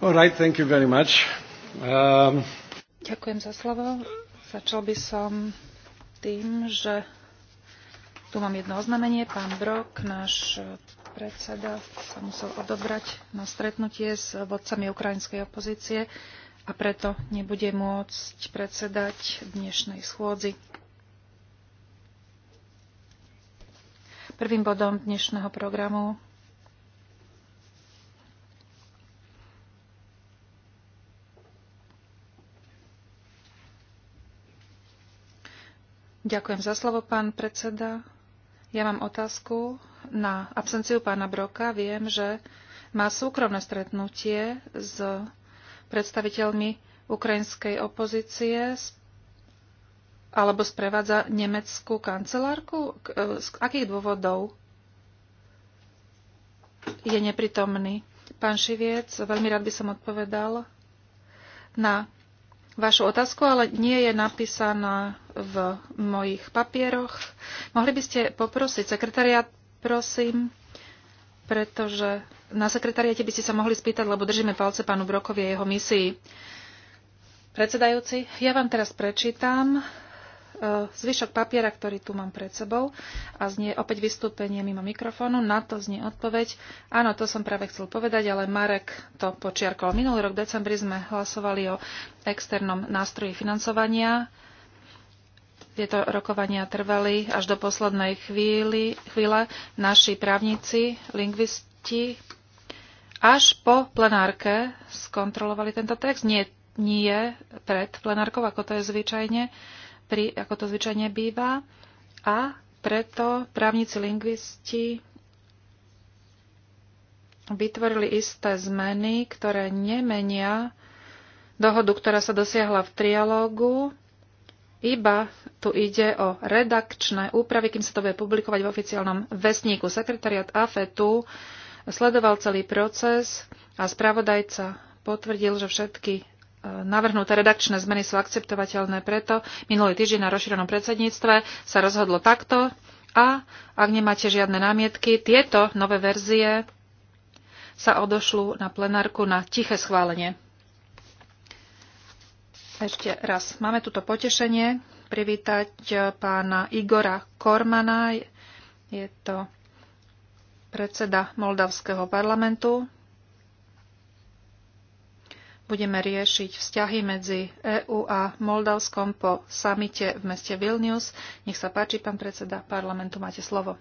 right, thank you very much. Um... Ďakujem za slovo. Začal by som tým, že tu mám jedno oznámenie. Pán Brok, náš predseda, sa musel odobrať na stretnutie s vodcami ukrajinskej opozície a preto nebude môcť predsedať dnešnej schôdzi. Prvým bodom dnešného programu Ďakujem za slovo, pán predseda. Ja mám otázku na absenciu pána Broka. Viem, že má súkromné stretnutie s predstaviteľmi ukrajinskej opozície alebo sprevádza nemeckú kancelárku? E, z akých dôvodov je nepritomný? Pán Šiviec, veľmi rád by som odpovedal na vašu otázku, ale nie je napísaná v mojich papieroch. Mohli by ste poprosiť sekretariat, prosím, pretože na sekretariate by ste sa mohli spýtať, lebo držíme palce pánu Brokovi a jeho misii. Predsedajúci, ja vám teraz prečítam e, zvyšok papiera, ktorý tu mám pred sebou a znie opäť vystúpenie mimo mikrofónu. Na to znie odpoveď. Áno, to som práve chcel povedať, ale Marek to počiarkol. Minulý rok v decembri sme hlasovali o externom nástroji financovania tieto rokovania trvali až do poslednej chvíli, chvíle. Naši právnici, lingvisti až po plenárke skontrolovali tento text. Nie, nie pred plenárkou, ako to je zvyčajne, pri, ako to zvyčajne býva. A preto právnici lingvisti vytvorili isté zmeny, ktoré nemenia dohodu, ktorá sa dosiahla v trialógu iba tu ide o redakčné úpravy, kým sa to bude publikovať v oficiálnom vestníku. Sekretariat AFETu sledoval celý proces a spravodajca potvrdil, že všetky e, navrhnuté redakčné zmeny sú akceptovateľné. Preto minulý týždeň na rozšírenom predsedníctve sa rozhodlo takto a ak nemáte žiadne námietky, tieto nové verzie sa odošľú na plenárku na tiché schválenie. Ešte raz. Máme tuto potešenie privítať e, pána Igora Kormana. Je to predseda Moldavského parlamentu. Budeme riešiť vzťahy medzi EÚ a Moldavskom po samite v meste Vilnius. Nech sa páči, pán predseda parlamentu, máte slovo.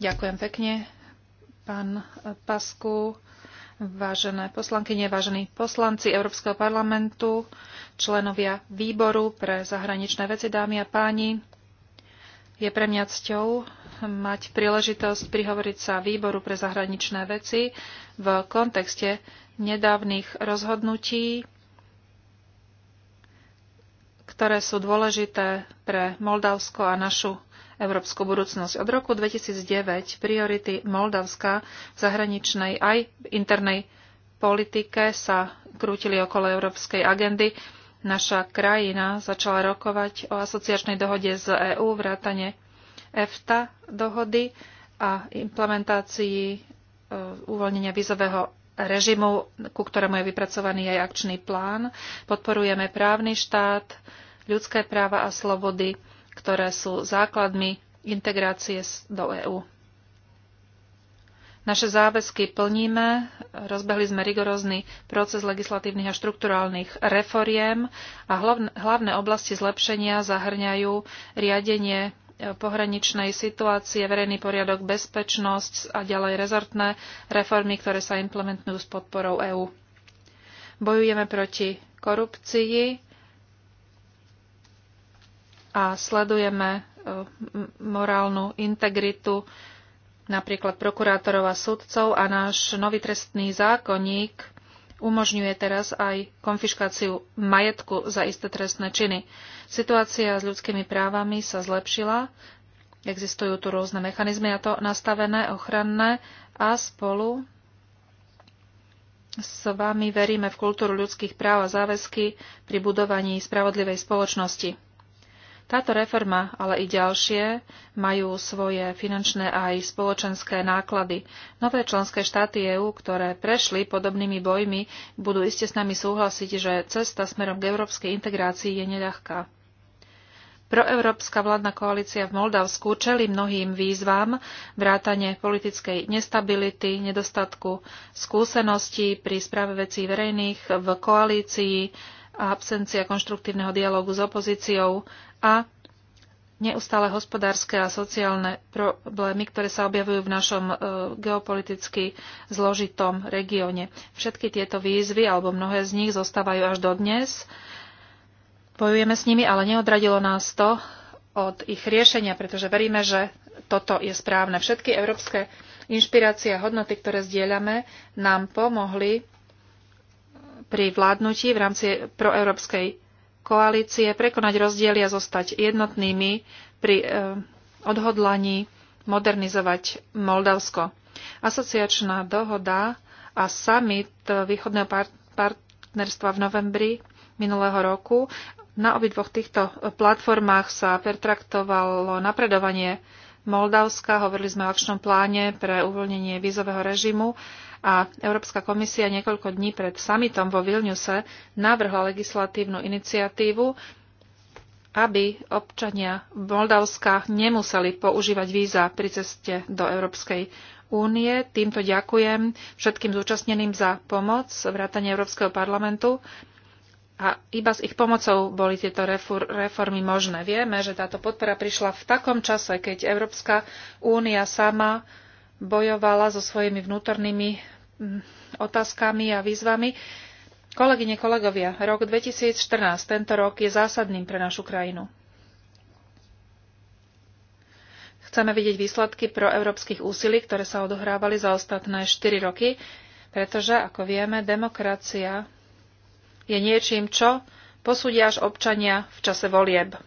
Ďakujem pekne, pán Pasku. Vážené poslankyne, vážení poslanci Európskeho parlamentu, členovia výboru pre zahraničné veci, dámy a páni, je pre mňa cťou mať príležitosť prihovoriť sa výboru pre zahraničné veci v kontexte nedávnych rozhodnutí, ktoré sú dôležité pre Moldavsko a našu európsku budúcnosť. Od roku 2009 priority Moldavska v zahraničnej aj v internej politike sa krútili okolo európskej agendy. Naša krajina začala rokovať o asociačnej dohode z EÚ, vrátane EFTA dohody a implementácii e, uvoľnenia vizového režimu, ku ktorému je vypracovaný aj akčný plán. Podporujeme právny štát, ľudské práva a slobody, ktoré sú základmi integrácie do EÚ. Naše záväzky plníme, rozbehli sme rigorózny proces legislatívnych a štrukturálnych reforiem a hlavné oblasti zlepšenia zahrňajú riadenie e, pohraničnej situácie, verejný poriadok, bezpečnosť a ďalej rezortné reformy, ktoré sa implementujú s podporou EÚ. Bojujeme proti korupcii, a sledujeme e, morálnu integritu napríklad prokurátorov a sudcov a náš nový trestný zákonník umožňuje teraz aj konfiškáciu majetku za isté trestné činy. Situácia s ľudskými právami sa zlepšila, existujú tu rôzne mechanizmy a to nastavené, ochranné a spolu s vami veríme v kultúru ľudských práv a záväzky pri budovaní spravodlivej spoločnosti. Táto reforma, ale i ďalšie, majú svoje finančné a aj spoločenské náklady. Nové členské štáty EÚ, ktoré prešli podobnými bojmi, budú iste s nami súhlasiť, že cesta smerom k európskej integrácii je neľahká. Proeurópska vládna koalícia v Moldavsku čeli mnohým výzvam, vrátane politickej nestability, nedostatku skúseností pri správe vecí verejných v koalícii, a absencia konštruktívneho dialogu s opozíciou a neustále hospodárske a sociálne problémy, ktoré sa objavujú v našom e, geopoliticky zložitom regióne. Všetky tieto výzvy, alebo mnohé z nich, zostávajú až dodnes. Bojujeme s nimi, ale neodradilo nás to od ich riešenia, pretože veríme, že toto je správne. Všetky európske inšpirácie a hodnoty, ktoré zdieľame, nám pomohli pri vládnutí v rámci proeurópskej koalície, prekonať rozdiely a zostať jednotnými pri e, odhodlaní modernizovať Moldavsko. Asociačná dohoda a summit východného partnerstva v novembri minulého roku. Na obidvoch týchto platformách sa pertraktovalo napredovanie Moldavska. Hovorili sme o akčnom pláne pre uvoľnenie vízového režimu a Európska komisia niekoľko dní pred samitom vo Vilniuse navrhla legislatívnu iniciatívu, aby občania Moldavska nemuseli používať víza pri ceste do Európskej únie. Týmto ďakujem všetkým zúčastneným za pomoc vrátane Európskeho parlamentu a iba s ich pomocou boli tieto reformy možné. Vieme, že táto podpora prišla v takom čase, keď Európska únia sama bojovala so svojimi vnútornými mm, otázkami a výzvami. Kolegyne, kolegovia, rok 2014, tento rok je zásadným pre našu krajinu. Chceme vidieť výsledky pro európskych úsilí, ktoré sa odohrávali za ostatné 4 roky, pretože, ako vieme, demokracia je niečím, čo posúdia až občania v čase volieb.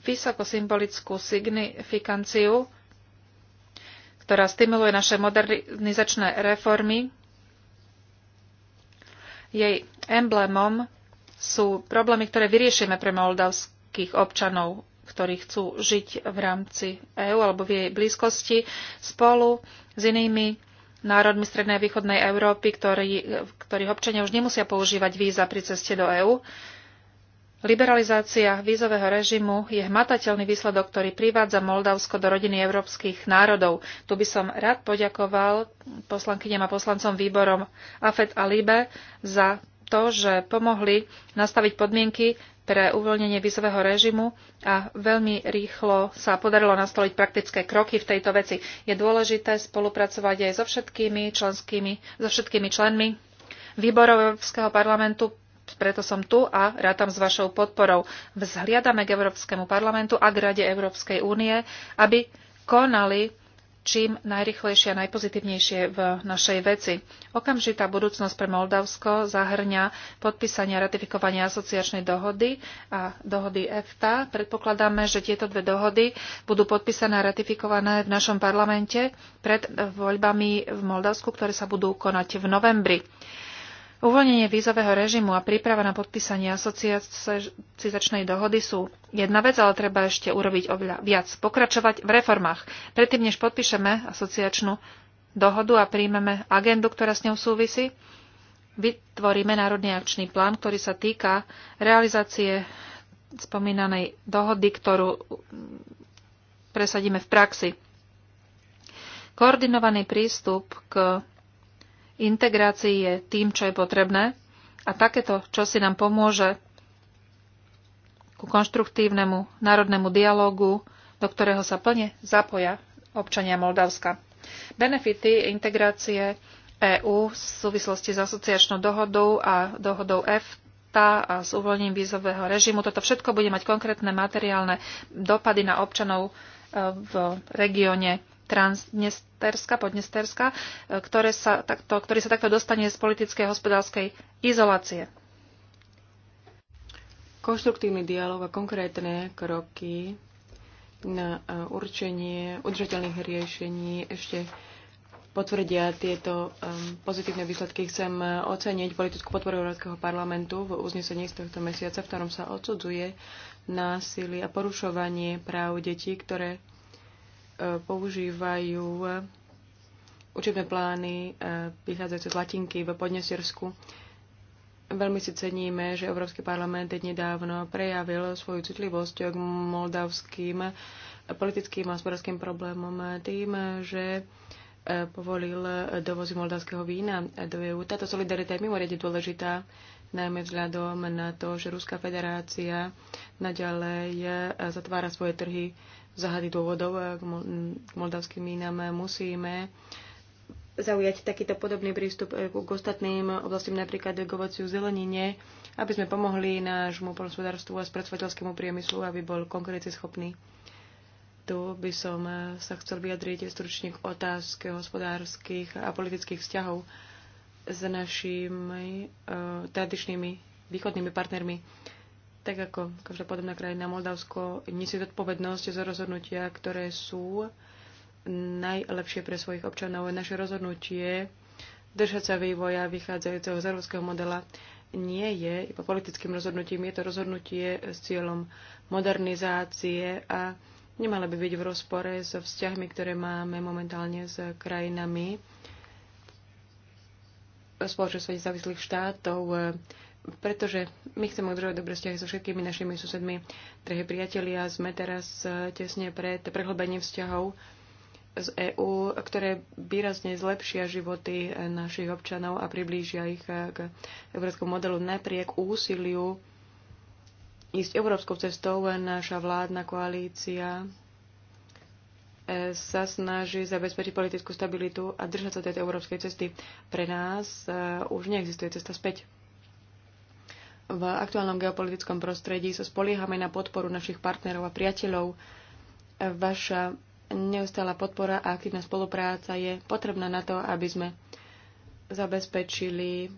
Vysoko symbolickú signifikanciu ktorá stimuluje naše modernizačné reformy. Jej emblémom sú problémy, ktoré vyriešime pre moldavských občanov, ktorí chcú žiť v rámci EÚ alebo v jej blízkosti spolu s inými národmi Strednej a Východnej Európy, ktorých ktorých občania už nemusia používať víza pri ceste do EÚ. Liberalizácia vízového režimu je hmatateľný výsledok, ktorý privádza Moldavsko do rodiny európskych národov. Tu by som rád poďakoval poslankyňam a poslancom výborom AFET a LIBE za to, že pomohli nastaviť podmienky pre uvoľnenie vízového režimu a veľmi rýchlo sa podarilo nastoliť praktické kroky v tejto veci. Je dôležité spolupracovať aj so všetkými, členskými, so všetkými členmi výborov Európskeho parlamentu preto som tu a rátam s vašou podporou. Vzhliadame k Európskemu parlamentu a k Rade Európskej únie, aby konali čím najrychlejšie a najpozitívnejšie v našej veci. Okamžitá budúcnosť pre Moldavsko zahrňa podpísanie a ratifikovanie asociačnej dohody a dohody EFTA. Predpokladáme, že tieto dve dohody budú podpísané a ratifikované v našom parlamente pred voľbami v Moldavsku, ktoré sa budú konať v novembri. Uvoľnenie vízového režimu a príprava na podpísanie asociacizačnej dohody sú jedna vec, ale treba ešte urobiť oveľa viac. Pokračovať v reformách. Predtým, než podpíšeme asociačnú dohodu a príjmeme agendu, ktorá s ňou súvisí, vytvoríme Národný akčný plán, ktorý sa týka realizácie spomínanej dohody, ktorú presadíme v praxi. Koordinovaný prístup k integrácii je tým, čo je potrebné a takéto, čo si nám pomôže ku konštruktívnemu národnému dialogu, do ktorého sa plne zapoja občania Moldavska. Benefity integrácie EÚ v súvislosti s asociačnou dohodou a dohodou EFTA a s uvoľnením vízového režimu. Toto všetko bude mať konkrétne materiálne dopady na občanov e, v regióne transnesterská, podnesterská, e, ktoré sa takto, ktorý sa takto dostane z politickej a hospodárskej izolácie. Konštruktívny dialog a konkrétne kroky na e, určenie udržateľných riešení ešte potvrdia tieto um, pozitívne výsledky. Chcem oceniť politickú podporu Európskeho parlamentu v uznesení z tohto mesiaca, v ktorom sa odsudzuje násilie a porušovanie práv detí, ktoré používajú učebné plány e, vychádzajúce z latinky v Podnesiersku. Veľmi si ceníme, že Európsky parlament nedávno prejavil svoju citlivosť k moldavským politickým a hospodárským problémom tým, že e, povolil dovozy moldavského vína do EU. Táto solidarita je mimoriadne dôležitá, najmä vzhľadom na to, že Ruská federácia naďalej e, zatvára svoje trhy záhady dôvodov eh, k moldavským mínam eh, musíme zaujať takýto podobný prístup eh, k ostatným oblastím, napríklad k ovociu zelenine, aby sme pomohli nášmu polospodárstvu a spracovateľskému priemyslu, aby bol schopný. Tu by som sa chcel vyjadriť stručne k otázke hospodárskych a politických vzťahov s našimi uh, tradičnými východnými partnermi tak ako každá podobná krajina Moldavsko nesie zodpovednosť za rozhodnutia, ktoré sú najlepšie pre svojich občanov. Naše rozhodnutie držať sa vývoja vychádzajúceho z európskeho modela nie je iba politickým rozhodnutím, je to rozhodnutie s cieľom modernizácie a nemalo by byť v rozpore so vzťahmi, ktoré máme momentálne s krajinami spoločenstva nezávislých štátov pretože my chceme udržovať dobré vzťahy so všetkými našimi susedmi. Drahí priatelia, sme teraz e, tesne pred prehlbením vzťahov z EÚ, ktoré výrazne zlepšia životy e, našich občanov a priblížia ich e, k európskemu modelu napriek úsiliu ísť európskou cestou. Naša vládna koalícia sa snaží zabezpečiť politickú stabilitu a držať sa tejto európskej cesty. Pre nás už neexistuje cesta späť v aktuálnom geopolitickom prostredí sa spoliehame na podporu našich partnerov a priateľov. Vaša neustála podpora a aktívna spolupráca je potrebná na to, aby sme zabezpečili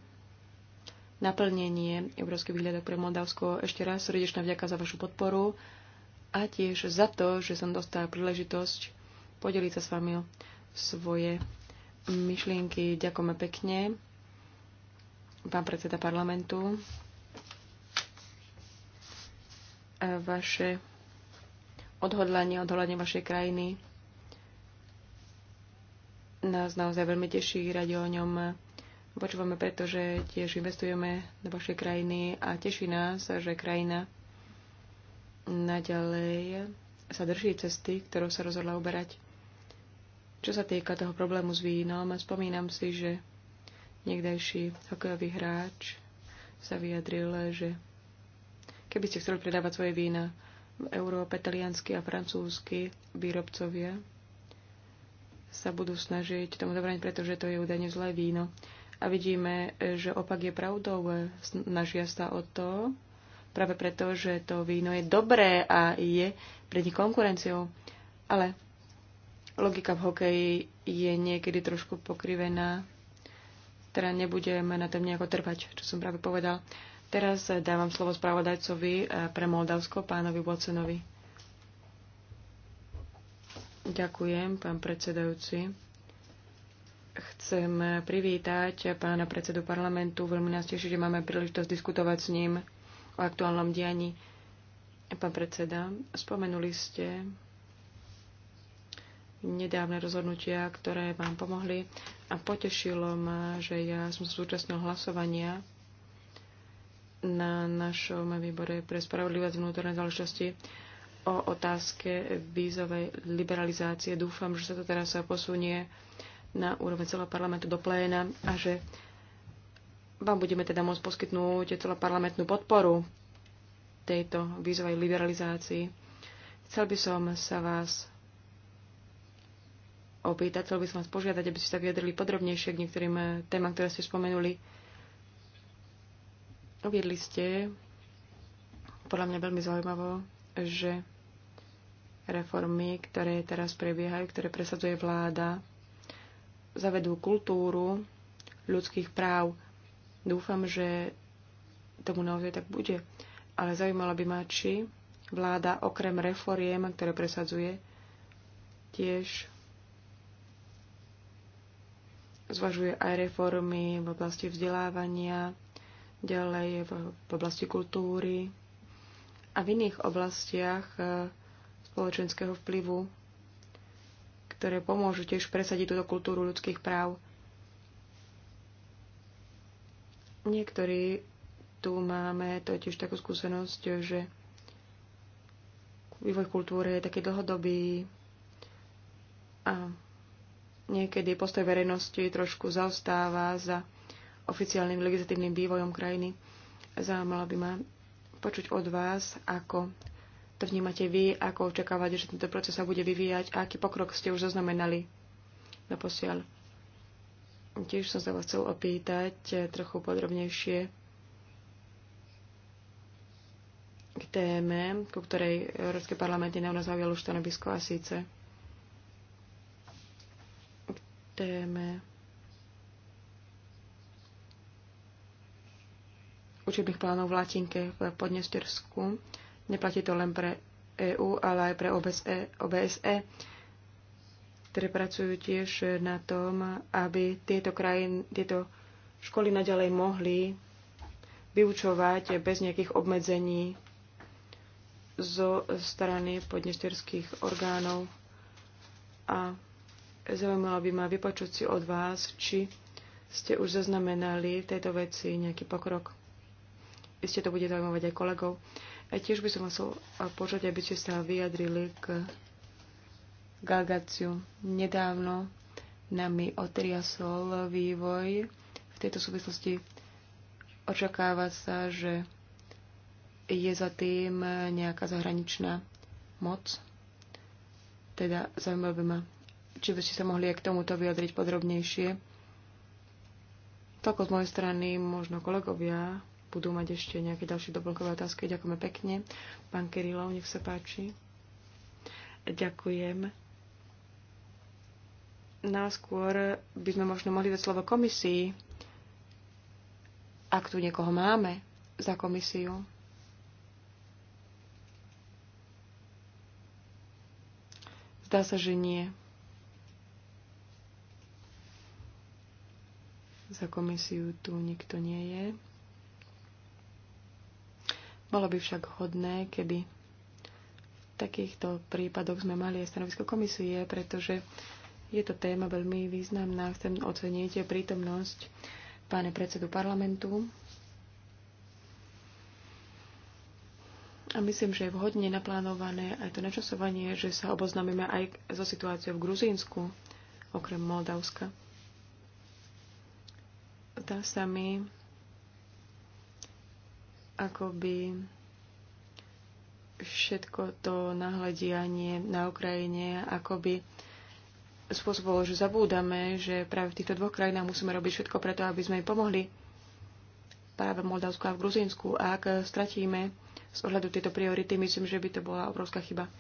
naplnenie európskych výhľadok pre Moldavsko. Ešte raz srdečná vďaka za vašu podporu a tiež za to, že som dostala príležitosť podeliť sa s vami o svoje myšlienky. Ďakujeme pekne, pán predseda parlamentu vaše odhodlanie, odhodlanie vašej krajiny nás naozaj veľmi teší, radi o ňom počúvame, pretože tiež investujeme do vašej krajiny a teší nás, že krajina naďalej sa drží cesty, ktorou sa rozhodla uberať. Čo sa týka toho problému s vínom, spomínam si, že niekdejší hokejový hráč sa vyjadril, že Keby ste chceli predávať svoje vína v Európe, taliansky a francúzsky výrobcovia sa budú snažiť tomu zabrániť, pretože to je údajne zlé víno. A vidíme, že opak je pravdou. Snažia sa o to, práve preto, že to víno je dobré a je pred nich konkurenciou. Ale logika v hokeji je niekedy trošku pokrivená. Teda nebudeme na tom nejako trvať, čo som práve povedal. Teraz eh, dávam slovo spravodajcovi eh, pre Moldavsko, pánovi Bocenovi. Ďakujem, pán predsedajúci. Chcem eh, privítať pána predsedu parlamentu. Veľmi nás teší, že máme príležitosť diskutovať s ním o aktuálnom dianí. Pán predseda, spomenuli ste nedávne rozhodnutia, ktoré vám pomohli a potešilo ma, že ja som súčasnil hlasovania na našom výbore pre spravodlivosť vnútorné záležitosti o otázke vízovej liberalizácie. Dúfam, že sa to teraz posunie na úroveň celého parlamentu do pléna a že vám budeme teda môcť poskytnúť celoparlamentnú podporu tejto vízovej liberalizácii. Chcel by som sa vás opýtať, chcel by som vás požiadať, aby ste sa vyjadrili podrobnejšie k niektorým témam, ktoré ste spomenuli Uviedli ste, podľa mňa veľmi zaujímavo, že reformy, ktoré teraz prebiehajú, ktoré presadzuje vláda, zavedú kultúru ľudských práv. Dúfam, že tomu naozaj tak bude. Ale zaujímalo by ma, či vláda okrem reforiem, ktoré presadzuje, tiež zvažuje aj reformy v oblasti vzdelávania, ďalej v, v oblasti kultúry a v iných oblastiach e, spoločenského vplyvu, ktoré pomôžu tiež presadiť túto kultúru ľudských práv. Niektorí tu máme totiž takú skúsenosť, že vývoj kultúry je taký dlhodobý a niekedy postoj verejnosti trošku zaostáva za oficiálnym legislatívnym vývojom krajiny. Zaujímalo by ma počuť od vás, ako to vnímate vy, ako očakávate, že tento proces sa bude vyvíjať a aký pokrok ste už zaznamenali na posiaľ. Tiež som sa vás chcel opýtať eh, trochu podrobnejšie k téme, ku ktorej Európsky parlament nedávno zaujal už stanovisko a síce k téme učebných plánov v Latinke v Podnestersku. Neplatí to len pre EU, ale aj pre OBSE, OBSE ktoré pracujú tiež na tom, aby tieto, krajiny tieto školy naďalej mohli vyučovať bez nejakých obmedzení zo strany podnesterských orgánov. A zaujímalo by ma vypočuť si od vás, či ste už zaznamenali v tejto veci nejaký pokrok. Isté to bude zaujímavať aj kolegov. A tiež by som vás počuť, aby ste sa vyjadrili k Galgaciu Nedávno nami otriasol vývoj. V tejto súvislosti očakáva sa, že je za tým nejaká zahraničná moc. Teda zaujímavé by ma, či by ste sa mohli aj k tomuto vyjadriť podrobnejšie. Toľko z mojej strany, možno kolegovia budú mať ešte nejaké ďalšie doplnkové otázky. Ďakujeme pekne. Pán Kirilov, nech sa páči. Ďakujem. Náskôr by sme možno mohli dať slovo komisii, ak tu niekoho máme za komisiu. Zdá sa, že nie. Za komisiu tu nikto nie je. Bolo by však hodné, keby v takýchto prípadoch sme mali aj stanovisko komisie, pretože je to téma veľmi významná. Chcem oceniť prítomnosť páne predsedu parlamentu. A myslím, že je vhodne naplánované aj to načasovanie, že sa oboznámime aj so situáciou v Gruzínsku, okrem Moldavska. Zdá sa mi, akoby všetko to nahľadianie na Ukrajine akoby spôsobilo, že zabúdame, že práve v týchto dvoch krajinách musíme robiť všetko preto, aby sme im pomohli práve v Moldavsku a v Gruzínsku. A ak stratíme z ohľadu tieto priority, myslím, že by to bola obrovská chyba.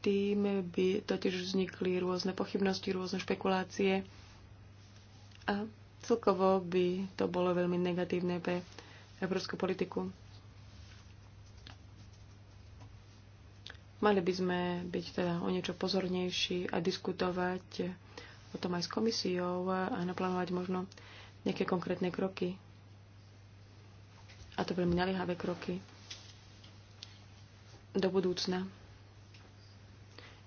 Tým by totiž vznikli rôzne pochybnosti, rôzne špekulácie. A celkovo by to bolo veľmi negatívne pre európsku politiku. Mali by sme byť teda o niečo pozornejší a diskutovať o tom aj s komisiou a naplánovať možno nejaké konkrétne kroky. A to veľmi naliehavé kroky do budúcna.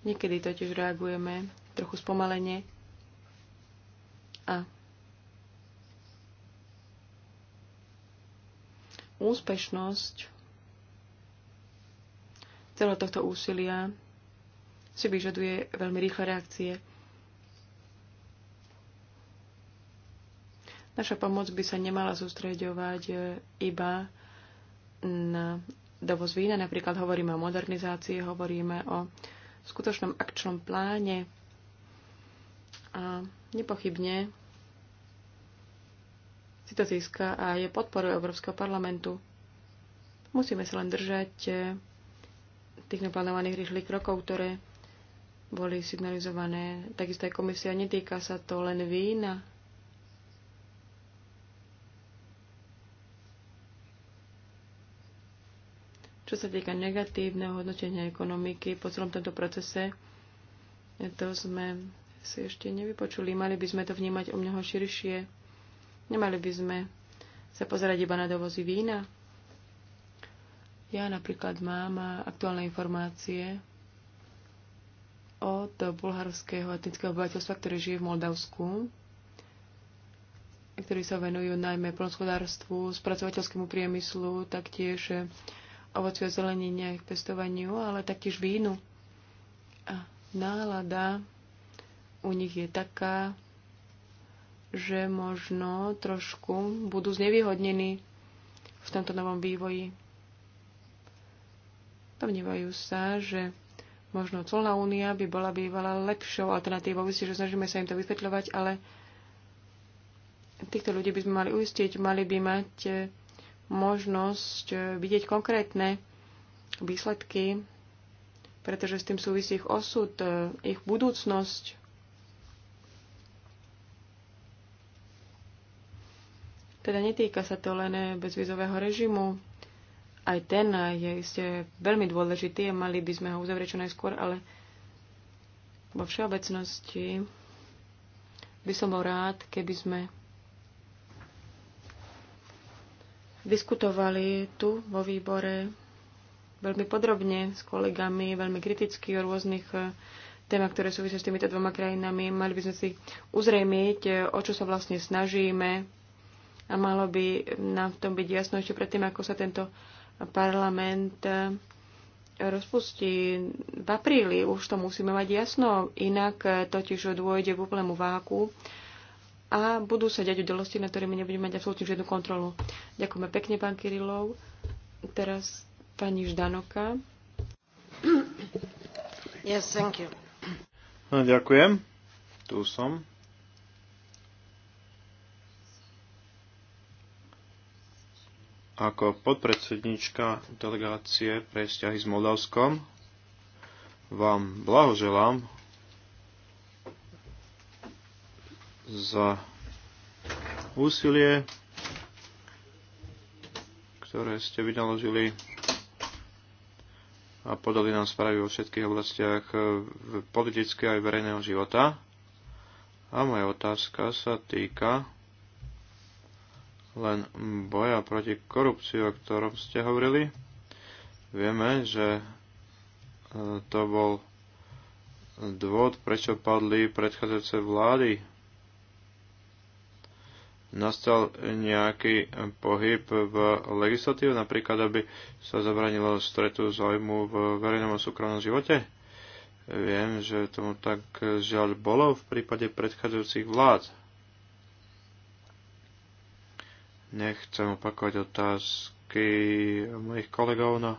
Niekedy totiž reagujeme trochu spomalene a Úspešnosť celého tohto úsilia si vyžaduje veľmi rýchle reakcie. Naša pomoc by sa nemala sústreďovať e, iba na dovoz vína. Napríklad hovoríme o modernizácii, hovoríme o skutočnom akčnom pláne. A nepochybne si to získa a je podporu Európskeho parlamentu. Musíme sa len držať eh, tých naplánovaných rýchlych krokov, ktoré boli signalizované. Takisto aj komisia netýka sa to len vína. Čo sa týka negatívneho hodnotenia ekonomiky po celom tomto procese, to sme si ešte nevypočuli. Mali by sme to vnímať o mnoho širšie Nemali by sme sa pozerať iba na dovozy vína. Ja napríklad mám aktuálne informácie od bulharského etnického obyvateľstva, ktoré žije v Moldavsku, ktorí sa venujú najmä plnospodárstvu, spracovateľskému priemyslu, taktiež ovoci a zelenine, ich pestovaniu, ale taktiež vínu. A nálada u nich je taká, že možno trošku budú znevýhodnení v tomto novom vývoji. Domnievajú sa, že možno colná únia by bola bývala lepšou alternatívou. Myslím, že snažíme sa im to vysvetľovať, ale týchto ľudí by sme mali uistiť, mali by mať možnosť vidieť konkrétne výsledky, pretože s tým súvisí ich osud, ich budúcnosť. Teda netýka sa to len eh, bezvizového režimu. Aj ten eh, je iste veľmi dôležitý a mali by sme ho uzavrieť čo najskôr, ale vo všeobecnosti by som bol rád, keby sme diskutovali tu vo výbore veľmi podrobne s kolegami, veľmi kriticky o rôznych eh, témach, ktoré súvisia s týmito dvoma krajinami. Mali by sme si uzrejmiť, o čo sa vlastne snažíme, a malo by nám v tom byť jasno ešte predtým, ako sa tento parlament e, rozpustí v apríli. Už to musíme mať jasno, inak e, totiž dôjde k úplnému váku a budú sa deť udalosti, na ktorými nebudeme mať absolútne žiadnu kontrolu. Ďakujeme pekne, pán Kirilov. Teraz pani Ždanoka. Yes, thank you. No, ďakujem. Tu som. ako podpredsednička delegácie pre vzťahy s Moldavskom vám blahoželám za úsilie, ktoré ste vynaložili a podali nám správy vo všetkých oblastiach politického aj verejného života. A moja otázka sa týka len boja proti korupcii, o ktorom ste hovorili. Vieme, že e, to bol dôvod, prečo padli predchádzajúce vlády. Nastal nejaký pohyb v legislatíve, napríklad, aby sa zabranilo stretu zájmu v verejnom a súkromnom živote. Viem, že tomu tak e, žiaľ bolo v prípade predchádzajúcich vlád. Nechcem opakovať otázky mojich kolegov, no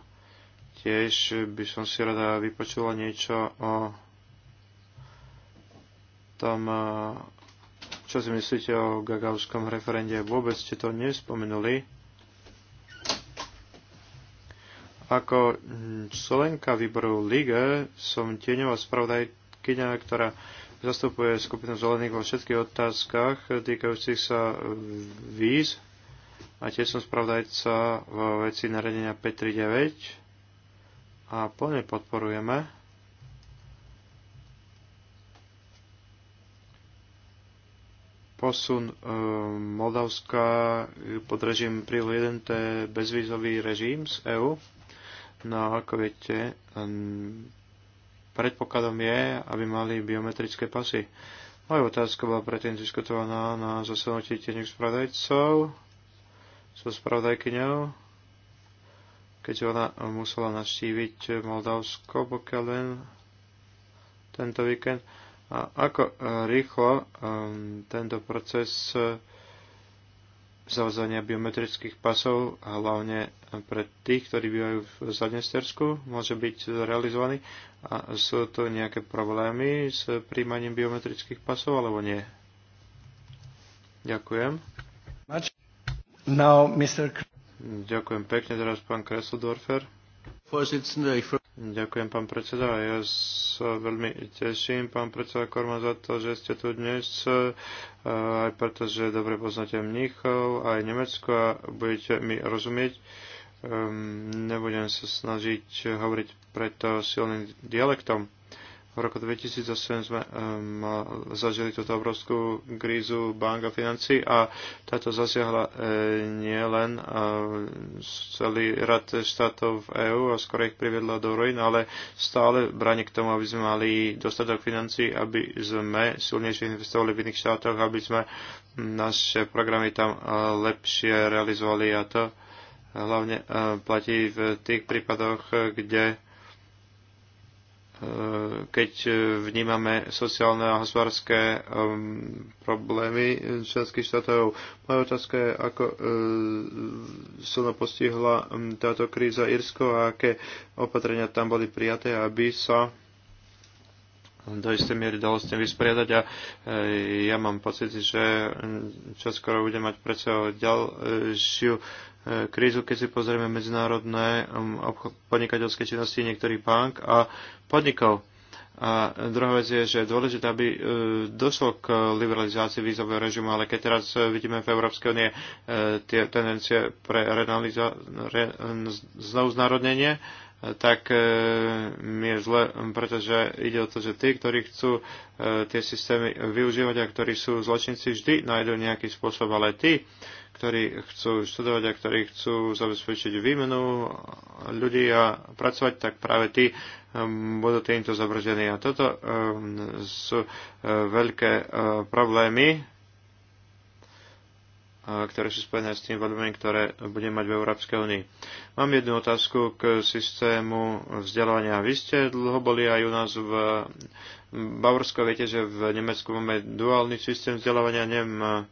tiež by som si rada vypočula niečo o tom, eh, čo si myslíte o gagavskom referende. Vôbec ste to nespomenuli. Ako členka výboru liga som tieňová spravodajkyňa, ktorá zastupuje skupinu zelených vo všetkých otázkach týkajúcich sa víz a tiež som spravdajca v veci naredenia 539 a plne podporujeme posun e, Moldavska pod režim príl 1, to je bezvízový režim z EÚ. No ako viete, predpokladom je, aby mali biometrické pasy. Moja otázka bola predtým diskutovaná na zasadnutí tiežných spravodajcov so spravodajkyňou, keď ona musela navštíviť Moldavsko, pokiaľ len tento víkend. A ako e, rýchlo e, tento proces e, zavzania biometrických pasov, hlavne pre tých, ktorí bývajú v Zadnestersku, môže byť realizovaný. A sú to nejaké problémy s príjmaním biometrických pasov, alebo nie? Ďakujem. Now, Mr. Ďakujem pekne teraz pán Kresseldorfer. Ďakujem, pán predseda. Ja sa veľmi teším, pán predseda Korma, za to, že ste tu dnes, e, aj preto, že dobre poznáte Mníchov, aj Nemecko a budete mi rozumieť. Ehm, nebudem sa snažiť hovoriť preto silným dialektom. V roku 2008 sme um, zažili túto obrovskú krízu bank a financí a táto zasiahla e, nielen e, celý rad štátov v EÚ a skoro ich priviedla do ruin, ale stále bráni k tomu, aby sme mali dostatok financí, aby sme silnejšie investovali v iných štátoch, aby sme naše programy tam eh, lepšie realizovali a to hlavne platí v tých prípadoch, kde Eh, keď eh, vnímame sociálne a hospodárske ehm, problémy eh, členských štátov. Moja otázka je, ako silno postihla ehm, táto kríza Irsko a aké opatrenia tam boli prijaté, aby sa do istej miery dalo s tým vysporiadať a ja mám pocit, že mm, čoskoro budem mať predsa ďalšiu krízu, keď si pozrieme medzinárodné um, podnikateľské činnosti niektorých bank a podnikov. A druhá vec je, že je dôležité, aby e, došlo k liberalizácii vízového režimu, ale keď teraz e, vidíme v Európskej únie e, tie tendencie pre renaliza- re- znovu znárodnenie, tak mi je zle, pretože ide o to, že tí, ktorí chcú tie systémy využívať a ktorí sú zločinci, vždy nájdú nejaký spôsob, ale tí, ktorí chcú študovať a ktorí chcú zabezpečiť výmenu ľudí a pracovať, tak práve tí um, budú týmto zabrzení. A toto um, sú uh, veľké uh, problémy, uh, ktoré sú spojené s tým vodami, ktoré budeme mať v Európskej únii. Mám jednu otázku k systému vzdelávania. Vy ste dlho boli aj u nás v Bavorsko. Viete, že v Nemecku máme duálny systém vzdelávania. Neviem,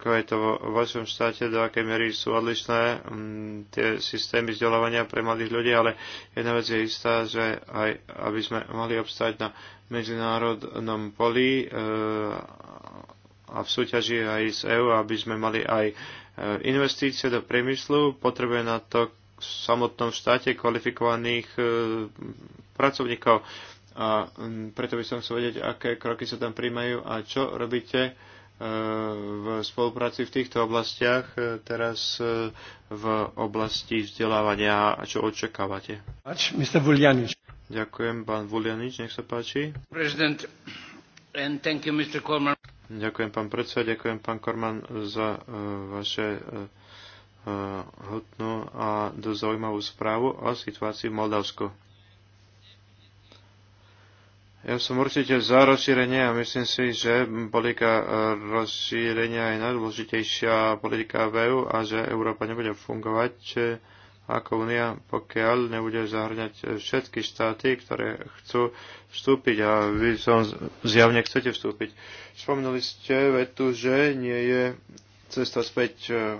ako je to vo vašom štáte, do akej miery sú odlišné m, mm, tie systémy vzdelávania pre mladých ľudí, ale jedna vec je istá, že aj aby sme mohli obstať na medzinárodnom poli e, a v súťaži aj z EU, aby sme mali aj e, investície do priemyslu, potrebuje na to v samotnom štáte kvalifikovaných e, pracovníkov. A mm, preto by som chcel vedieť, aké kroky sa tam príjmajú a čo robíte v spolupráci v týchto oblastiach, e, teraz e, v oblasti vzdelávania a čo očakávate? Ďakujem, pán Vulianič, nech sa páči. and thank you, Mr. Ďakujem, pán predseda, ďakujem, pán Korman, za uh, vaše uh, hodnú a dosť zaujímavú správu o situácii v Moldavsku. Ja som určite za rozšírenie a myslím si, že politika rozšírenia je najdôležitejšia politika v EU a že Európa nebude fungovať e, ako únia, pokiaľ nebude zahrňať e, všetky štáty, ktoré chcú vstúpiť a vy som zjavne chcete vstúpiť. Spomínali ste vetu, že nie je cesta späť e,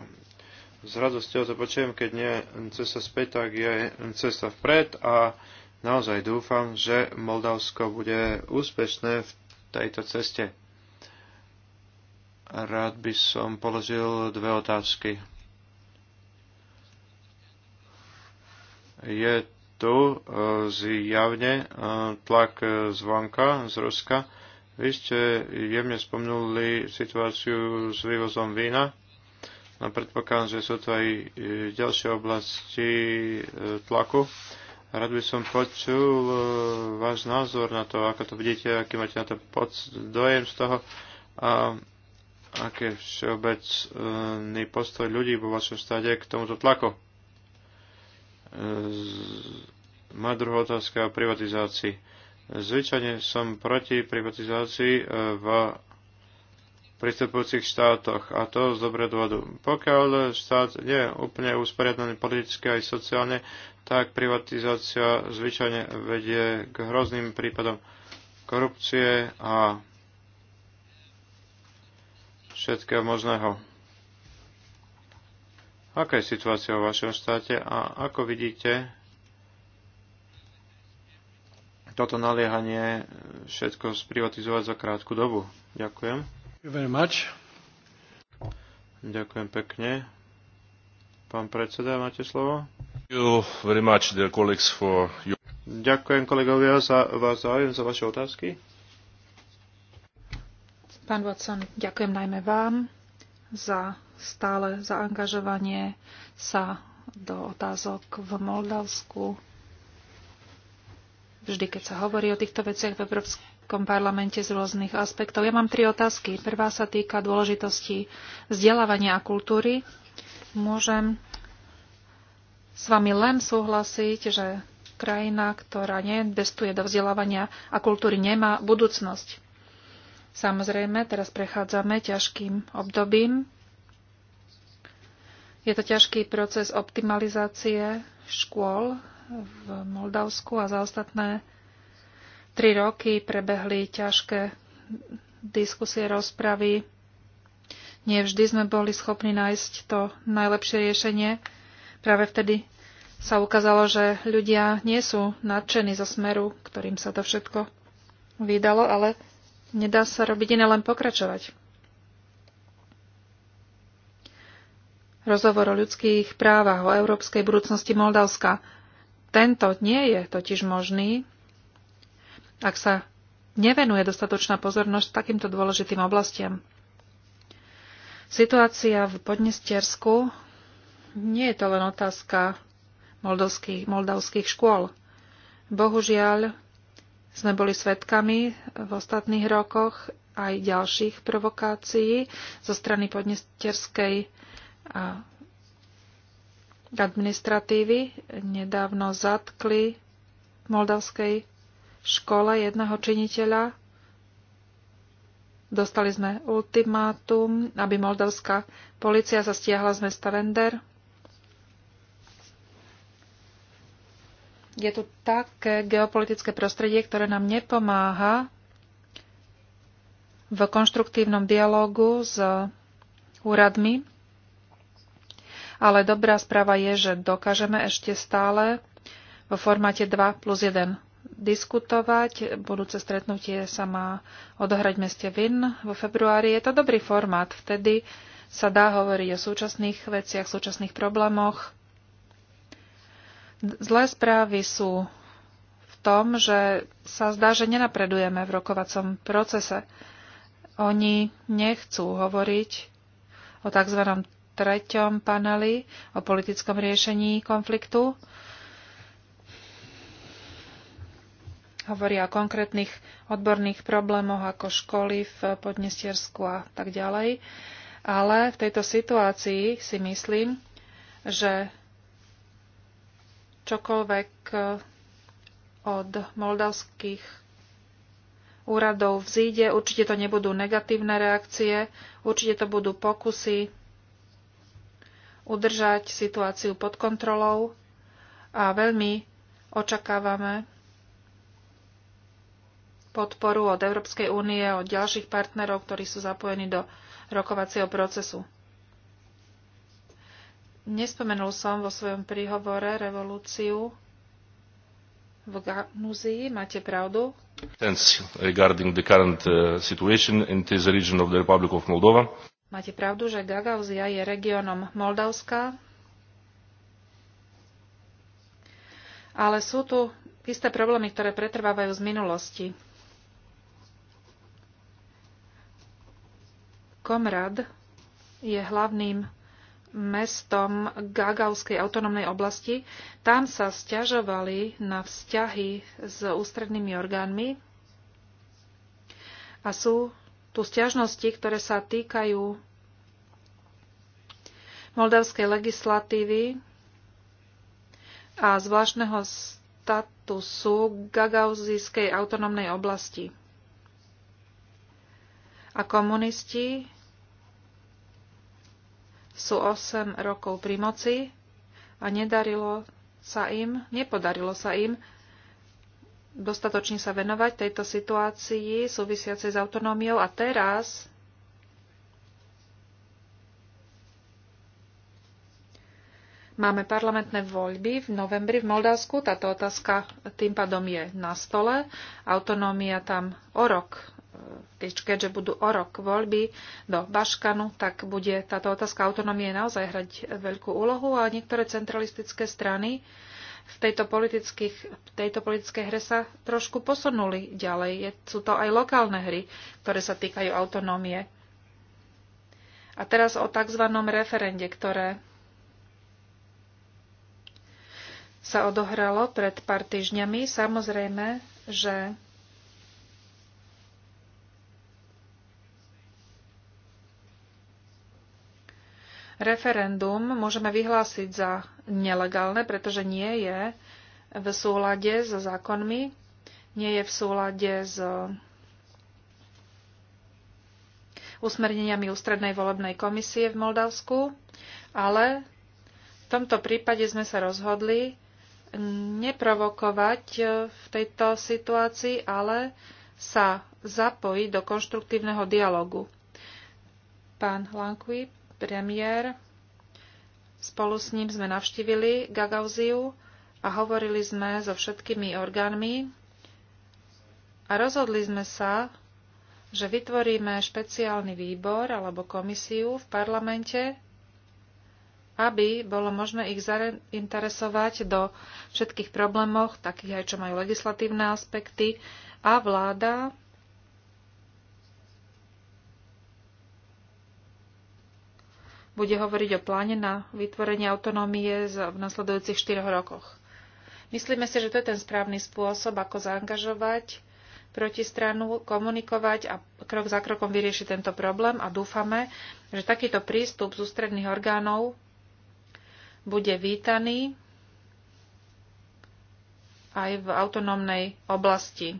s radosťou to počujem, keď nie cesta späť, tak je cesta vpred a naozaj dúfam, že Moldavsko bude úspešné v tejto ceste. Rád by som položil dve otázky. Je tu e, zjavne e, tlak zvonka z Ruska. Vy ste jemne spomenuli situáciu s vývozom vína. No predpokladám, že sú tu aj e, ďalšie oblasti tlaku. Rád by som počul e, váš názor na to, ako to vidíte, aký máte na to dojem z toho a aký všeobecný postoj ľudí vo vašom stade k tomuto tlaku. E, Má druhá otázka o privatizácii. Zvyčajne som proti privatizácii e, v pristupujúcich štátoch. A to z dobre dôvodu. Pokiaľ štát nie je úplne usporiadaný politicky aj sociálne, tak privatizácia zvyčajne vedie k hrozným prípadom korupcie a všetkého možného. Aká je situácia vo vašom štáte a ako vidíte toto naliehanie všetko sprivatizovať za krátku dobu? Ďakujem. Ďakujem pekne. Pán predseda, máte slovo? Ďakujem kolegovia za vás záujem, za vaše otázky. Pán Watson, ďakujem najmä vám za stále zaangažovanie sa do otázok v Moldavsku. Vždy, keď sa hovorí o týchto veciach v Európskej Európskom parlamente z rôznych aspektov. Ja mám tri otázky. Prvá sa týka dôležitosti vzdelávania a kultúry. Môžem s vami len súhlasiť, že krajina, ktorá neinvestuje do vzdelávania a kultúry, nemá budúcnosť. Samozrejme, teraz prechádzame ťažkým obdobím. Je to ťažký proces optimalizácie škôl v Moldavsku a za ostatné Tri roky prebehli ťažké diskusie, rozpravy. Nie vždy sme boli schopní nájsť to najlepšie riešenie. Práve vtedy sa ukázalo, že ľudia nie sú nadšení zo smeru, ktorým sa to všetko vydalo, ale nedá sa robiť iné len pokračovať. Rozhovor o ľudských právach, o európskej budúcnosti Moldavska. Tento nie je totiž možný, ak sa nevenuje dostatočná pozornosť takýmto dôležitým oblastiam. Situácia v Podnestiersku nie je to len otázka moldavských, moldavských škôl. Bohužiaľ, sme boli svetkami v ostatných rokoch aj ďalších provokácií zo strany podnesterskej administratívy. Nedávno zatkli moldavskej škole jedného činiteľa. Dostali sme ultimátum, aby moldavská policia sa stiahla z mesta Vender. Je tu také geopolitické prostredie, ktoré nám nepomáha v konštruktívnom dialogu s úradmi, ale dobrá správa je, že dokážeme ešte stále vo formáte 2 plus 1 diskutovať. Budúce stretnutie sa má odohrať v meste Vin vo februári. Je to dobrý formát. Vtedy sa dá hovoriť o súčasných veciach, súčasných problémoch. Zlé správy sú v tom, že sa zdá, že nenapredujeme v rokovacom procese. Oni nechcú hovoriť o tzv. treťom paneli, o politickom riešení konfliktu hovoria o konkrétnych odborných problémoch ako školy v Podnestiersku a tak ďalej. Ale v tejto situácii si myslím, že čokoľvek eh, od moldavských úradov vzíde, určite to nebudú negatívne reakcie, určite to budú pokusy udržať situáciu pod kontrolou a veľmi očakávame podporu od Európskej únie, od ďalších partnerov, ktorí sú zapojení do rokovacieho procesu. Nespomenul som vo svojom príhovore revolúciu v Ganuzii, máte pravdu. Regarding the current uh, situation in this region of the Republic of Moldova. Máte pravdu, že Gagauzia je regiónom Moldavska, ale sú tu isté problémy, ktoré pretrvávajú z minulosti. Komrad je hlavným mestom Gagauskej autonómnej oblasti. Tam sa stiažovali na vzťahy s ústrednými orgánmi a sú tu stiažnosti, ktoré sa týkajú moldavskej legislatívy a zvláštneho statusu Gagauzijskej autonómnej oblasti. A komunisti sú 8 rokov pri moci a nedarilo sa im, nepodarilo sa im dostatočne sa venovať tejto situácii súvisiacej s autonómiou a teraz Máme parlamentné voľby v novembri v Moldavsku. Táto otázka tým pádom je na stole. Autonómia tam o rok keďže budú o rok voľby do Baškanu, tak bude táto otázka autonómie naozaj hrať veľkú úlohu a niektoré centralistické strany v tejto, v tejto politickej hre sa trošku posunuli ďalej. Je, sú to aj lokálne hry, ktoré sa týkajú autonómie. A teraz o tzv. referende, ktoré sa odohralo pred pár týždňami. Samozrejme, že referendum môžeme vyhlásiť za nelegálne, pretože nie je v súlade so zákonmi, nie je v súlade s usmerneniami ústrednej volebnej komisie v Moldavsku, ale v tomto prípade sme sa rozhodli neprovokovať v tejto situácii, ale sa zapojiť do konštruktívneho dialogu. Pán Lankvip, premiér. Spolu s ním sme navštívili Gagauziu a hovorili sme so všetkými orgánmi a rozhodli sme sa, že vytvoríme špeciálny výbor alebo komisiu v parlamente, aby bolo možné ich zainteresovať do všetkých problémoch, takých aj čo majú legislatívne aspekty, a vláda bude hovoriť o pláne na vytvorenie autonómie v nasledujúcich 4 rokoch. Myslíme si, že to je ten správny spôsob, ako zaangažovať protistranu, komunikovať a krok za krokom vyriešiť tento problém a dúfame, že takýto prístup z ústredných orgánov bude vítaný aj v autonómnej oblasti.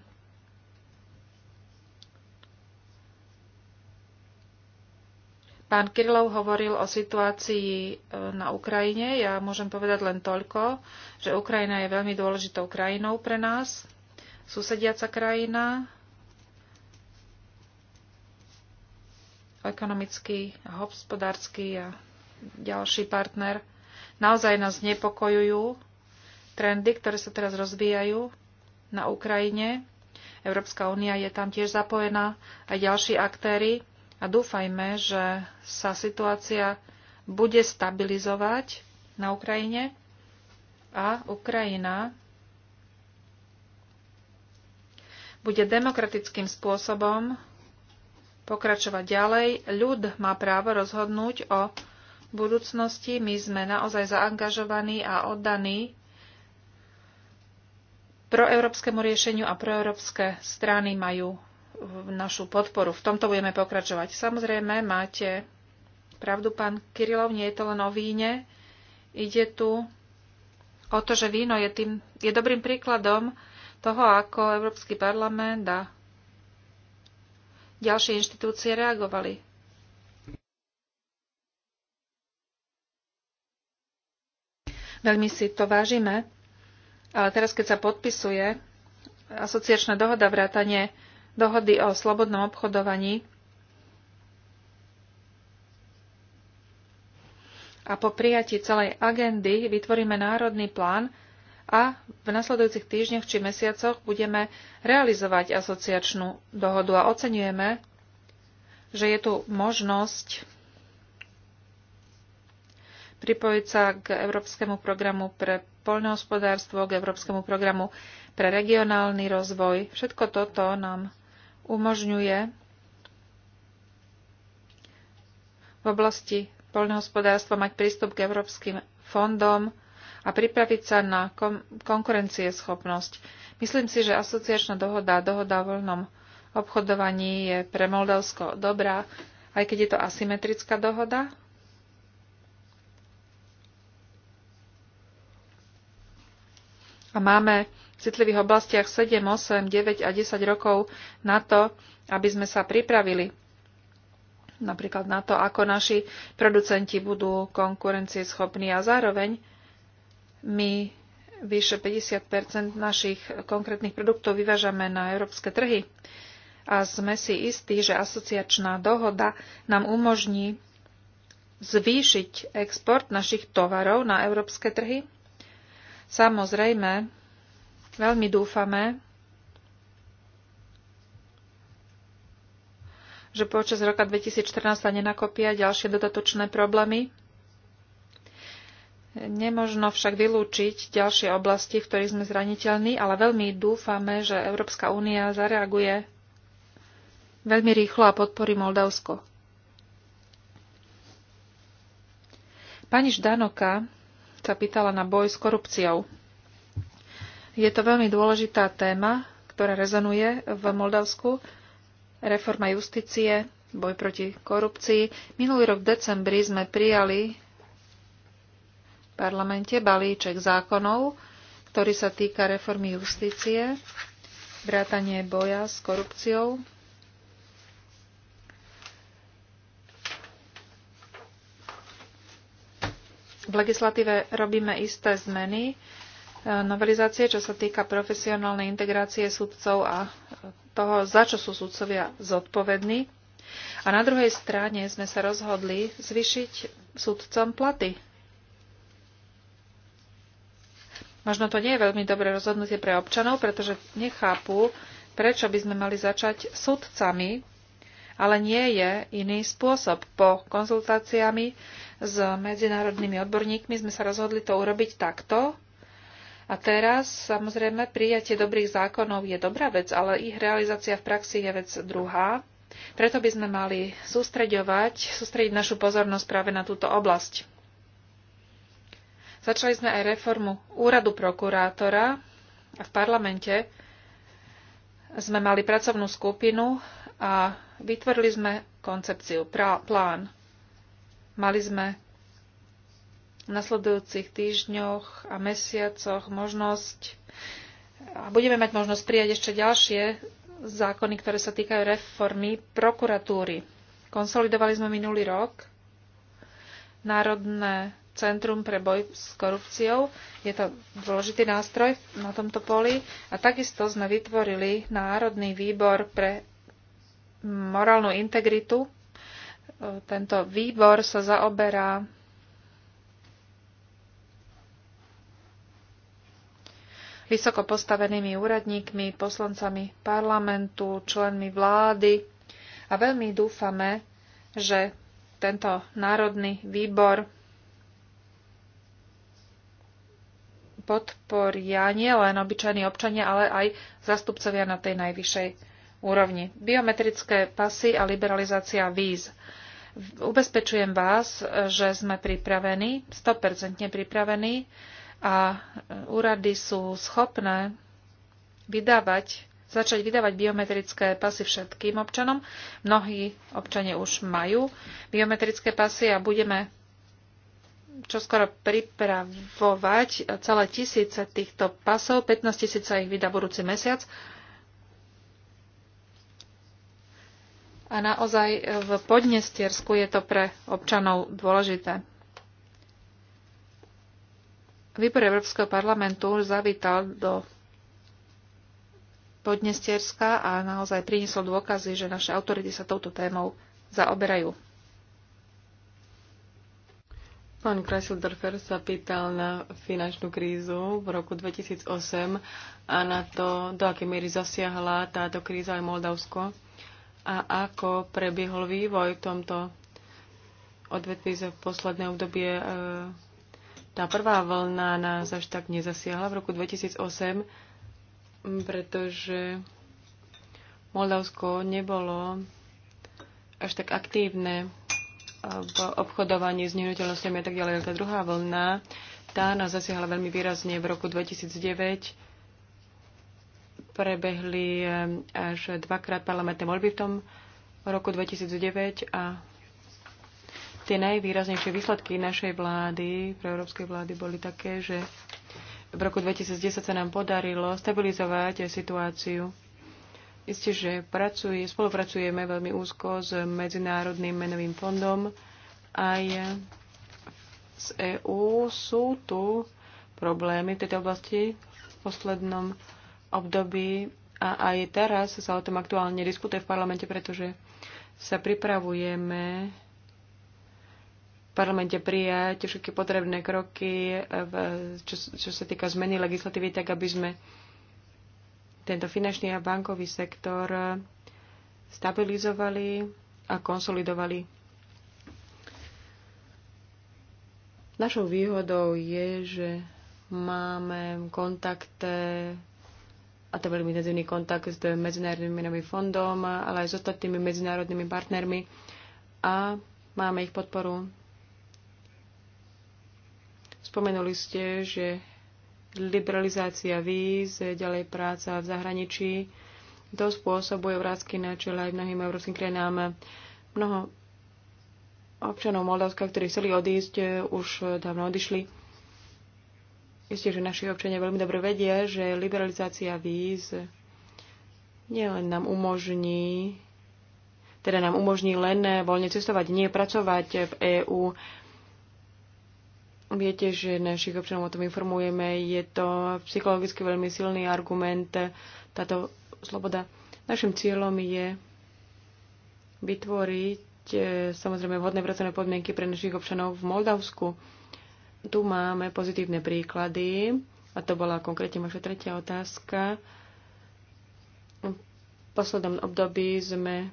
Pán Kirilov hovoril o situácii e, na Ukrajine. Ja môžem povedať len toľko, že Ukrajina je veľmi dôležitou krajinou pre nás. Susediaca krajina, ekonomický, hospodársky a ďalší partner. Naozaj nás nepokojujú trendy, ktoré sa teraz rozvíjajú na Ukrajine. Európska únia je tam tiež zapojená, aj ďalší aktéry a dúfajme, že sa situácia bude stabilizovať na Ukrajine a Ukrajina bude demokratickým spôsobom pokračovať ďalej. Ľud má právo rozhodnúť o budúcnosti. My sme naozaj zaangažovaní a oddaní proeurópskemu riešeniu a proeurópske strany majú našu podporu. V tomto budeme pokračovať. Samozrejme, máte pravdu, pán Kirilov, nie je to len o víne. Ide tu o to, že víno je, tým, je dobrým príkladom toho, ako Európsky parlament a ďalšie inštitúcie reagovali. Veľmi si to vážime, ale teraz, keď sa podpisuje asociačná dohoda vrátanie dohody o slobodnom obchodovaní a po prijatí celej agendy vytvoríme národný plán a v nasledujúcich týždňoch či mesiacoch budeme realizovať asociačnú dohodu a oceňujeme, že je tu možnosť pripojiť sa k Európskemu programu pre poľnohospodárstvo, k Európskemu programu pre regionálny rozvoj. Všetko toto nám umožňuje v oblasti poľnohospodárstva mať prístup k európskym fondom a pripraviť sa na konkurencieschopnosť. Myslím si, že asociačná dohoda a dohoda o voľnom obchodovaní je pre Moldavsko dobrá, aj keď je to asymetrická dohoda. A máme citlivých oblastiach 7, 8, 9 a 10 rokov na to, aby sme sa pripravili napríklad na to, ako naši producenti budú konkurencieschopní a zároveň my vyše 50 našich konkrétnych produktov vyvážame na európske trhy a sme si istí, že asociačná dohoda nám umožní zvýšiť export našich tovarov na európske trhy. Samozrejme, Veľmi dúfame, že počas roka 2014 sa nenakopia ďalšie dodatočné problémy. Nemožno však vylúčiť ďalšie oblasti, v ktorých sme zraniteľní, ale veľmi dúfame, že Európska únia zareaguje veľmi rýchlo a podporí Moldavsko. Pani Ždanoka sa pýtala na boj s korupciou. Je to veľmi dôležitá téma, ktorá rezonuje v Moldavsku. Reforma justície, boj proti korupcii. Minulý rok v decembri sme prijali v parlamente balíček zákonov, ktorý sa týka reformy justície, vrátanie boja s korupciou, V legislatíve robíme isté zmeny, novelizácie, čo sa týka profesionálnej integrácie sudcov a toho, za čo sú sudcovia zodpovední. A na druhej strane sme sa rozhodli zvyšiť sudcom platy. Možno to nie je veľmi dobré rozhodnutie pre občanov, pretože nechápu, prečo by sme mali začať sudcami, ale nie je iný spôsob. Po konzultáciami s medzinárodnými odborníkmi sme sa rozhodli to urobiť takto, a teraz, samozrejme, prijatie dobrých zákonov je dobrá vec, ale ich realizácia v praxi je vec druhá. Preto by sme mali sústreďovať, sústrediť našu pozornosť práve na túto oblasť. Začali sme aj reformu úradu prokurátora a v parlamente sme mali pracovnú skupinu a vytvorili sme koncepciu, plán. Mali sme v nasledujúcich týždňoch a mesiacoch možnosť a budeme mať možnosť prijať ešte ďalšie zákony, ktoré sa týkajú reformy prokuratúry. Konsolidovali sme minulý rok Národné centrum pre boj s korupciou. Je to dôležitý nástroj na tomto poli. A takisto sme vytvorili Národný výbor pre morálnu integritu. Tento výbor sa zaoberá vysoko postavenými úradníkmi, poslancami parlamentu, členmi vlády a veľmi dúfame, že tento národný výbor podporia nielen obyčajní občania, ale aj zastupcovia na tej najvyššej úrovni. Biometrické pasy a liberalizácia víz. Ubezpečujem vás, že sme pripravení, 100% pripravení a e, úrady sú schopné vydávať, začať vydávať biometrické pasy všetkým občanom. Mnohí občania už majú biometrické pasy a budeme čoskoro pripravovať celé tisíce týchto pasov. 15 tisíc sa ich vydá budúci mesiac. A naozaj v Podnestiersku je to pre občanov dôležité. Výbor Európskeho parlamentu zavítal do Podnestierska a naozaj priniesol dôkazy, že naše autority sa touto témou zaoberajú. Pán Kreisildorfer sa pýtal na finančnú krízu v roku 2008 a na to, do akej miery zasiahla táto kríza aj Moldavsko a ako prebiehol vývoj v tomto odvetví za posledné obdobie e tá prvá vlna nás až tak nezasiahla v roku 2008, pretože Moldavsko nebolo až tak aktívne v obchodovaní s nehnuteľnosťami a tak ďalej. Tá druhá vlna, tá nás zasiahla veľmi výrazne v roku 2009. Prebehli eh, až dvakrát parlamentné voľby v tom roku 2009 a tie najvýraznejšie výsledky našej vlády, pre európskej vlády, boli také, že v roku 2010 sa nám podarilo stabilizovať situáciu. Isté, že pracuje, spolupracujeme veľmi úzko s Medzinárodným menovým fondom aj z EÚ. Sú tu problémy v tejto oblasti v poslednom období a aj teraz sa o tom aktuálne diskutuje v parlamente, pretože sa pripravujeme parlamente prijať všetky potrebné kroky, v, čo, čo sa týka zmeny legislatívy, tak aby sme tento finančný a bankový sektor stabilizovali a konsolidovali. Našou výhodou je, že máme kontakt a to veľmi intenzívny kontakt s Medzinárodným menovým fondom, ale aj s ostatnými medzinárodnými partnermi a máme ich podporu Spomenuli ste, že liberalizácia víz, ďalej práca v zahraničí, to spôsobuje vrázky na čele aj mnohým európskym krajinám. Mnoho občanov Moldavska, ktorí chceli odísť, už dávno odišli. Isté, že naši občania veľmi dobre vedia, že liberalizácia víz nielen nám umožní, teda nám umožní len voľne cestovať, nie pracovať v EÚ, Viete, že našich občanov o tom informujeme. Je to psychologicky veľmi silný argument, táto sloboda. Našim cieľom je vytvoriť e, samozrejme vhodné pracovné podmienky pre našich občanov v Moldavsku. Tu máme pozitívne príklady a to bola konkrétne vaša tretia otázka. V poslednom období sme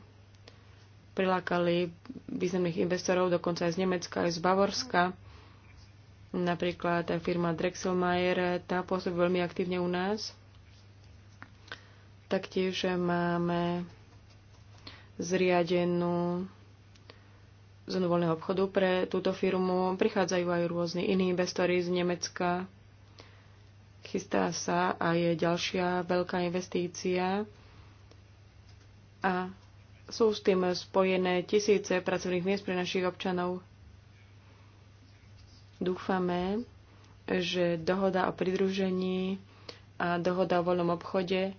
prilákali významných investorov, dokonca aj z Nemecka, aj z Bavorska Napríklad firma Drexelmeier, tá pôsobí veľmi aktívne u nás. Taktiež máme zriadenú zónu voľného obchodu pre túto firmu. Prichádzajú aj rôzni iní investori z Nemecka. Chystá sa a je ďalšia veľká investícia. A sú s tým spojené tisíce pracovných miest pre našich občanov. Dúfame, že dohoda o pridružení a dohoda o voľnom obchode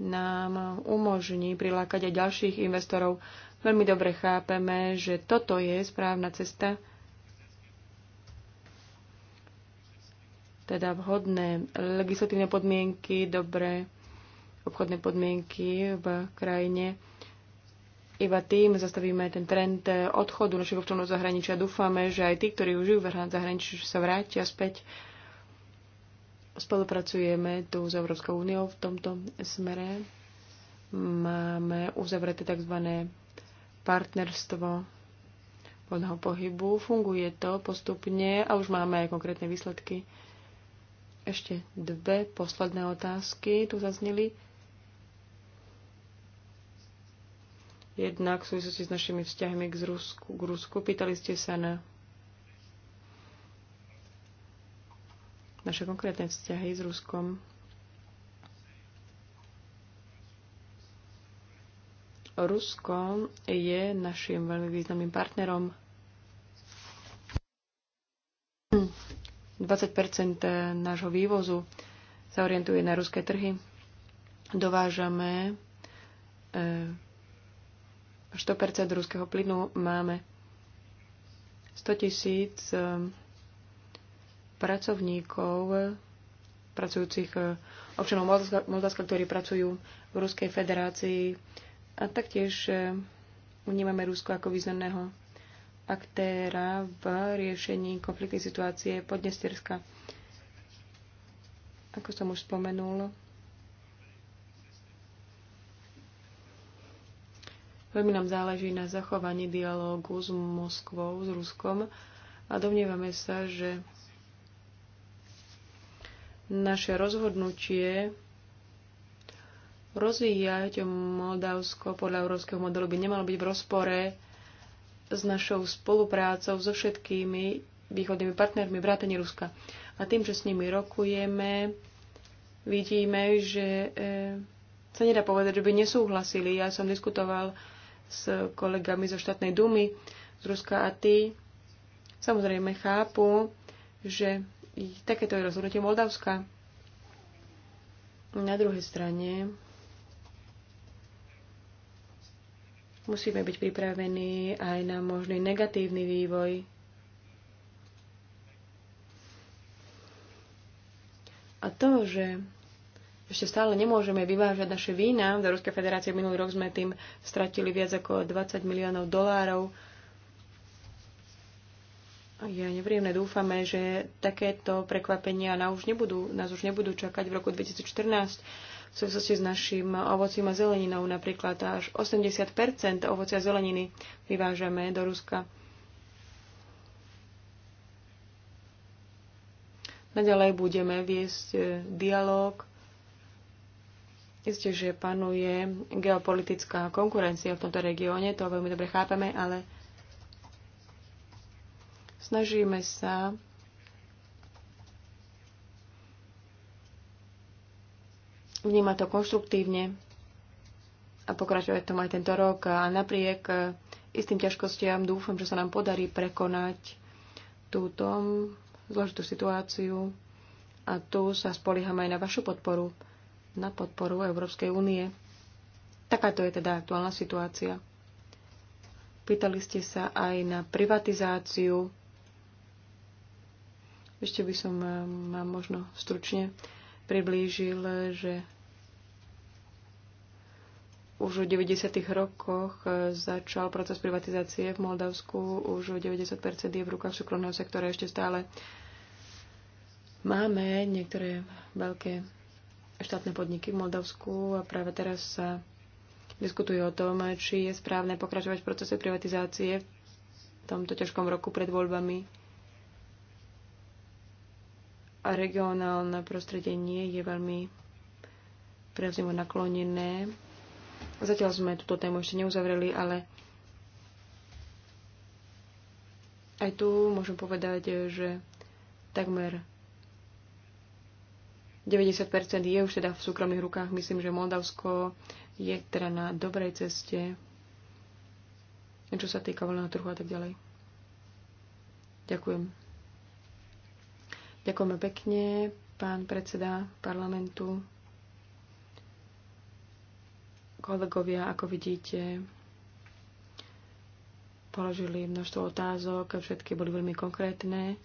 nám umožní prilákať aj ďalších investorov. Veľmi dobre chápeme, že toto je správna cesta, teda vhodné legislatívne podmienky, dobré obchodné podmienky v krajine iba tým zastavíme ten trend odchodu našich občanov zahraničia. Dúfame, že aj tí, ktorí už žijú v zahraničí, sa vrátia späť. Spolupracujeme tu s Európskou úniou v tomto smere. Máme uzavreté tzv. partnerstvo voľného pohybu. Funguje to postupne a už máme aj konkrétne výsledky. Ešte dve posledné otázky tu zazneli. Jednak v súvislosti s našimi vzťahmi k Rusku, k Rusku pýtali ste sa na naše konkrétne vzťahy s Ruskom. Rusko je našim veľmi významným partnerom. 20 nášho vývozu sa orientuje na ruské trhy. Dovážame eh, 100% ruského plynu máme 100 tisíc eh, pracovníkov, pracujúcich eh, občanov Moldavska, ktorí pracujú v Ruskej federácii. A taktiež eh, vnímame Rusko ako významného aktéra v riešení konfliktnej situácie Podnesterska. Ako som už spomenul, Veľmi nám záleží na zachovaní dialógu s Moskvou, s Ruskom a domnievame sa, že naše rozhodnutie rozvíjať Moldavsko podľa európskeho modelu by nemalo byť v rozpore s našou spoluprácou so všetkými východnými partnermi vrátane Ruska. A tým, že s nimi rokujeme, vidíme, že e, sa nedá povedať, že by nesúhlasili. Ja som diskutoval s kolegami zo štátnej dumy z Ruska a tí samozrejme chápu, že takéto je rozhodnutie Moldavska. Na druhej strane musíme byť pripravení aj na možný negatívny vývoj A to, že ešte stále nemôžeme vyvážať naše vína. Do Ruskej federácie minulý rok sme tým stratili viac ako 20 miliónov dolárov. Ja nepríjemné, dúfame, že takéto prekvapenia nás už nebudú, nás už nebudú čakať v roku 2014 v súvislosti s našim ovocím a zeleninou. Napríklad až 80 ovocia a zeleniny vyvážame do Ruska. Naďalej budeme viesť eh, dialog Isté, že panuje geopolitická konkurencia v tomto regióne, to veľmi dobre chápame, ale snažíme sa vnímať to konštruktívne a pokračovať tom aj tento rok. A napriek istým ťažkostiam dúfam, že sa nám podarí prekonať túto zložitú situáciu a tu sa spoliehame aj na vašu podporu na podporu Európskej únie. Takáto je teda aktuálna situácia. Pýtali ste sa aj na privatizáciu. Ešte by som vám eh, možno stručne priblížil, že už v 90. rokoch eh, začal proces privatizácie v Moldavsku. Už 90% je v rukách súkromného sektora ešte stále. Máme niektoré veľké štátne podniky v Moldavsku a práve teraz sa diskutuje o tom, či je správne pokračovať v procese privatizácie v tomto ťažkom roku pred voľbami. A regionálne prostredenie je veľmi prevzimo naklonené. Zatiaľ sme túto tému ešte neuzavreli, ale aj tu môžem povedať, že takmer 90% je už teda v súkromných rukách. Myslím, že Moldavsko je teda na dobrej ceste, čo sa týka voľného trhu a tak ďalej. Ďakujem. Ďakujeme pekne, pán predseda parlamentu. Kolegovia, ako vidíte, položili množstvo otázok, všetky boli veľmi konkrétne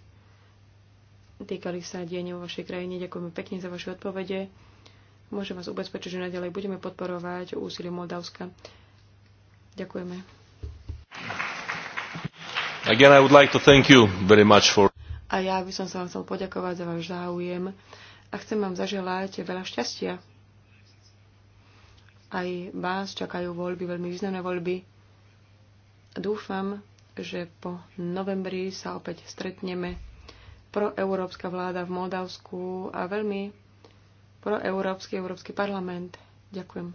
týkali sa dienia vo vašej krajine. Ďakujeme pekne za vaše odpovede. Môžem vás ubezpečiť, že naďalej budeme podporovať úsilie Moldavska. Ďakujeme. Again, I would like to thank you very much for... A ja by som sa vám chcel poďakovať za váš záujem a chcem vám zaželať veľa šťastia. Aj vás čakajú voľby, veľmi významné voľby. Dúfam, že po novembri sa opäť stretneme proeurópska vláda v Moldavsku a veľmi proeurópsky Európsky parlament. Ďakujem.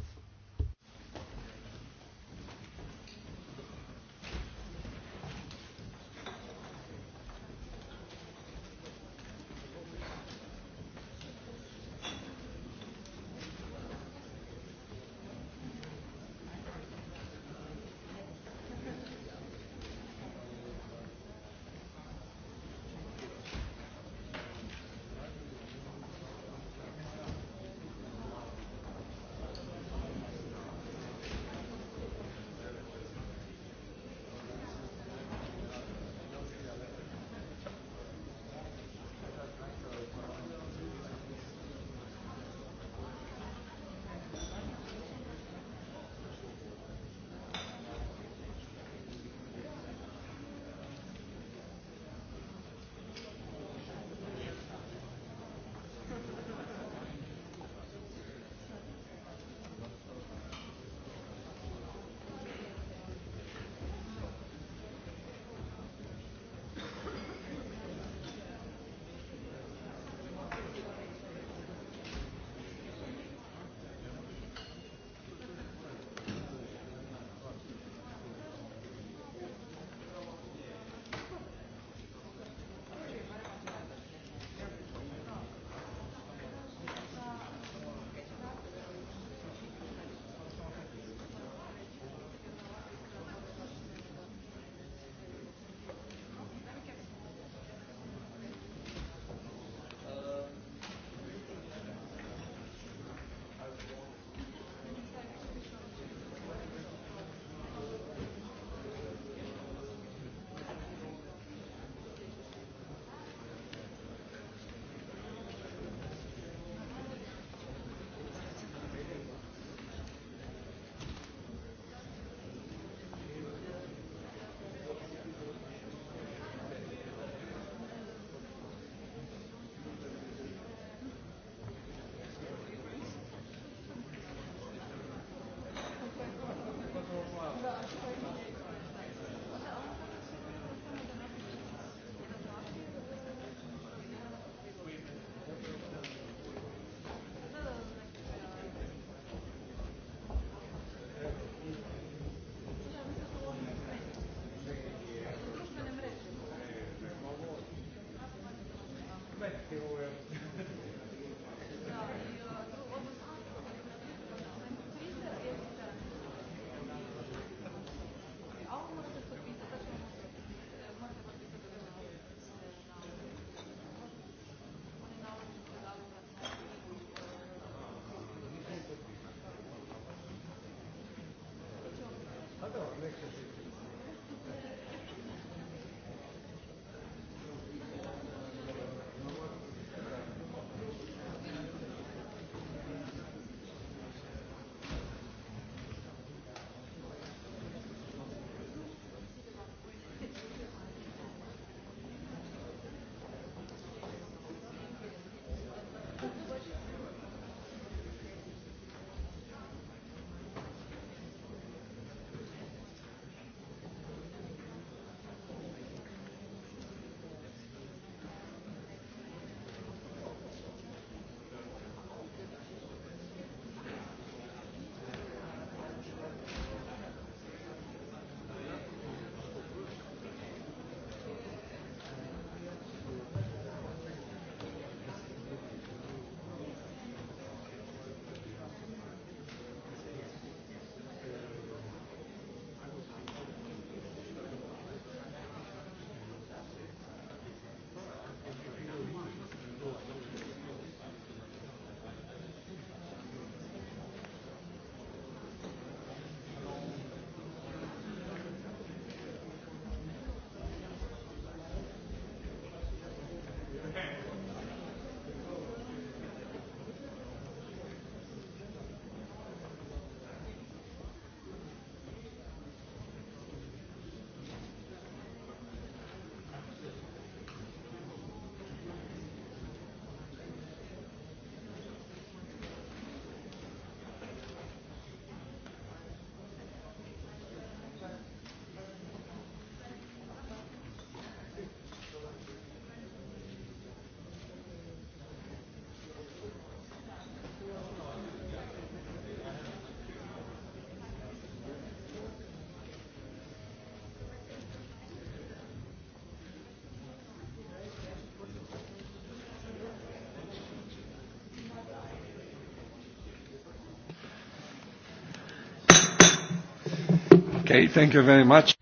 Okay, thank you very much.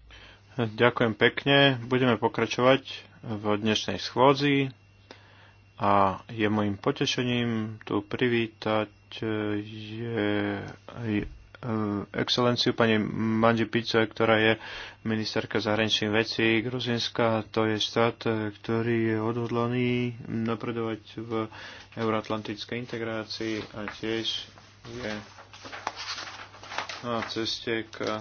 Ďakujem pekne. Budeme pokračovať v dnešnej schôdzi a je mojim potešením tu privítať eh, je, je eh, excelenciu pani Manji Pico, ktorá je ministerka zahraničných vecí Gruzinska. To je štát, eh, ktorý je odhodlaný napredovať v euroatlantickej integrácii a tiež je na ceste k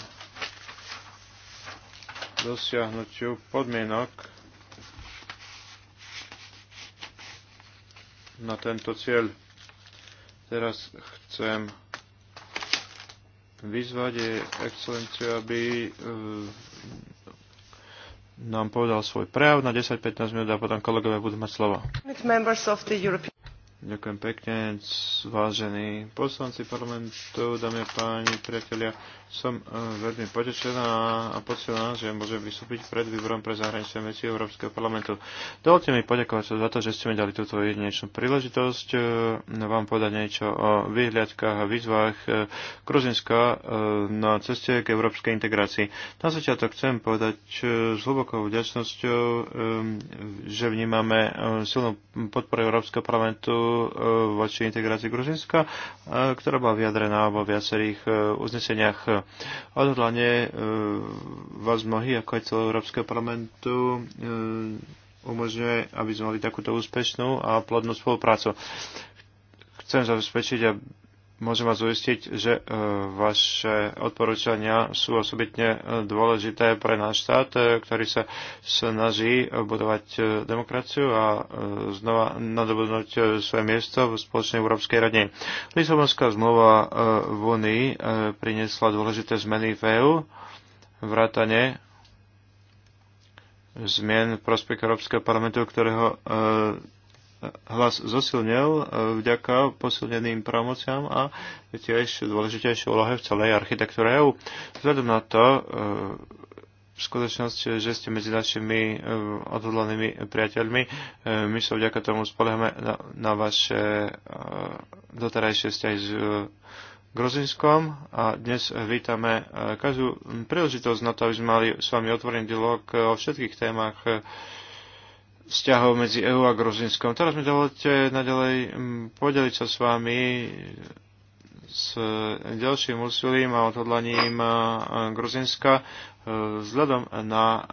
dosiahnutiu podmienok na tento cieľ. Teraz chcem vyzvať jej excelenciu, aby e, nám povedal svoj prejav na 10-15 minút a potom kolegovia budú mať slovo. Ďakujem pekne, vážení poslanci parlamentu, dámy a páni, priatelia. Som e, veľmi potešená a poctená, že môžem vystúpiť pred výborom pre zahraničné veci Európskeho parlamentu. Dovolte mi poďakovať za to, že ste mi dali túto jedinečnú príležitosť e, vám podať niečo o vyhliadkách a výzvach e, Gruzinska na ceste k európskej integrácii. Na začiatok chcem povedať s hlbokou vďačnosťou, že vnímame silnú podporu Európskeho parlamentu Eh, voči integrácii Gruzinska, eh, ktorá bola vyjadrená vo viacerých eh, uzneseniach. Odhodlanie vás mnohí, ako aj celého Európskeho parlamentu, umožňuje, aby sme mali takúto úspešnú a plodnú spoluprácu chcem zabezpečiť, môžem vás uistiť, že e, vaše odporúčania sú osobitne e, dôležité pre náš štát, e, ktorý sa snaží budovať demokraciu a znova nadobudnúť svoje miesto v spoločnej Európskej rade. Lisabonská zmluva v Unii priniesla dôležité zmeny v EÚ, vrátane zmien v prospech Európskeho parlamentu, ktorého hlas zosilnil e, vďaka posilneným právomociam a tiež dôležitejšie úlohe v celej architektúre EU. Vzhľadom na to, e, skutočnosti, že ste medzi našimi e, odhodlanými priateľmi. My sa vďaka tomu spolehame na, na vaše doterajšie vzťahy s Grozinskom a dnes vítame každú príležitosť na to, aby sme mali s vami otvorený dialog o všetkých témach vzťahov medzi EU a Gruzinskom. Teraz mi dovolte nadalej mm, podeliť sa s vami s ďalším úsilím a odhodlaním e, Gruzinska e, vzhľadom na e,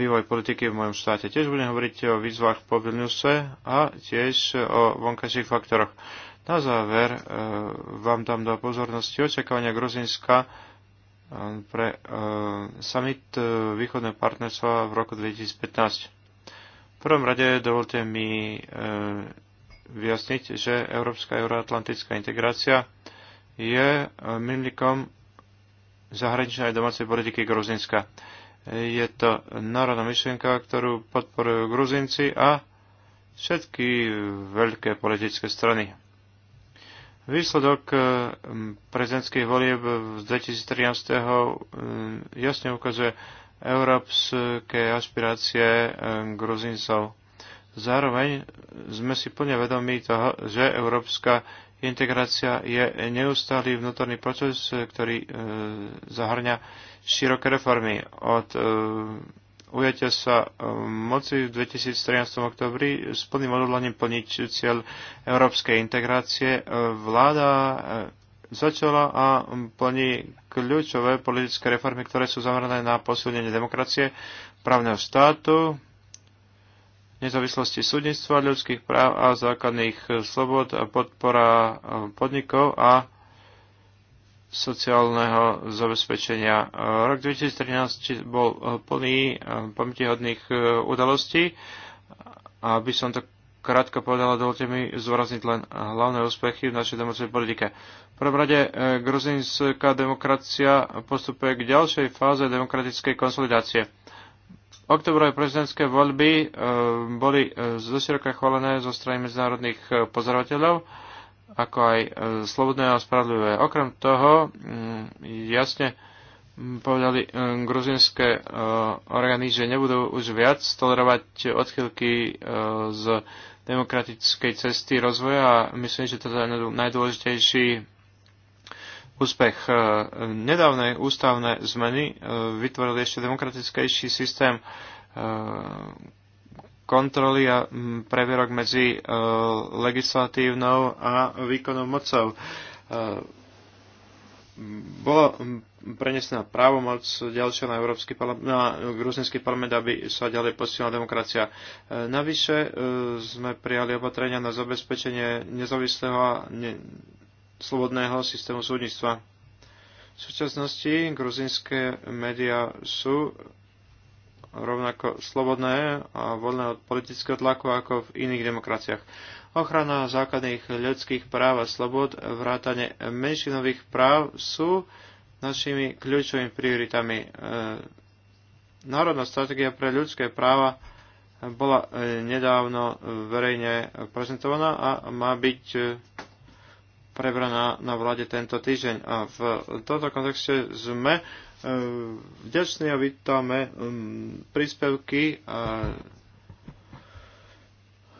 vývoj politiky v mojom štáte. Tiež budem hovoriť o výzvach po Vilniuse a tiež o vonkajších faktoroch. Na záver vám dám do pozornosti očakávania Gruzinska pre e, summit e, východného partnerstva v roku 2015. V prvom rade dovolte mi e, vyjasniť, že Európska euroatlantická integrácia je milníkom zahraničnej aj domácej politiky Gruzinska. Je to národná myšlienka, ktorú podporujú Gruzinci a všetky veľké politické strany. Výsledok eh, prezidentských volieb z 2013. Eh, jasne ukazuje európske aspirácie eh, Gruzincov. Zároveň sme si plne vedomí toho, že európska integrácia je neustály vnútorný proces, ktorý zahrňa široké reformy od ujatia sa e, moci v 2013. oktobri s plným odhodlaním plniť cieľ európskej integrácie. E, vláda e, začala a plní kľúčové politické reformy, ktoré sú zamerané na posilnenie demokracie, právneho štátu, nezávislosti súdnictva, ľudských práv a základných slobod, podpora podnikov a sociálneho zabezpečenia. Rok 2013 bol plný eh, pamätihodných eh, udalostí. Aby som to krátko povedala, dovolte mi zvorazniť len hlavné úspechy v našej domácej politike. V prvom rade eh, gruzinská demokracia postupuje k ďalšej fáze demokratickej konsolidácie. Oktobrové prezidentské voľby boli zosieroka chválené zo strany medzinárodných pozorovateľov ako aj e, slobodné a spravodlivé. Okrem toho, mm, jasne mm, povedali e, gruzinské e, orgány, že nebudú už viac tolerovať odchylky z demokratickej cesty rozvoja a myslím, že to je najdôležitejší úspech. Nedávne ústavné zmeny vytvorili ešte demokratickejší systém kontroly a mm, previerok medzi e, legislatívnou a výkonnou mocou. E, bolo prenesená právomoc ďalšia na, Európsky parlament, na gruzinský parlament, aby sa ďalej posilila demokracia. E, navyše sme prijali opatrenia na zabezpečenie nezávislého a ne, slobodného systému súdnictva. V súčasnosti gruzinské médiá sú rovnako slobodné a voľné od politického tlaku ako v iných demokraciách. Ochrana základných ľudských práv a slobod, vrátane menšinových práv sú našimi kľúčovými prioritami. E, Národná stratégia pre ľudské práva bola e, nedávno verejne prezentovaná a má byť e, prebraná na vláde tento týždeň. A v tomto kontexte sme Ehm, vďační a vítame ehm, príspevky a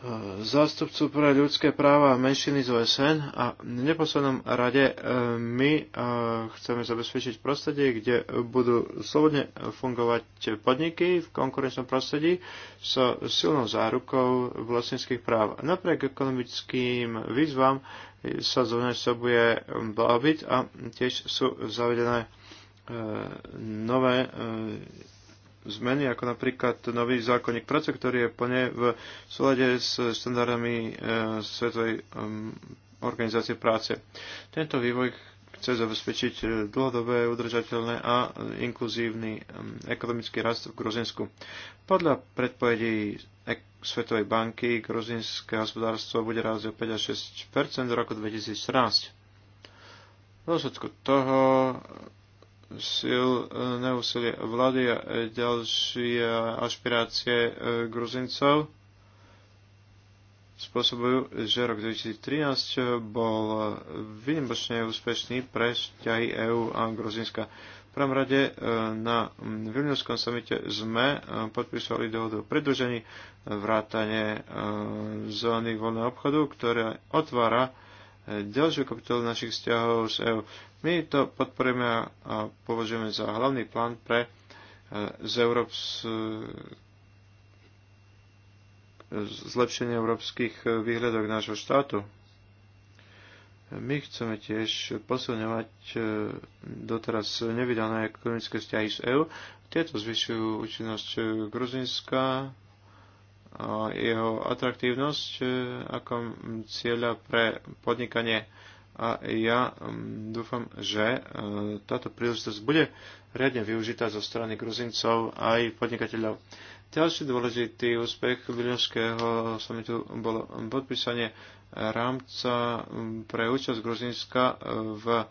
ehm, zástupcu pre ľudské práva a menšiny z OSN a v neposlednom rade my chceme zabezpečiť prostredie, kde budú slobodne fungovať podniky v konkurenčnom prostredí s silnou zárukou vlastníckých práv. Napriek ekonomickým výzvam sa bude blábiť a tiež sú zavedené E, nové e, zmeny, ako napríklad nový zákonník práce, ktorý je plne v súlade s štandardami e, Svetovej organizácie práce. Tento vývoj chce zabezpečiť dlhodobé, udržateľné a inkluzívny ekonomický rast v Gruzinsku. Podľa predpovedí Svetovej banky gruzinské hospodárstvo bude rásť o 5 až 6 v roku 2014. V dôsledku toho sil, e, úsilie vlády a ďalšie ašpirácie e, Gruzincov spôsobujú, že rok 2013 bol výnimočne úspešný pre vzťahy EÚ a Gruzinska. V prvom rade e, na Vilniuskom samite sme podpísali dohodu o predlžení vrátane zóny voľného obchodu, ktorá otvára ďalšiu kapitolu našich vzťahov s EÚ. My to podporujeme a považujeme za hlavný plán pre e, z Európs, e, zlepšenie európskych e, výhľadok nášho štátu. My chceme tiež posilňovať doteraz nevydané ekonomické vzťahy z EÚ. Tieto zvyšujú účinnosť Gruzinska a jeho atraktívnosť ako cieľa pre podnikanie a ja mm, dúfam, že e, táto príležitosť bude riadne využitá zo strany Gruzincov aj podnikateľov. Ďalší dôležitý úspech Vilňovského samitu bolo podpísanie rámca mm, pre účasť Gruzinska e, v e,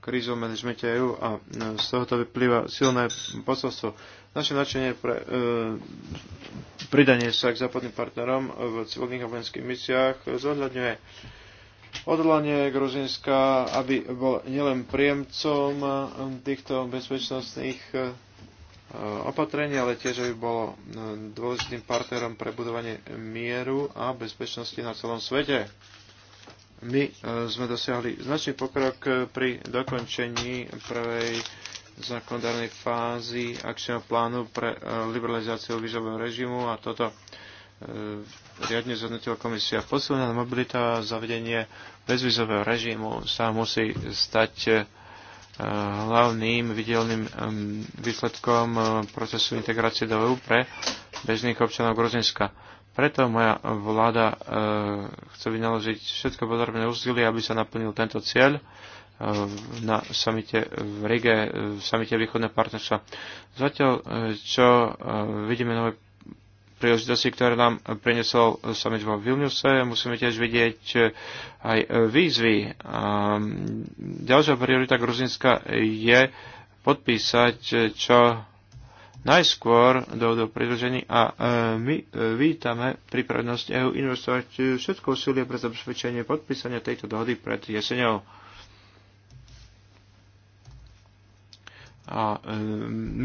krízu manažmente EU a z tohoto vyplýva silné posolstvo. Naše načenie pre e, pridanie sa k západným partnerom v civilných a vojenských misiách zohľadňuje odhodlanie Gruzinska, aby bol nielen príjemcom týchto bezpečnostných e, opatrení, ale tiež aby bolo e, dôležitým partnerom pre budovanie mieru a bezpečnosti na celom svete. My e, sme dosiahli značný pokrok pri dokončení prvej zákonodárnej fázy akčného plánu pre liberalizáciu výžového režimu a toto E, riadne zhodnotila komisia. Posilnená mobilita a zavedenie bezvizového režimu sa musí stať e, hlavným videlným e, výsledkom procesu integrácie do EU pre bežných občanov Gruzinska. Preto moja vláda chce vynaložiť všetko potrebné úsilie, aby sa naplnil tento cieľ na samite v Rige, v samite východného partnerstva. Zatiaľ, čo vidíme nové príležitosti, ktoré nám prinesol summit vo Vilniuse. Musíme tiež vidieť eh, aj eh, výzvy. Ehm, ďalšia priorita Gruzinska je podpísať eh, čo najskôr do, do pridružení a e, my e, vítame pripravenosť EU investovať všetko úsilie pre zabezpečenie podpísania tejto dohody pred jeseňou. A e,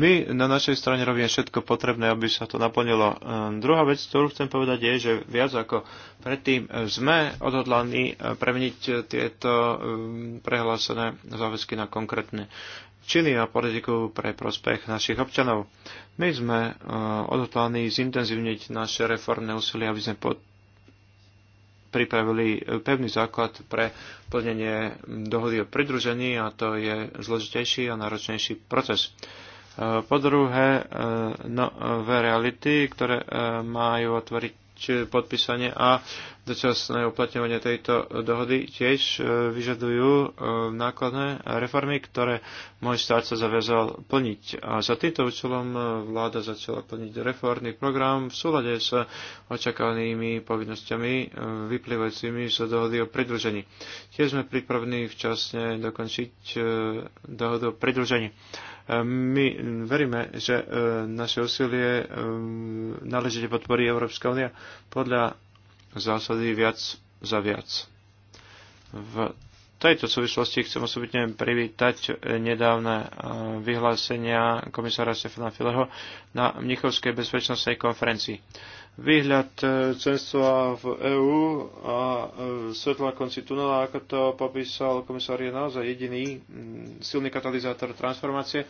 my na našej strane robíme všetko potrebné, aby sa to naplnilo. E, druhá vec, ktorú chcem povedať, je, že viac ako predtým e, sme odhodlaní premeniť tieto prehlásené záväzky na konkrétne činy a politiku pre prospech našich občanov. My sme odhodlaní zintenzívniť naše reformné úsilie, aby sme pod pripravili eh, pevný základ pre plnenie dohody o pridružení a to je zložitejší a náročnejší proces. Eh, po druhé, eh, nové reality, ktoré majú otvoriť Eh, podpísanie a dočasné uplatňovanie tejto dohody tiež eh, vyžadujú eh, nákladné reformy, ktoré môj štát sa zaviazal plniť. A za týmto účelom vláda začala plniť reformný program v súlade s očakávanými povinnosťami vyplývajúcimi z dohody o pridružení. Tiež sme pripravení včasne dokončiť dohodu o pridružení. My veríme, že e, naše úsilie e, náležite podporí Európska únia podľa zásady viac za viac. V tejto súvislosti chcem osobitne privítať e, nedávne vyhlásenia komisára Stefana Fileho na Mnichovskej bezpečnostnej konferencii výhľad e, členstva v EÚ a e, svetla konci tunela, ako to popísal komisár, je naozaj jediný mm, silný katalizátor transformácie,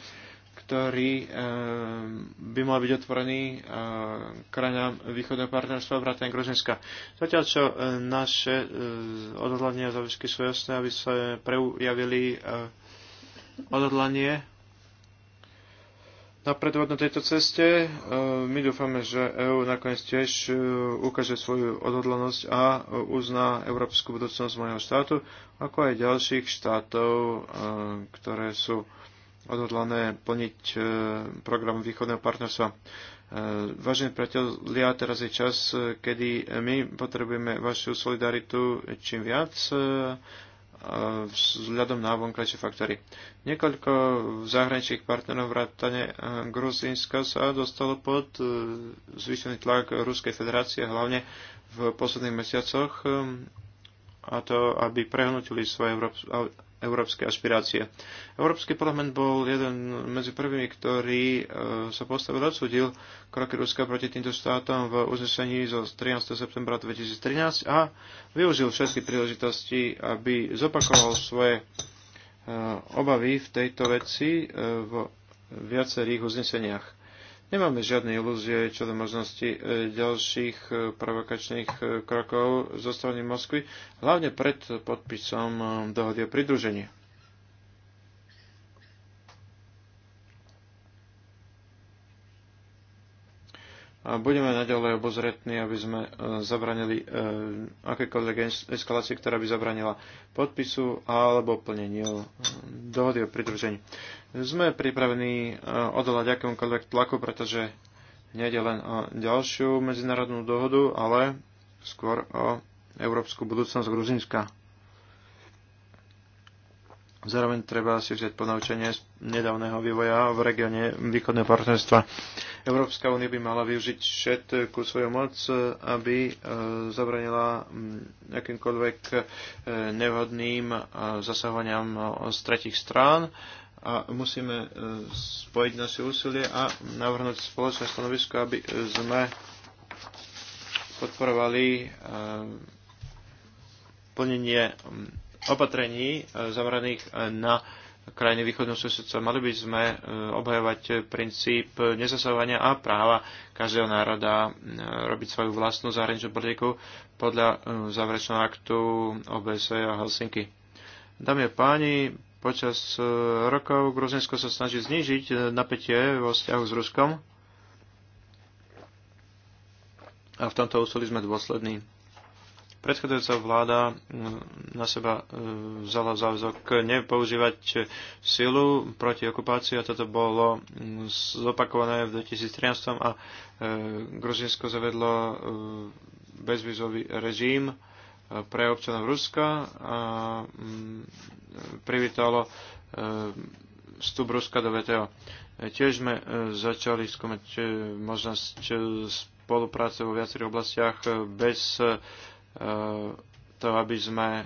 ktorý e, by mal byť otvorený krajinám východného partnerstva vrátane Gruzinska. Zatiaľ, čo naše odhodlania a záväzky sú jasné, aby sa prejavili odhodlanie napredovať na tejto ceste. E, my dúfame, že EÚ nakoniec tiež e, ukáže svoju odhodlanosť a uzná európsku budúcnosť mojho štátu, ako aj ďalších štátov, e, ktoré sú odhodlané plniť program východného partnerstva. Vážení priatelia, teraz je čas, kedy my potrebujeme vašu solidaritu čím viac vzhľadom na vonkajšie faktory. Niekoľko zahraničných partnerov vrátane e, Gruzínska sa dostalo pod e, zvýšený tlak Ruskej federácie, hlavne v posledných mesiacoch e, a to, aby prehnutili svoje európske aspirácie. Európsky parlament bol jeden medzi prvými, ktorý e, sa postavil odsudil kroky Ruska proti týmto štátom v uznesení zo 13. septembra 2013 a využil všetky príležitosti, aby zopakoval svoje e, obavy v tejto veci e, v viacerých uzneseniach. Nemáme žiadne ilúzie čo do možnosti e, ďalších e, provokačných e, krokov zo strany Moskvy, hlavne pred podpisom dohody o pridružení. a budeme naďalej obozretní, aby sme e, zabranili e, akékoľvek eskalácie, ktorá by zabranila podpisu alebo plneniu e, dohody o pridružení. Sme pripravení odolať akémukoľvek tlaku, pretože nejde len o ďalšiu medzinárodnú dohodu, ale skôr o európsku budúcnosť Gruzinska. Zároveň treba si vziať ponaučenie z nedávneho vývoja v regióne východného partnerstva Európska únia by mala využiť všetku svoju moc, aby e, zabranila mm, akýmkoľvek e, nevhodným e, zasahovaniam z tretich strán a musíme spojiť naše úsilie a navrhnúť spoločné stanovisko, aby sme podporovali plnenie mm, opatrení zameraných na krajiny východného susedstva. Mali by sme e, obhajovať princíp nezasahovania a práva každého národa e, robiť svoju vlastnú zahraničnú politiku podľa e, záverečného aktu OBSE a Helsinky. Dámy a páni, počas rokov Gruzinsko sa snaží znížiť napätie vo vzťahu s Ruskom a v tomto úsilí sme dôslední. Predchádzajúca vláda mm, na seba e, vzala záväzok nepoužívať silu proti okupácii a toto bolo mm, zopakované v 2013 a e, Gruzinsko zavedlo e, bezvizový režim pre občanov Ruska a mm, privítalo vstup Ruska do VTO. Tiež sme začali skúmať možnosť spolupráce vo viacerých oblastiach bez E, to, aby sme e,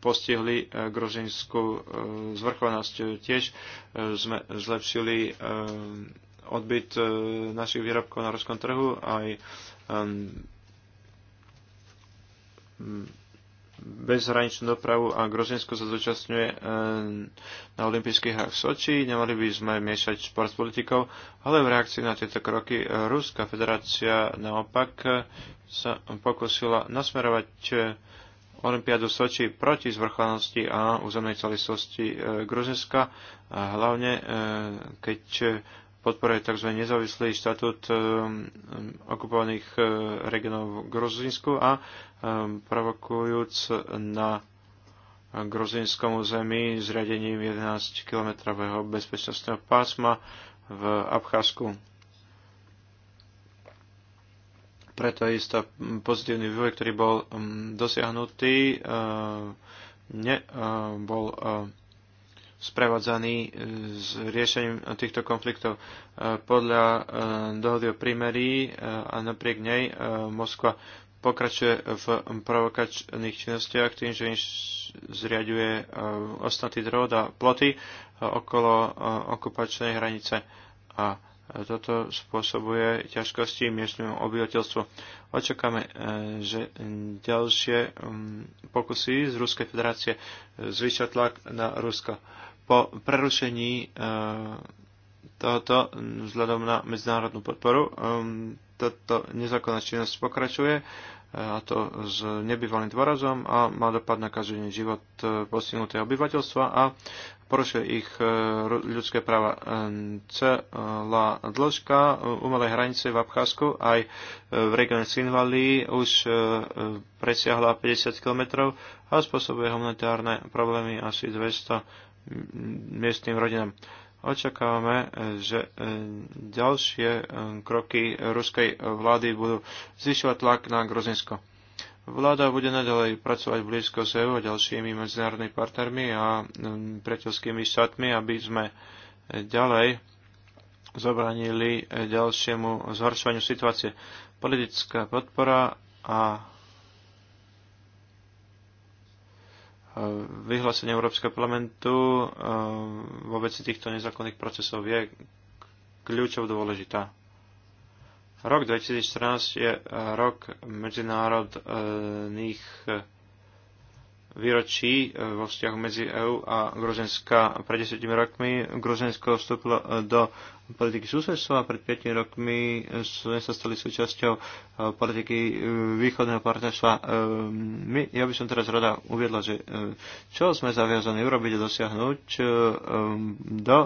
postihli e, grozinskú zvrchovanosť. Tiež sme zlepšili odbyt našich výrobkov na ruskom trhu aj bezhraničnú dopravu a Grozinsko sa zúčastňuje eh, na olympijských hrách v Soči. Nemali by sme miešať šport s politikou, ale v reakcii na tieto kroky eh, Ruská federácia naopak eh, sa pokusila nasmerovať Olympiádu v Soči proti zvrchovanosti a územnej celistosti Gruzinska, a hlavne keď podporuje tzv. nezávislý štatút um, okupovaných uh, regionov v Gruzínsku a um, provokujúc na gruzínskom území zriadením 11-kilometrového bezpečnostného pásma v Abcházsku. Preto je istá pozitívny vývoj, ktorý bol um, dosiahnutý, uh, ne, uh, bol sprevádzaný e, s riešením týchto konfliktov. E, podľa e, dohody o prímerí a napriek nej Moskva pokračuje v provokačných činnostiach tým, že zriaduje ostatný drôd a ploty okolo okupačnej hranice. A toto spôsobuje ťažkosti miestnemu obyvateľstvu. Očakáme, že ďalšie pokusy z Ruskej federácie zvyšia tlak na Rusko po prerušení eh, tohoto vzhľadom na medzinárodnú podporu. Ehm, Táto nezákonná činnosť pokračuje eh, a to s nebývalým dôrazom a má dopad na každý život eh, postihnutého obyvateľstva a porušuje ich ľudské práva. Ehm, celá dĺžka umelej hranice v Abcházsku aj v regióne Sinvali už presiahla 50 km a spôsobuje humanitárne problémy asi 200 miestnym rodinám. Očakávame, že e, ďalšie e, kroky ruskej vlády budú zvyšovať tlak na Grozinsko. Vláda bude naďalej pracovať blízko s EU a ďalšími medzinárodnými partnermi a e, priateľskými štátmi, aby sme ďalej zabranili ďalšiemu zhoršovaniu situácie. Politická podpora a vyhlásenie Európskeho parlamentu eh, vo veci týchto nezákonných procesov je kľúčov dôležitá. Rok 2014 je eh, rok medzinárodných eh, výročí vo vzťahu medzi EÚ a Gruzinska. Pred 10 rokmi Gruzinsko vstúpilo do politiky susedstva a pred 5 rokmi sme sa stali súčasťou e, politiky e, východného partnerstva. E, my, ja by som teraz rada uviedla, že čo sme zaviazaní urobiť a dosiahnuť do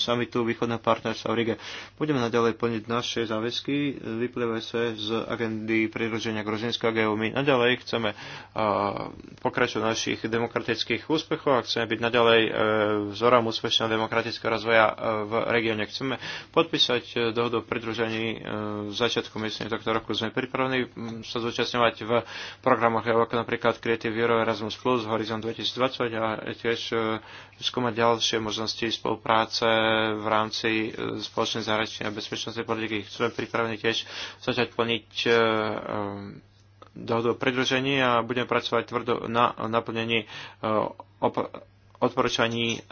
samitu Východného partnerstva v Rige. Budeme naďalej plniť naše záväzky, vyplývajú sa z agendy priroženia Gruzinska a My naďalej chceme pokračovať našich demokratických úspechov a chceme byť naďalej e, vzorom úspešného demokratického rozvoja e, v regióne. Chceme podpísať e, dohodu o pridružení začiatku myslím tohto roku. Sme pripravení sa zúčastňovať v programoch ako napríklad Creative Euro Erasmus+, Horizon 2020 a tiež skúmať ďalšie možnosti spolupráce v rámci e, spoločnej zahraničnej a bezpečnostnej politiky. Chceme pripravení tiež začať plniť e, e, dohodu o predlžení a budeme pracovať tvrdo na naplnení odporúčaní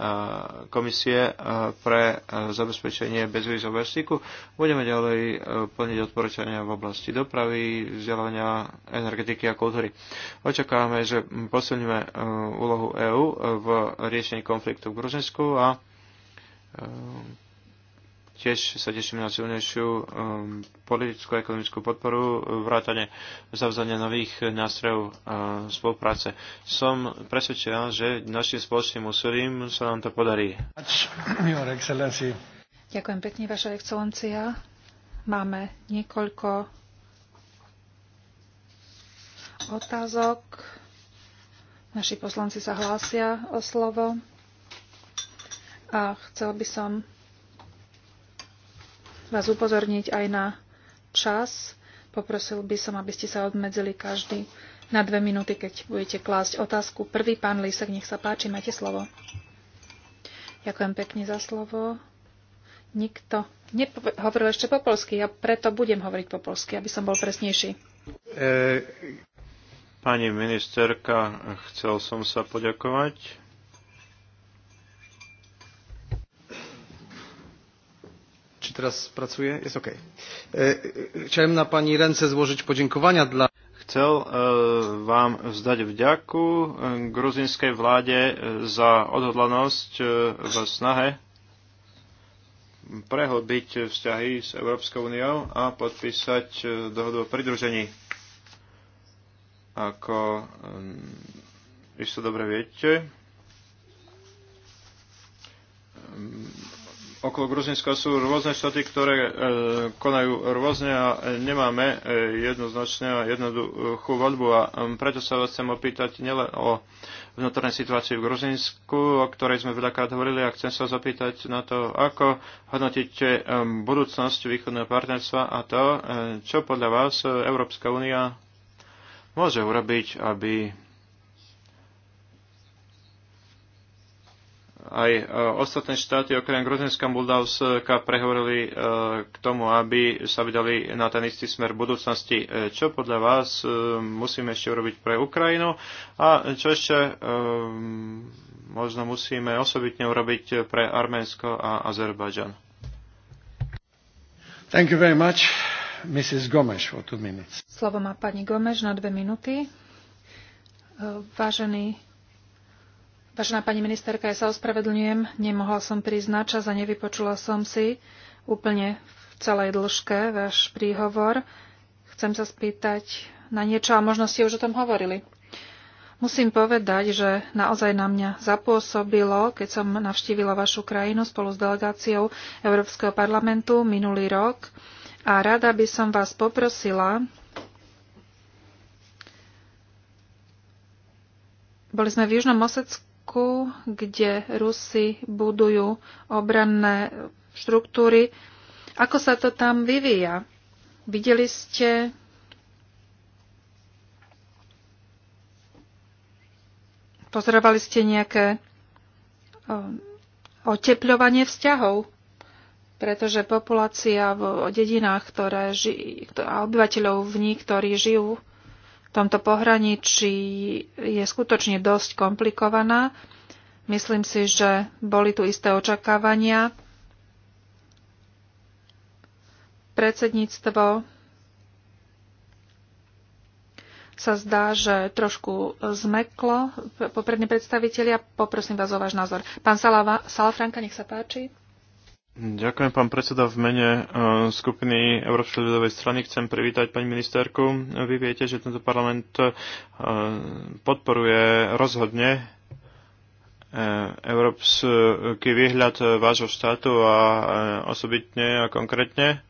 komisie pre zabezpečenie bezvýzového styku. Budeme ďalej plniť odporúčania v oblasti dopravy, vzdelávania, energetiky a kultúry. Očakávame, že posilníme úlohu EÚ v riešení konfliktu v Gruzinsku a Ehm, tiež sa teším na silnejšiu um, politickú a ekonomickú podporu, vrátane zavzania nových nástrojov uh, spolupráce. Som presvedčená, že našim spoločným úsilím sa nám to podarí. Ďakujem pekne, Vaša excelencia. Máme niekoľko otázok. Naši poslanci sa hlásia o slovo. A chcel by som vás upozorniť aj na čas. Poprosil by som, aby ste sa obmedzili každý na dve minúty, keď budete klásť otázku. Prvý pán Lisek, nech sa páči, máte slovo. Ďakujem pekne za slovo. Nikto hovoril ešte po polsky, ja preto budem hovoriť po polsky, aby som bol presnejší. E, pani ministerka, chcel som sa poďakovať teraz pracuje? Jest okej. Okay. E, e, chciałem na Pani ręce złożyć podziękowania dla... Chcel vám e, vzdať vďaku gruzinskej vláde za odhodlanosť v snahe prehlbiť vzťahy s Európskou úniou a podpísať dohodu o pridružení. Ako isto dobre viete, okolo Gruzinska sú rôzne štáty, ktoré e, konajú rôzne a nemáme e, jednoznačne a jednoduchú voľbu. A e, preto sa vás chcem opýtať nielen o vnútornej situácii v Gruzinsku, o ktorej sme veľakrát hovorili, a chcem sa zapýtať na to, ako hodnotíte e, budúcnosť východného partnerstva a to, e, čo podľa vás Európska únia môže urobiť, aby aj e, ostatné štáty okrem Gruzinska a Moldavska prehovorili e, k tomu, aby sa vydali na ten istý smer budúcnosti. E, čo podľa vás musíme ešte urobiť pre Ukrajinu a čo ešte možno musíme osobitne urobiť pre Arménsko a Azerbajdžan? Thank you very much. Mrs. Gomes for two minutes. Slovo má pani Gomes na dve minúty. Vážený Vážená pani ministerka, ja sa ospravedlňujem, nemohla som prísť na čas a nevypočula som si úplne v celej dĺžke váš príhovor. Chcem sa spýtať na niečo a možno ste už o tom hovorili. Musím povedať, že naozaj na mňa zapôsobilo, keď som navštívila vašu krajinu spolu s delegáciou Európskeho parlamentu minulý rok a rada by som vás poprosila, boli sme v Južnom Osecku, Iraku, kde Rusi budujú obranné štruktúry. Ako sa to tam vyvíja? Videli ste Pozorovali ste nejaké um, oteplovanie vzťahov, pretože populácia v dedinách, ktoré ži, obyvateľov v nich, ktorí žijú tomto pohraničí je skutočne dosť komplikovaná. Myslím si, že boli tu isté očakávania. Predsedníctvo sa zdá, že trošku zmeklo poprední predstavitelia. Poprosím vás o váš názor. Pán Salafranka, nech sa páči. Ďakujem, pán predseda. V mene e, skupiny Európskej ľudovej strany chcem privítať pani ministerku. Vy viete, že tento parlament e, podporuje rozhodne e, európsky výhľad vášho štátu a osobitne a konkrétne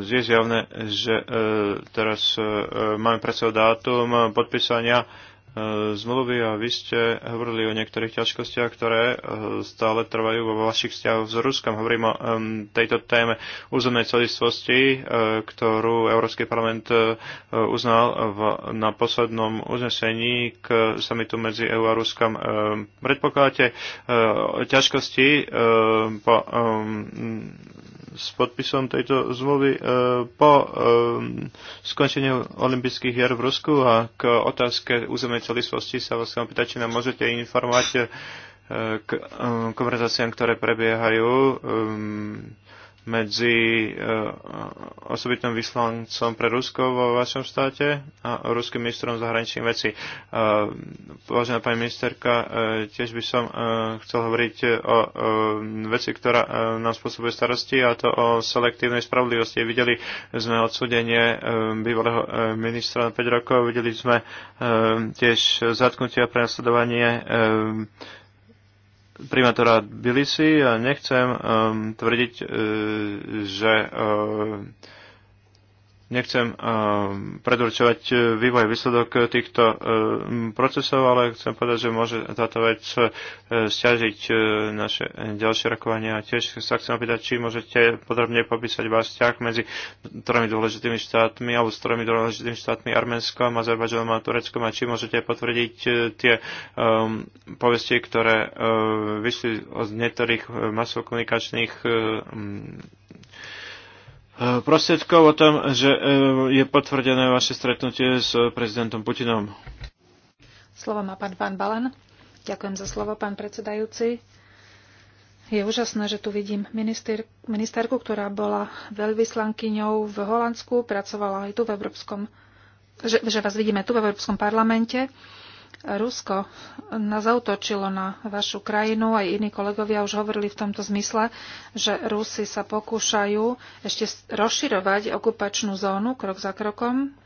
je zjavné, že e, teraz e, máme pred sebou dátum podpísania e, zmluvy a vy ste hovorili o niektorých ťažkostiach, ktoré stále trvajú vo vašich vzťahoch s Ruskom. Hovorím o tejto téme územnej celistvosti, ktorú Európsky parlament uznal na poslednom uznesení k samitu medzi EU a Ruskom. Predpokladáte ťažkosti po s podpisom tejto zmluvy e, po e, skončení olympijských hier v Rusku a k otázke územnej celistvosti sa vás chcem pýtať, či nám môžete informovať e, k konverzáciám, ktoré prebiehajú medzi eh, osobitným vyslancom pre Rusko vo vašom štáte a ruským ministrom zahraničných vecí. Eh, vážená pani ministerka, eh, tiež by som chcel hovoriť o veci, ktorá nám spôsobuje starosti a to o selektívnej spravodlivosti. Videli sme odsúdenie bývalého ministra na 5 rokov, videli sme tiež zatknutie a prenasledovanie primátora Bilisi a nechcem um, tvrdiť, uh, že uh, nechcem eh, predurčovať eh, vývoj výsledok eh, týchto procesov, ale chcem povedať, že môže táto vec stiažiť naše ďalšie rokovania. Tiež sa chcem opýtať, či môžete podrobne popísať váš vzťah medzi tromi dôležitými štátmi alebo s tromi dôležitými štátmi Arménskom, Azerbajdžanom a Tureckom a či môžete potvrdiť tie um, ehm, povesti, ktoré um, vyšli od niektorých masovokomunikačných um, E, prostriedkov o tom, že e, je potvrdené vaše stretnutie s prezidentom Putinom. Slovo má pán Van Balen. Ďakujem za slovo, pán predsedajúci. Je úžasné, že tu vidím minister, ministerku, ktorá bola veľvyslankyňou v Holandsku, pracovala aj tu v Európskom, že, že vás vidíme tu v Európskom parlamente. Rusko zautočilo na vašu krajinu, aj iní kolegovia už hovorili v tomto zmysle, že Rusi sa pokúšajú ešte rozširovať okupačnú zónu krok za krokom.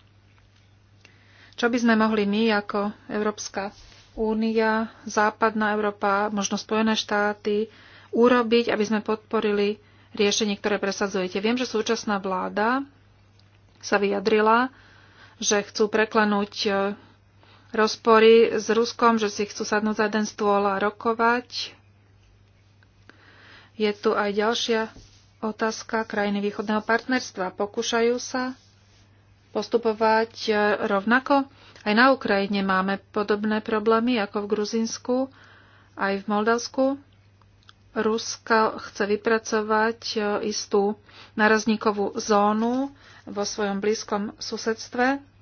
Čo by sme mohli my ako Európska únia, Západná Európa, možno Spojené štáty urobiť, aby sme podporili riešenie, ktoré presadzujete? Viem, že súčasná vláda sa vyjadrila, že chcú preklenúť rozpory s Ruskom, že si chcú sadnúť za jeden stôl a rokovať. Je tu aj ďalšia otázka krajiny východného partnerstva. Pokúšajú sa postupovať e, rovnako? Aj na Ukrajine máme podobné problémy ako v Gruzinsku, aj v Moldavsku. Rusko chce vypracovať e, istú narazníkovú zónu vo svojom blízkom susedstve.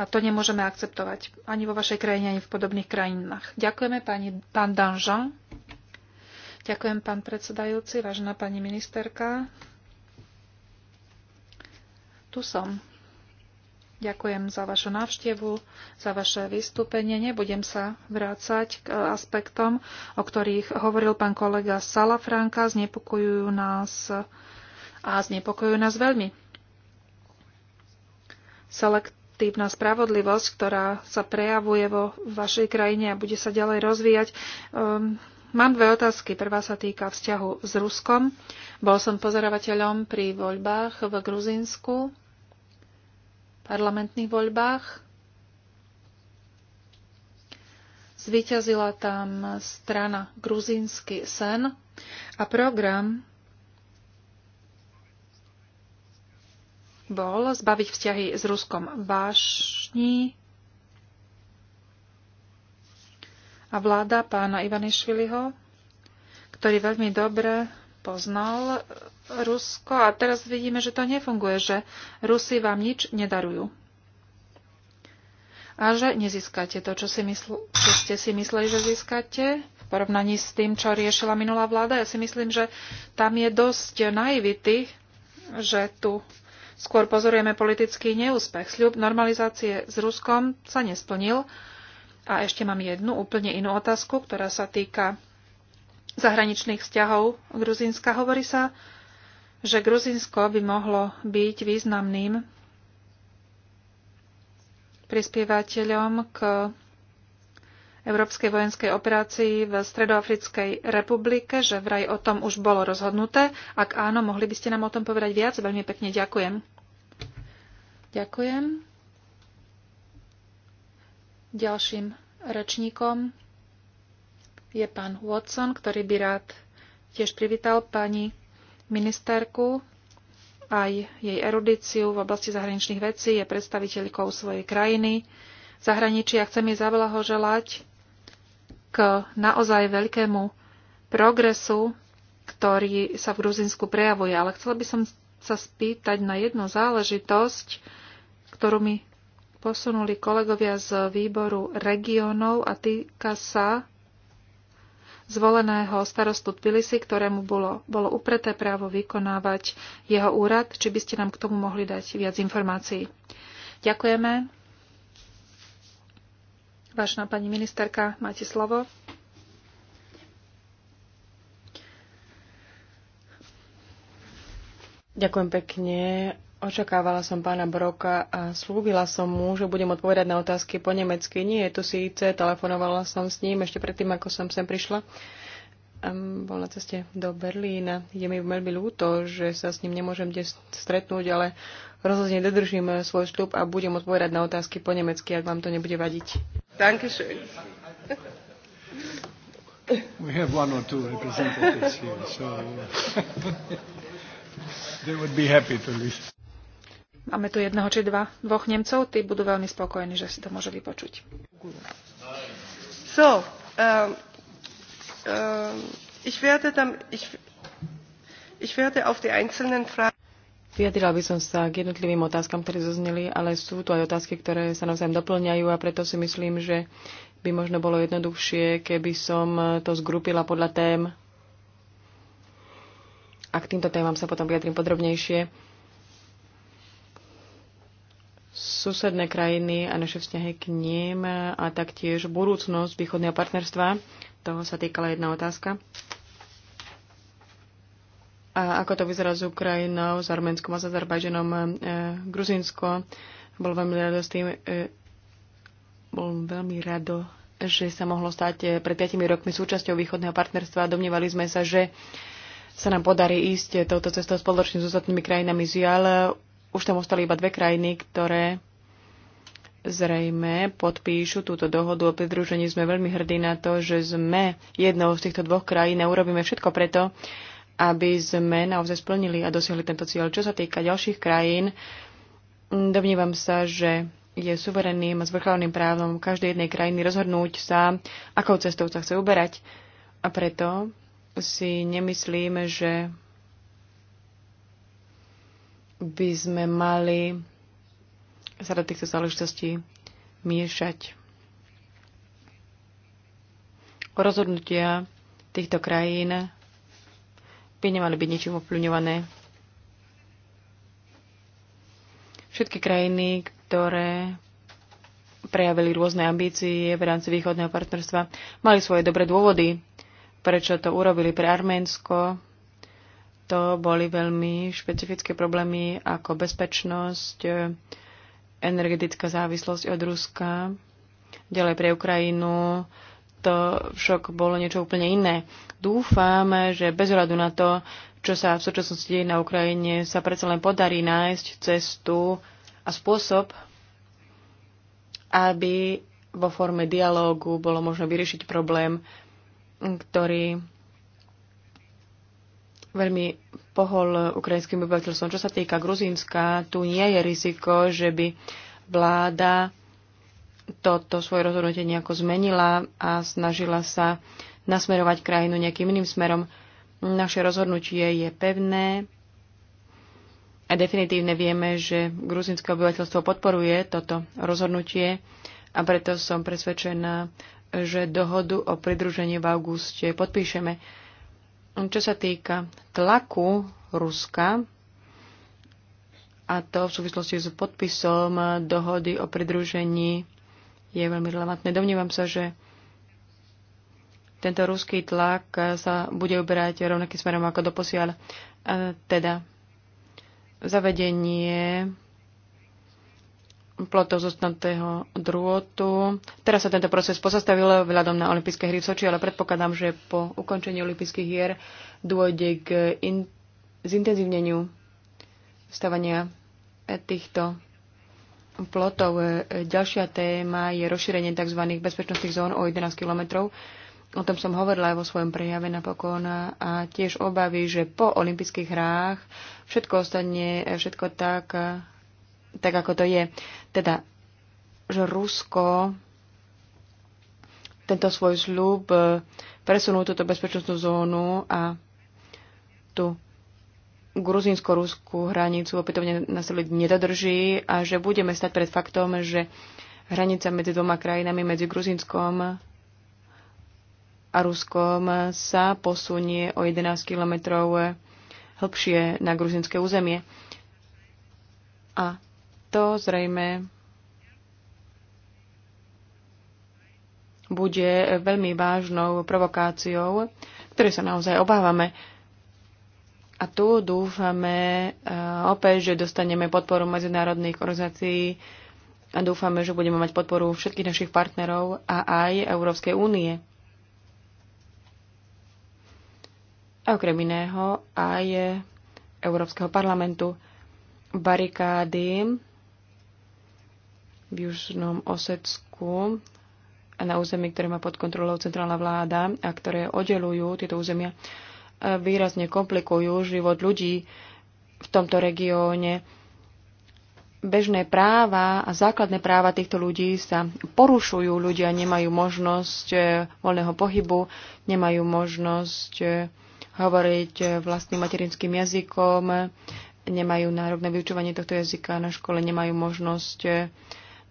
A to nemôžeme akceptovať ani vo vašej krajine, ani v podobných krajinách. Ďakujeme pani, pán Danžan. Ďakujem pán predsedajúci, vážená pani ministerka. Tu som. Ďakujem za vašu návštevu, za vaše vystúpenie. Nebudem sa vrácať k aspektom, o ktorých hovoril pán kolega Salafranka. Znepokojujú nás a znepokojujú nás veľmi. Select kolektívna spravodlivosť, ktorá sa prejavuje vo vašej krajine a bude sa ďalej rozvíjať. Um, mám dve otázky. Prvá sa týka vzťahu s Ruskom. Bol som pozorovateľom pri voľbách v Gruzínsku, parlamentných voľbách. Zvíťazila tam strana Gruzínsky sen a program bol zbaviť vzťahy s Ruskom vášni a vláda pána Ivanišviliho, ktorý veľmi dobre poznal Rusko a teraz vidíme, že to nefunguje, že Rusi vám nič nedarujú. A že nezískate to, čo, si mysl- čo ste si mysleli, že získate v porovnaní s tým, čo riešila minulá vláda. Ja si myslím, že tam je dosť naivity, že tu Skôr pozorujeme politický neúspech. Sľub normalizácie s Ruskom sa nesplnil. A ešte mám jednu úplne inú otázku, ktorá sa týka zahraničných vzťahov Gruzínska. Hovorí sa, že Gruzínsko by mohlo byť významným prispievateľom k európskej vojenskej operácii v Stredoafrickej republike, že vraj o tom už bolo rozhodnuté. Ak áno, mohli by ste nám o tom povedať viac? Veľmi pekne ďakujem. Ďakujem. Ďalším rečníkom je pán Watson, ktorý by rád tiež privítal pani ministerku aj jej erudíciu v oblasti zahraničných vecí, je predstaviteľkou svojej krajiny, zahraničia. Chcem jej zablahoželať k naozaj veľkému progresu, ktorý sa v Gruzinsku prejavuje. Ale chcela by som sa spýtať na jednu záležitosť, ktorú mi posunuli kolegovia z výboru regionov a týka sa zvoleného starostu Tbilisi, ktorému bolo, bolo upreté právo vykonávať jeho úrad. Či by ste nám k tomu mohli dať viac informácií? Ďakujeme. Vážená pani ministerka, máte slovo. Ďakujem pekne. Očakávala som pána Broka a slúbila som mu, že budem odpovedať na otázky po nemecky. Nie je tu síce, telefonovala som s ním ešte predtým, ako som sem prišla. Um, bol na ceste do Berlína. Je mi veľmi ľúto, že sa s ním nemôžem dnes stretnúť, ale rozhodne dodržím svoj vstup a budem odpovedať na otázky po nemecky, ak vám to nebude vadiť. Dankeschön. We have one or two representatives here, so they would be happy to listen. Máme tu jedného či dva, dvoch Nemcov, tí budú veľmi spokojní, že si to môže vypočuť. So, um, um, ich werde tam, ich, ich werde auf die einzelnen Fragen Vyjadrila by som sa k jednotlivým otázkam, ktoré zazneli, ale sú tu aj otázky, ktoré sa navzájom doplňajú a preto si myslím, že by možno bolo jednoduchšie, keby som to zgrupila podľa tém. A k týmto témam sa potom vyjadrím podrobnejšie. Susedné krajiny a naše vzťahy k ním a taktiež budúcnosť východného partnerstva. Toho sa týkala jedna otázka. A ako to vyzerá s Ukrajinou, s Arménskom a s Azerbajdžanom, e, Gruzinsko bol veľmi rado s tým, e, bol veľmi rado, že sa mohlo stať e, pred 5 rokmi súčasťou východného partnerstva. Domnievali sme sa, že sa nám podarí ísť e, touto cestou spoločne s ostatnými krajinami žiaľ. E, už tam ostali iba dve krajiny, ktoré zrejme podpíšu túto dohodu o pridružení. Sme veľmi hrdí na to, že sme jednou z týchto dvoch krajín a urobíme všetko preto, aby sme naozaj splnili a dosiahli tento cieľ. Čo sa týka ďalších krajín, domnívam sa, že je suverenným a zvrchovným právom každej jednej krajiny rozhodnúť sa, akou cestou sa chce uberať. A preto si nemyslím, že by sme mali sa do týchto záležitostí miešať. Rozhodnutia týchto krajín by nemali byť ničím ovplyvňované. Všetky krajiny, ktoré prejavili rôzne ambície v rámci východného partnerstva, mali svoje dobré dôvody, prečo to urobili pre Arménsko. To boli veľmi špecifické problémy ako bezpečnosť, energetická závislosť od Ruska, ďalej pre Ukrajinu, to však bolo niečo úplne iné. Dúfam, že bez hľadu na to, čo sa v súčasnosti deje na Ukrajine, sa predsa len podarí nájsť cestu a spôsob, aby vo forme dialógu bolo možno vyriešiť problém, ktorý veľmi pohol ukrajinským obyvateľstvom. Čo sa týka Gruzínska, tu nie je riziko, že by vláda toto svoje rozhodnutie nejako zmenila a snažila sa nasmerovať krajinu nejakým iným smerom. Naše rozhodnutie je pevné a definitívne vieme, že gruzinské obyvateľstvo podporuje toto rozhodnutie a preto som presvedčená, že dohodu o pridružení v auguste podpíšeme. Čo sa týka tlaku Ruska, a to v súvislosti s podpisom dohody o pridružení je veľmi relevantné. Domnívam sa, že tento ruský tlak sa bude uberať rovnakým smerom ako doposiaľ. E, teda zavedenie plotov zostanutého drôtu. Teraz sa tento proces pozastavil vzhľadom na olympijské hry v Soči, ale predpokladám, že po ukončení olympijských hier dôjde k in- zintenzívneniu stavania týchto plotov. E, ďalšia téma je rozšírenie tzv. bezpečnostných zón o 11 kilometrov. O tom som hovorila aj vo svojom prejave napokon a tiež obavy, že po olympijských hrách všetko ostane e, všetko tak, e, tak ako to je. Teda, že Rusko tento svoj sľub presunú túto bezpečnostnú zónu a tu gruzínsko ruskú hranicu opätovne nastoliť nedodrží a že budeme stať pred faktom, že hranica medzi dvoma krajinami, medzi Gruzínskom a Ruskom sa posunie o 11 kilometrov hlbšie na gruzinské územie. A to zrejme bude veľmi vážnou provokáciou, ktoré sa naozaj obávame. A tu dúfame e, opäť, že dostaneme podporu medzinárodných organizácií a dúfame, že budeme mať podporu všetkých našich partnerov a aj Európskej únie. A okrem iného aj Európskeho parlamentu barikády v Južnom Osecku a na území, ktoré má pod kontrolou centrálna vláda a ktoré oddelujú tieto územia výrazne komplikujú život ľudí v tomto regióne. Bežné práva a základné práva týchto ľudí sa porušujú. Ľudia nemajú možnosť eh, voľného pohybu, nemajú možnosť eh, hovoriť eh, vlastným materinským jazykom, nemajú nárok na vyučovanie tohto jazyka na škole, nemajú možnosť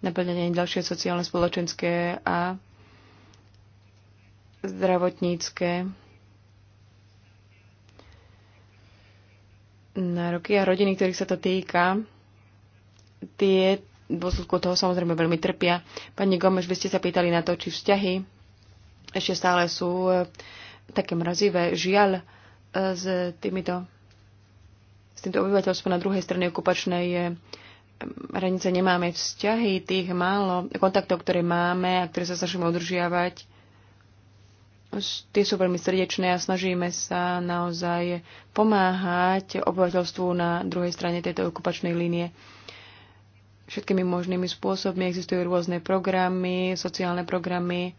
naplňania ďalšie sociálne, spoločenské a zdravotnícke nároky a rodiny, ktorých sa to týka, tie v dôsledku toho samozrejme veľmi trpia. Pani Gomeš, vy ste sa pýtali na to, či vzťahy ešte stále sú e, také mrazivé. Žiaľ, e, s týmito s týmto obyvateľstvom na druhej strane okupačnej e, hranice nemáme vzťahy, tých málo kontaktov, ktoré máme a ktoré sa snažíme udržiavať tie sú veľmi srdečné a snažíme sa naozaj pomáhať obyvateľstvu na druhej strane tejto okupačnej línie. Všetkými možnými spôsobmi existujú rôzne programy, sociálne programy,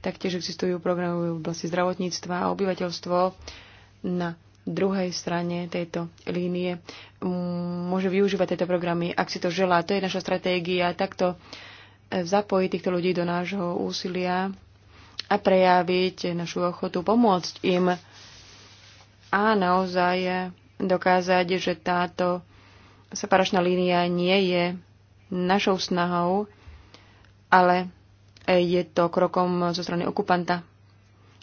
taktiež existujú programy v oblasti zdravotníctva a obyvateľstvo na druhej strane tejto línie mm, môže využívať tieto programy, ak si to želá. To je naša stratégia, takto zapojiť týchto ľudí do nášho úsilia a prejaviť našu ochotu pomôcť im a naozaj dokázať, že táto separačná línia nie je našou snahou, ale je to krokom zo strany okupanta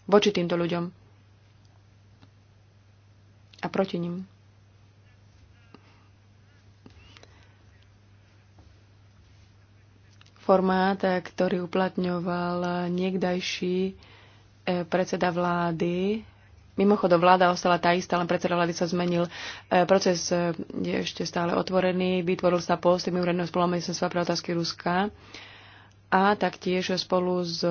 voči týmto ľuďom a proti nim. formát, ktorý uplatňoval niekdajší e, predseda vlády. Mimochodom, vláda ostala tá istá, len predseda vlády sa zmenil. E, proces e, je ešte stále otvorený. Vytvoril sa post mimoriadného spolumestnenstva pre otázky Ruska a taktiež spolu s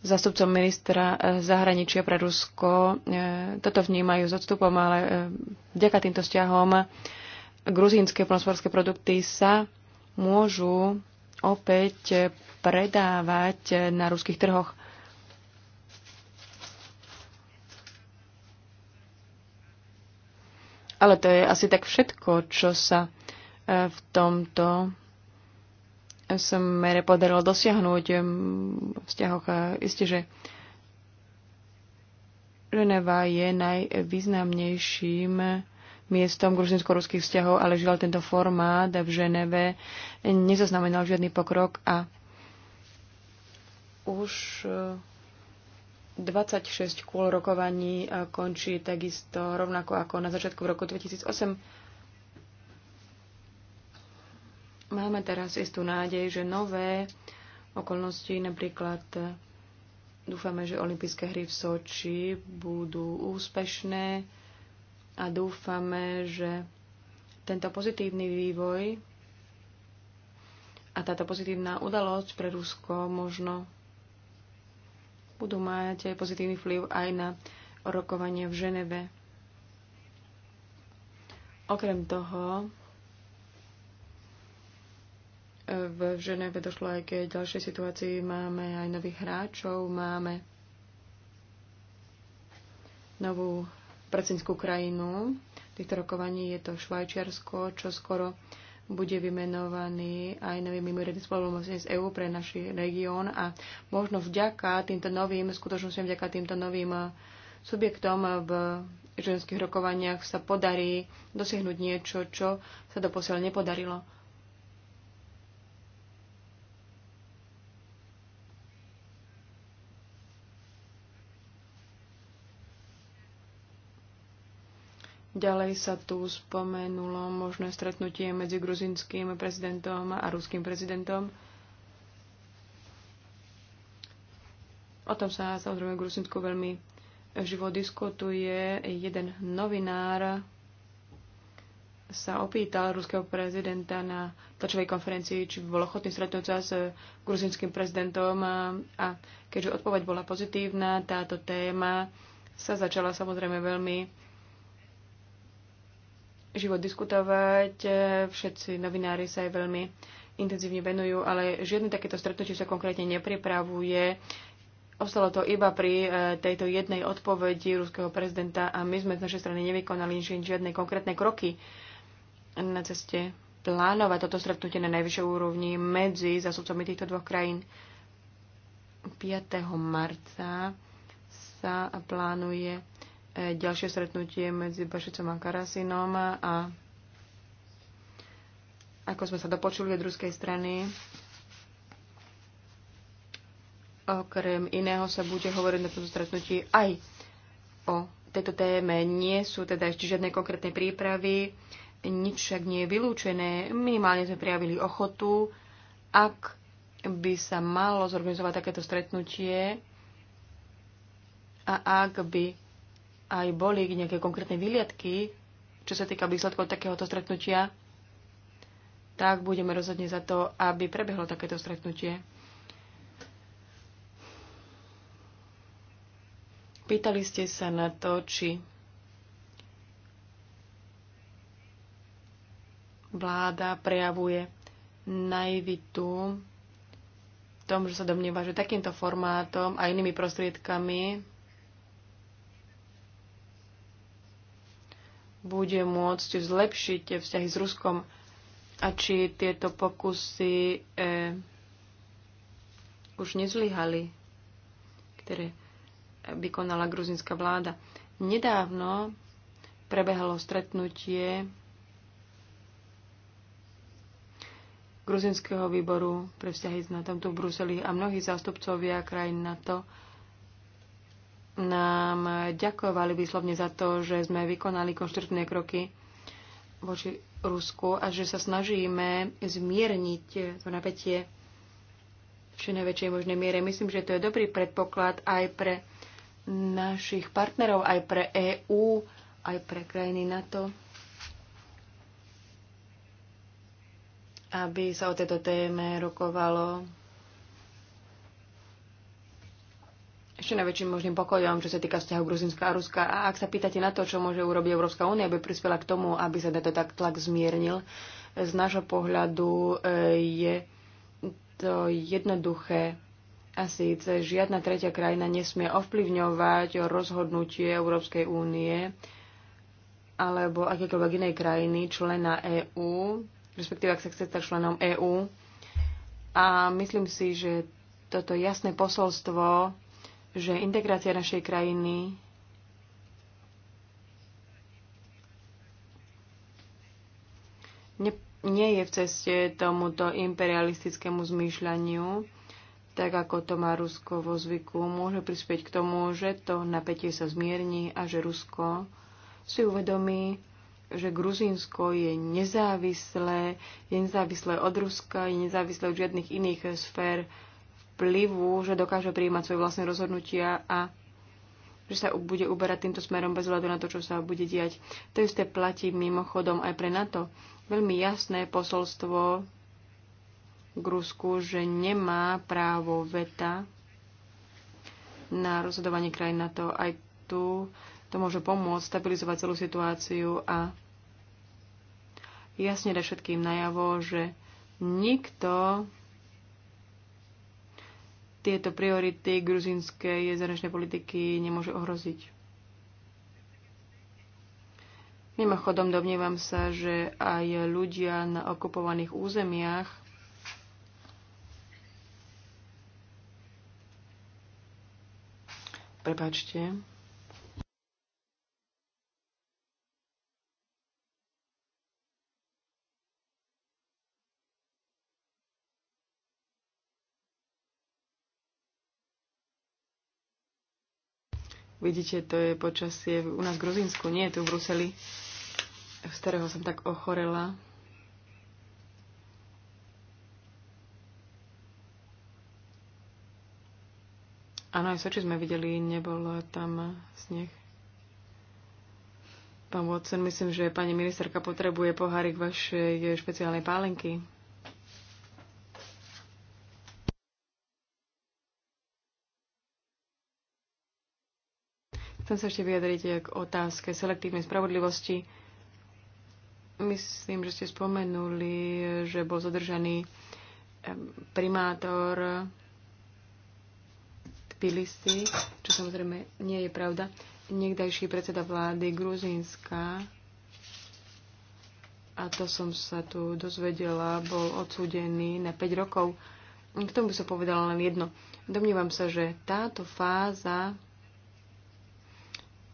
zastupcom ministra zahraničia pre Rusko. Toto vnímajú s odstupom, ale vďaka týmto vzťahom gruzínske plnosporské produkty sa môžu opäť predávať na ruských trhoch. Ale to je asi tak všetko, čo sa e, v tomto smere podarilo dosiahnuť v vzťahoch. E, isté, že Ženeva je najvýznamnejším miestom gruzinsko-ruských vzťahov, ale žiaľ tento formát v Ženeve nezaznamenal žiadny pokrok a už 26 eh, kôl rokovaní eh, končí takisto rovnako ako na začiatku v roku 2008. Máme teraz istú nádej, že nové okolnosti, napríklad eh, dúfame, že olympijské hry v Soči budú úspešné a dúfame, že tento pozitívny vývoj a táto pozitívna udalosť pre Rusko možno budú mať aj pozitívny vplyv aj na rokovanie v Ženeve. Okrem toho, v Ženeve došlo aj keď ďalšej situácii. Máme aj nových hráčov, máme novú predsednickú krajinu týchto rokovaní. Je to Švajčiarsko, čo skoro bude vymenovaný aj novým mimoriadným spolumocným z EÚ pre náš región a možno vďaka týmto novým, skutočnostiam vďaka týmto novým eh, subjektom v ženských rokovaniach sa podarí dosiahnuť niečo, čo sa doposiaľ nepodarilo. Ďalej sa tu spomenulo možné stretnutie medzi gruzinským prezidentom a ruským prezidentom. O tom sa samozrejme v Gruzinsku veľmi živo diskutuje. Jeden novinár sa opýtal ruského prezidenta na tlačovej konferencii, či bol ochotný stretnúť sa s gruzinským prezidentom a keďže odpoveď bola pozitívna, táto téma sa začala samozrejme veľmi živo diskutovať. E, všetci novinári sa aj veľmi intenzívne venujú, ale žiadne takéto stretnutie sa konkrétne nepripravuje. Ostalo to iba pri e, tejto jednej odpovedi ruského prezidenta a my sme z našej strany nevykonali žiadne konkrétne kroky na ceste plánovať toto stretnutie na najvyššej úrovni medzi zásobcami týchto dvoch krajín. 5. marca sa plánuje ďalšie stretnutie medzi Bašicom a Karasinom a ako sme sa dopočuli od ruskej strany, okrem iného sa bude hovoriť na tomto stretnutí aj o tejto téme. Nie sú teda ešte žiadne konkrétne prípravy, nič však nie je vylúčené. Minimálne sme prijavili ochotu, ak by sa malo zorganizovať takéto stretnutie a ak by aj boli nejaké konkrétne výliadky, čo sa týka výsledkov takéhoto stretnutia, tak budeme rozhodne za to, aby prebehlo takéto stretnutie. Pýtali ste sa na to, či vláda prejavuje naivitu v tom, že sa domnieva, že takýmto formátom a inými prostriedkami bude môcť zlepšiť vzťahy s Ruskom a či tieto pokusy e, už nezlyhali, ktoré vykonala gruzinská vláda. Nedávno prebehalo stretnutie gruzinského výboru pre vzťahy s NATO v Bruseli a mnohí zástupcovia krajín NATO nám ďakovali výslovne za to, že sme vykonali konštruktívne kroky voči Rusku a že sa snažíme zmierniť to napätie v čo najväčšej možnej miere. Myslím, že to je dobrý predpoklad aj pre našich partnerov, aj pre EÚ, aj pre krajiny NATO, aby sa o tejto téme rokovalo ešte najväčším možným pokojom, čo sa týka vzťahu Gruzinska a Ruska. A ak sa pýtate na to, čo môže urobiť Európska únia, aby prispela k tomu, aby sa tento tak tlak zmiernil, z nášho pohľadu e, je to jednoduché. A síce žiadna tretia krajina nesmie ovplyvňovať rozhodnutie Európskej únie alebo akékoľvek inej krajiny člena EÚ, respektíve ak sa chce stať členom EÚ. A myslím si, že toto jasné posolstvo že integrácia našej krajiny ne, nie je v ceste tomuto imperialistickému zmýšľaniu, tak ako to má Rusko vo zvyku, môže prispieť k tomu, že to napätie sa zmierni a že Rusko si uvedomí, že Gruzínsko je nezávislé, je nezávislé od Ruska, je nezávislé od žiadnych iných sfér vplyvu, že dokáže prijímať svoje vlastné rozhodnutia a že sa bude uberať týmto smerom bez hľadu na to, čo sa bude diať. To isté platí mimochodom aj pre NATO. Veľmi jasné posolstvo k Rusku, že nemá právo veta na rozhodovanie krajín NATO. Aj tu to môže pomôcť stabilizovať celú situáciu a jasne dať všetkým najavo, že nikto tieto priority gruzinskej zahraničnej politiky nemôže ohroziť. Mimochodom, domnievam sa, že aj ľudia na okupovaných územiach Prepačte. Vidíte, to je počasie u nás v Gruzínsku, nie tu v Bruseli, z ktorého som tak ochorela. Áno, aj v Soči sme videli, nebol tam sneh. Pán Watson, myslím, že pani ministerka potrebuje pohárik vašej špeciálnej pálenky. Chcem sa ešte vyjadriť k otázke selektívnej spravodlivosti. Myslím, že ste spomenuli, že bol zadržaný primátor Tbilisi, čo samozrejme nie je pravda. Niekdajší predseda vlády Gruzínska, a to som sa tu dozvedela, bol odsúdený na 5 rokov. K tomu by som povedala len jedno. Domnívam sa, že táto fáza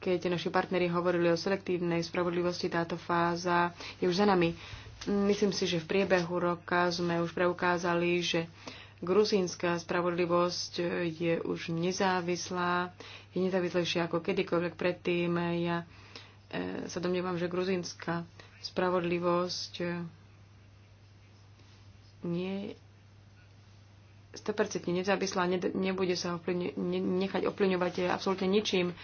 keď naši partneri hovorili o selektívnej spravodlivosti, táto fáza je už za nami. Myslím si, že v priebehu roka sme už preukázali, že gruzínska spravodlivosť je už nezávislá, je nezávislejšia ako kedykoľvek predtým. Ja e, sa domnievam, že gruzínska spravodlivosť e, nie 100% nezávislá, nebude sa ovplyvne, nechať ovplyvňovať absolútne ničím.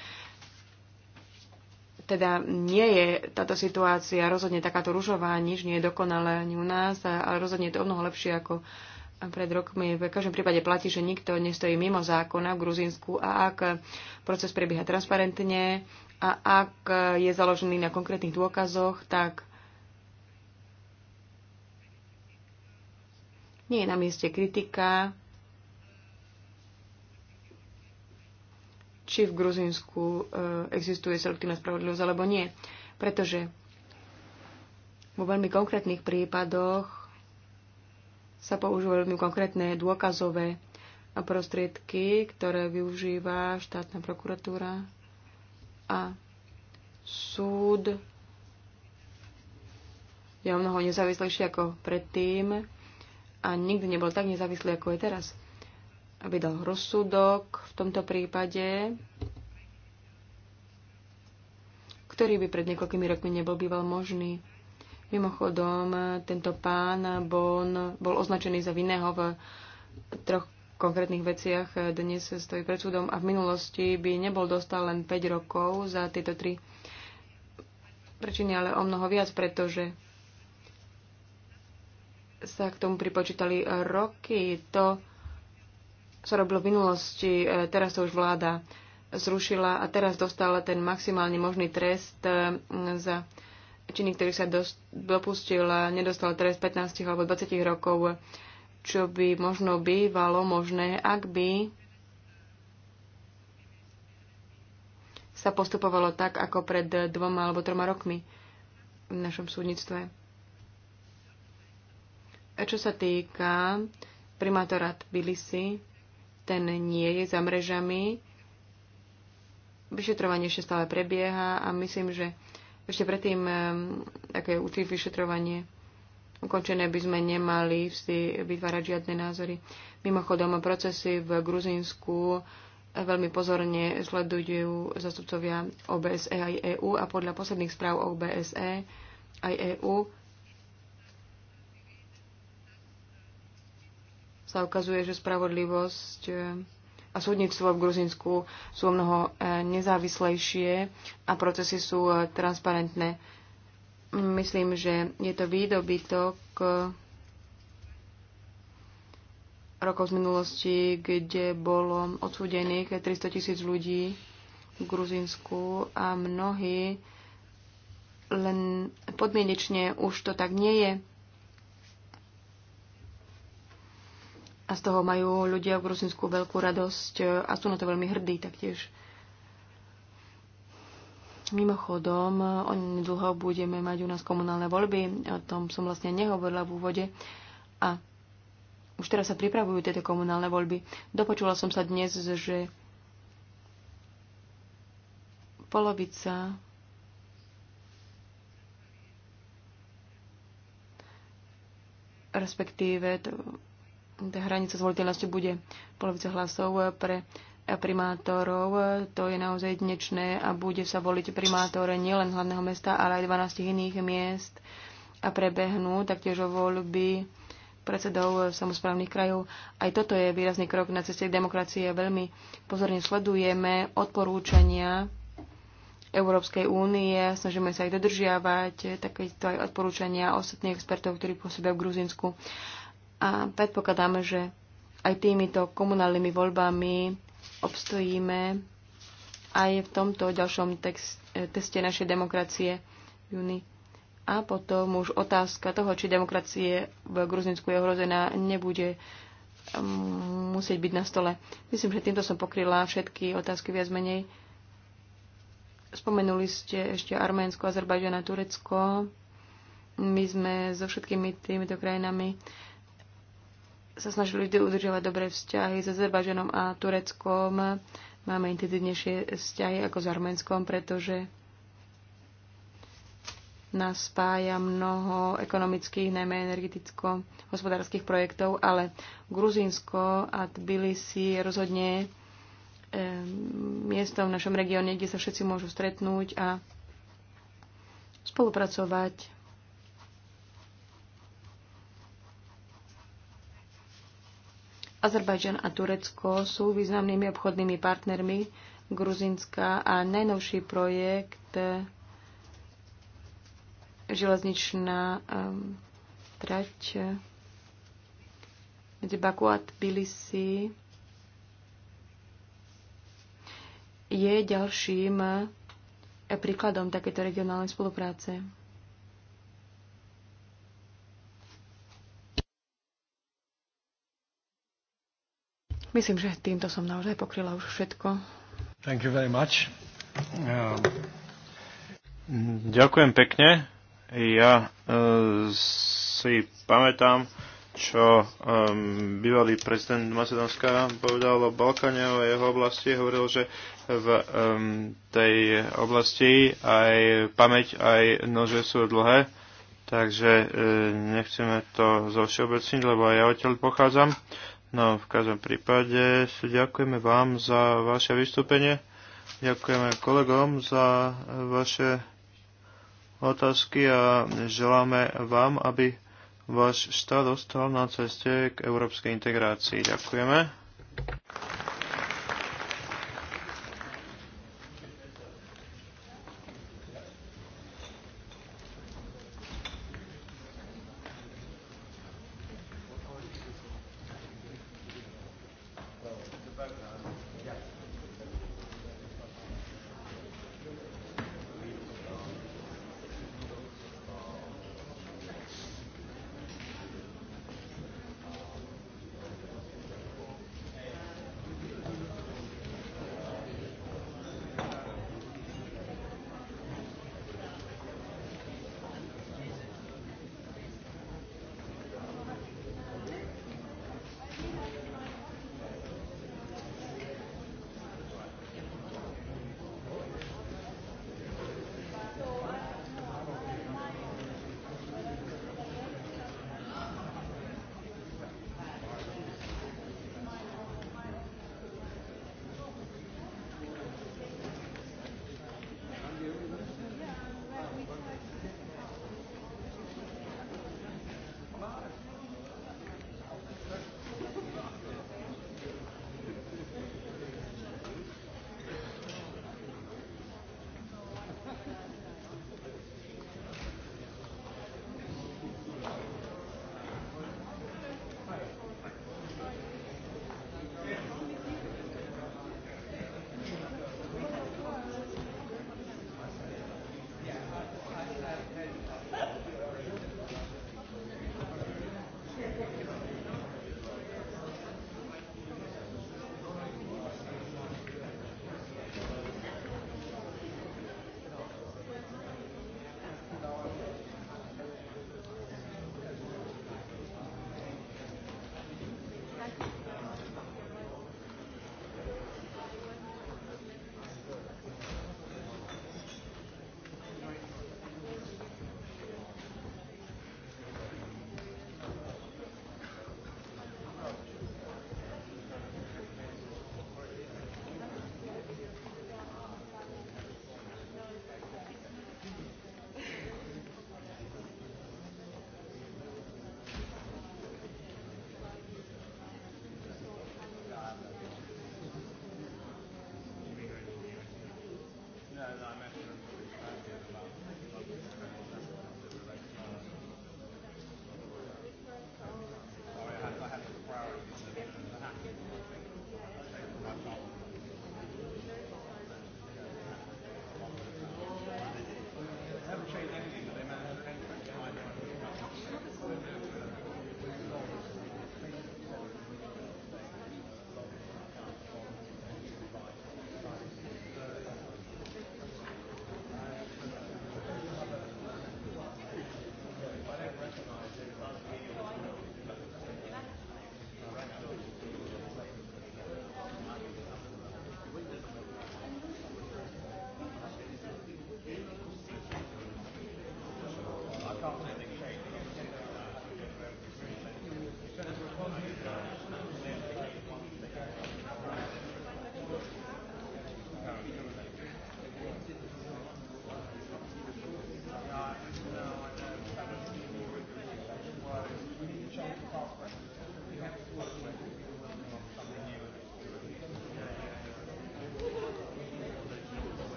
Teda nie je táto situácia rozhodne takáto ružová, nič nie je dokonalé ani u nás, ale rozhodne je to o mnoho lepšie ako pred rokmi. V každom prípade platí, že nikto nestojí mimo zákona v Gruzínsku a ak proces prebieha transparentne a ak je založený na konkrétnych dôkazoch, tak nie je na mieste kritika či v Gruzínsku e, existuje selektívna spravodlivosť alebo nie. Pretože vo veľmi konkrétnych prípadoch sa používajú veľmi konkrétne dôkazové prostriedky, ktoré využíva štátna prokuratúra a súd je o mnoho nezávislejší ako predtým a nikdy nebol tak nezávislý, ako je teraz aby dal rozsudok v tomto prípade, ktorý by pred niekoľkými rokmi nebol býval možný. Mimochodom, tento pán Bon bol označený za vinného v troch konkrétnych veciach. Dnes stojí pred súdom a v minulosti by nebol dostal len 5 rokov za tieto tri prečiny, ale o mnoho viac, pretože sa k tomu pripočítali roky. To sa robilo v minulosti, e, teraz to už vláda zrušila a teraz dostala ten maximálne možný trest e, za činy, ktorý sa dopustil a nedostal trest 15 alebo 20 rokov, čo by možno bývalo možné, ak by sa postupovalo tak, ako pred dvoma alebo troma rokmi v našom súdnictve. A čo sa týka primátora Tbilisi, ten nie je za mrežami. Vyšetrovanie ešte stále prebieha a myslím, že ešte predtým, aké je určite vyšetrovanie ukončené, by sme nemali si vytvárať žiadne názory. Mimochodom, procesy v Gruzínsku eh, veľmi pozorne sledujú zastupcovia OBSE aj EU a podľa posledných správ OBSE aj EU. sa ukazuje, že spravodlivosť e, a súdnictvo v Gruzinsku sú mnoho e, nezávislejšie a procesy sú e, transparentné. Myslím, že je to výdobytok rokov z minulosti, kde bolo odsúdených 300 tisíc ľudí v Gruzinsku a mnohí len podmienečne už to tak nie je. A z toho majú ľudia v Gruzinsku veľkú radosť a sú na to veľmi hrdí taktiež. Mimochodom, o dlho budeme mať u nás komunálne voľby, o tom som vlastne nehovorila v úvode. A už teraz sa pripravujú tieto komunálne voľby. Dopočula som sa dnes, že polovica respektíve tá hranica zvoliteľnosti bude polovica hlasov pre primátorov. To je naozaj dnečné a bude sa voliť primátore nielen hlavného mesta, ale aj 12 iných miest a prebehnú taktiež o voľby predsedov samozprávnych krajov. Aj toto je výrazný krok na ceste k demokracii a veľmi pozorne sledujeme odporúčania Európskej únie, snažíme sa ich dodržiavať, takéto aj odporúčania ostatných expertov, ktorí pôsobia v Gruzinsku. A predpokladáme, že aj týmito komunálnymi voľbami obstojíme aj v tomto ďalšom text, e, teste našej demokracie v júni. A potom už otázka toho, či demokracie v Gruzinsku je ohrozená, nebude e, musieť byť na stole. Myslím, že týmto som pokryla všetky otázky viac menej. Spomenuli ste ešte Arménsko, Azerbajdžan a Turecko. My sme so všetkými týmito krajinami sa snažili vždy udržovať dobré vzťahy s Azerbajdžanom a Tureckom. Máme intenzívnejšie vzťahy ako s Arménskom, pretože nás spája mnoho ekonomických, najmä energeticko hospodárských projektov, ale Gruzínsko a Tbilisi je rozhodne e, miesto v našom regióne, kde sa všetci môžu stretnúť a spolupracovať Azerbajdžan a Turecko sú významnými obchodnými partnermi Gruzinska a najnovší projekt eh, železničná um, trať eh, medzi Baku a Tbilisi je ďalším príkladom takéto regionálnej spolupráce. Myslím, že týmto som naozaj pokryla už všetko. Thank you very much. Uh... Ďakujem pekne. Ja uh, si pamätám, čo um, bývalý prezident Macedónska povedal o Balkáne, o jeho oblasti. Hovoril, že v um, tej oblasti aj pamäť, aj nože sú dlhé, takže e, nechceme to zo všeobecniť, lebo ja odtiaľ pochádzam. No, v každom prípade ďakujeme vám za vaše vystúpenie. Ďakujeme kolegom za vaše otázky a želáme vám, aby váš štát ostal na ceste k európskej integrácii. Ďakujeme.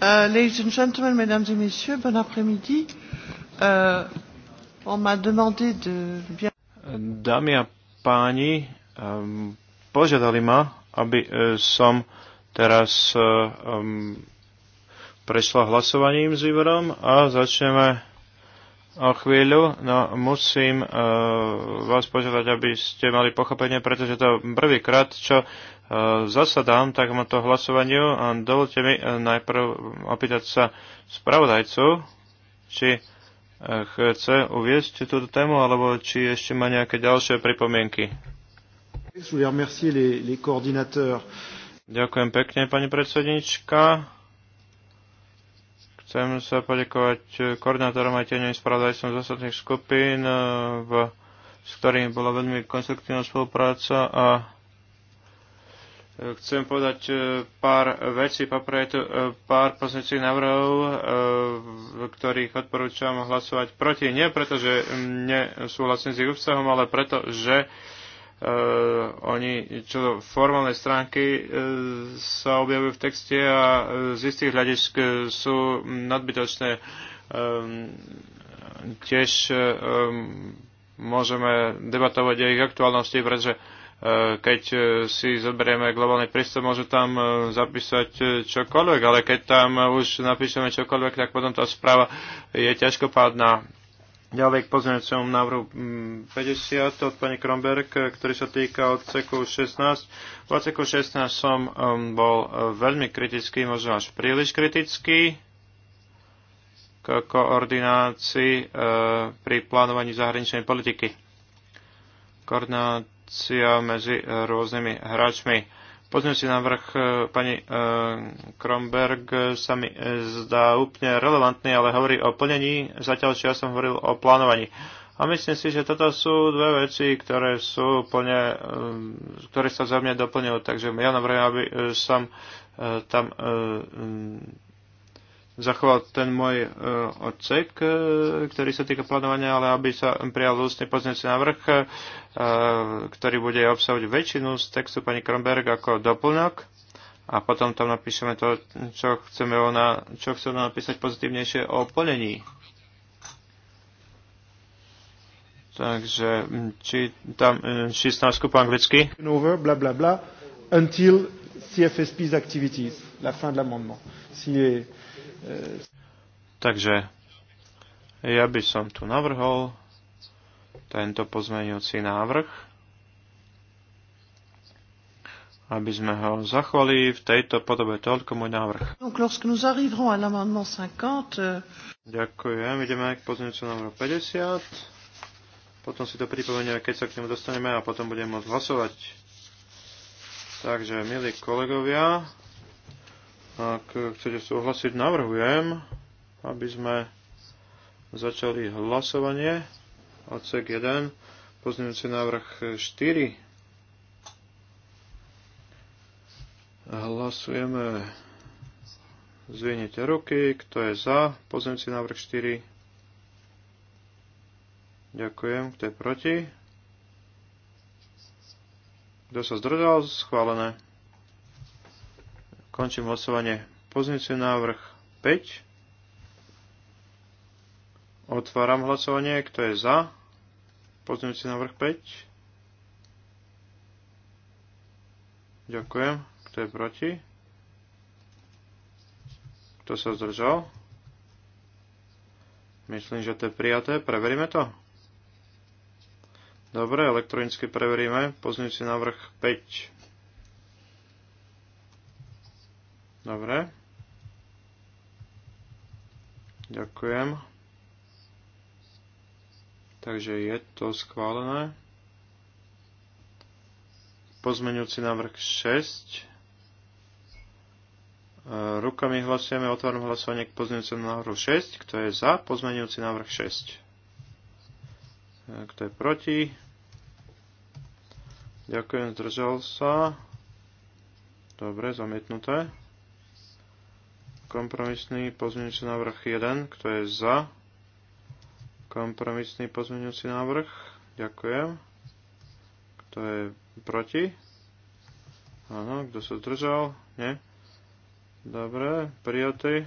Euh, ladies and gentlemen, mesdames et messieurs, bon après-midi. Uh, on m'a demandé de bien... Dámy a páni, um, požiadali ma, aby uh, som teraz uh, um, prešla hlasovaním s výborom a začneme o chvíľu, no musím uh, vás požiadať, aby ste mali pochopenie, pretože to prvýkrát, čo uh, Eh, zasadám takémuto hlasovaniu a dovolte mi eh, najprv opýtať sa spravodajcu, či eh, chce uviesť túto tému, alebo či ešte má nejaké ďalšie pripomienky. Ďakujem pekne, pani predsednička. Chcem sa poďakovať koordinátorom aj tieňovým spravodajcom z ostatných skupín, v, s ktorými bola veľmi konstruktívna spolupráca a Chcem povedať e, pár vecí, poprvé tu e, pár pozitívnych návrhov, e, v ktorých odporúčam hlasovať proti. Nie preto, že nesúhlasím s ich obsahom, ale preto, že oni čo do formálnej stránky sa objavujú v texte a z istých hľadisk sú nadbytočné. Ehm, tiež môžeme debatovať o ich aktuálnosti, pretože Eh, keď eh, si zoberieme globálny prístup, môžu tam eh, zapísať čokoľvek, ale keď tam už napíšeme čokoľvek, tak potom tá správa je ťažkopádna. Ďalej k pozornicom návrhu 50 mm, od pani Kromberg, ktorý sa týka odseku 16. V odseku 16 som ehm, bol veľmi kritický, možno až príliš kritický k koordinácii pri plánovaní zahraničnej politiky koordinát interakcia medzi rôznymi hráčmi. na vrch, e, pani e, Kromberg e, sa mi zdá úplne relevantný, ale hovorí o plnení, zatiaľ čo ja som hovoril o plánovaní. A myslím si, že toto sú dve veci, ktoré sú plne, ktoré sa za mňa doplňujú. Takže ja navrhujem, aby som tam zachoval ten môj uh, odsek, uh, ktorý sa týka plánovania, ale aby sa prijal ústne poznieci návrh, e, ktorý bude obsahovať väčšinu z textu pani Kronberg ako doplnok a potom tam napíšeme to, čo chceme ona, čo chceme napísať pozitívnejšie o plnení. Takže či tam 16 po anglicky. Over, bla, bla, bla, until CFSP's activities, la fin de l'amendement. Si je... Takže ja by som tu navrhol tento pozmeňujúci návrh, aby sme ho zachovali v tejto podobe. Toľko môj návrh. Euh, Ďakujem. Ideme k pozmeňujúcemu návrhu 50. Potom si to pripomenieme, keď sa k nemu dostaneme a potom budeme môcť hlasovať. Takže, milí kolegovia, ak chcete súhlasiť, navrhujem, aby sme začali hlasovanie. Odsek 1, si návrh 4. Hlasujeme. Zvinite ruky, kto je za si návrh 4. Ďakujem, kto je proti. Kto sa zdržal, schválené. Končím hlasovanie. Pozmeňujúci návrh 5. Otváram hlasovanie. Kto je za? si návrh 5. Ďakujem. Kto je proti? Kto sa zdržal? Myslím, že to je prijaté. Preveríme to. Dobre, elektronicky preveríme. Pozmeňujúci návrh 5. Dobre. Ďakujem. Takže je to schválené. Pozmeňujúci návrh 6. E, rukami hlasujeme, otváram hlasovanie k pozmeňujúcemu návrhu 6. Kto je za pozmeňujúci návrh 6? E, kto je proti? Ďakujem, zdržal sa. Dobre, zamietnuté kompromisný pozmeňujúci návrh 1. Kto je za kompromisný pozmeňujúci návrh? Ďakujem. Kto je proti? Áno, kto sa zdržal? Nie. Dobre, prijatý.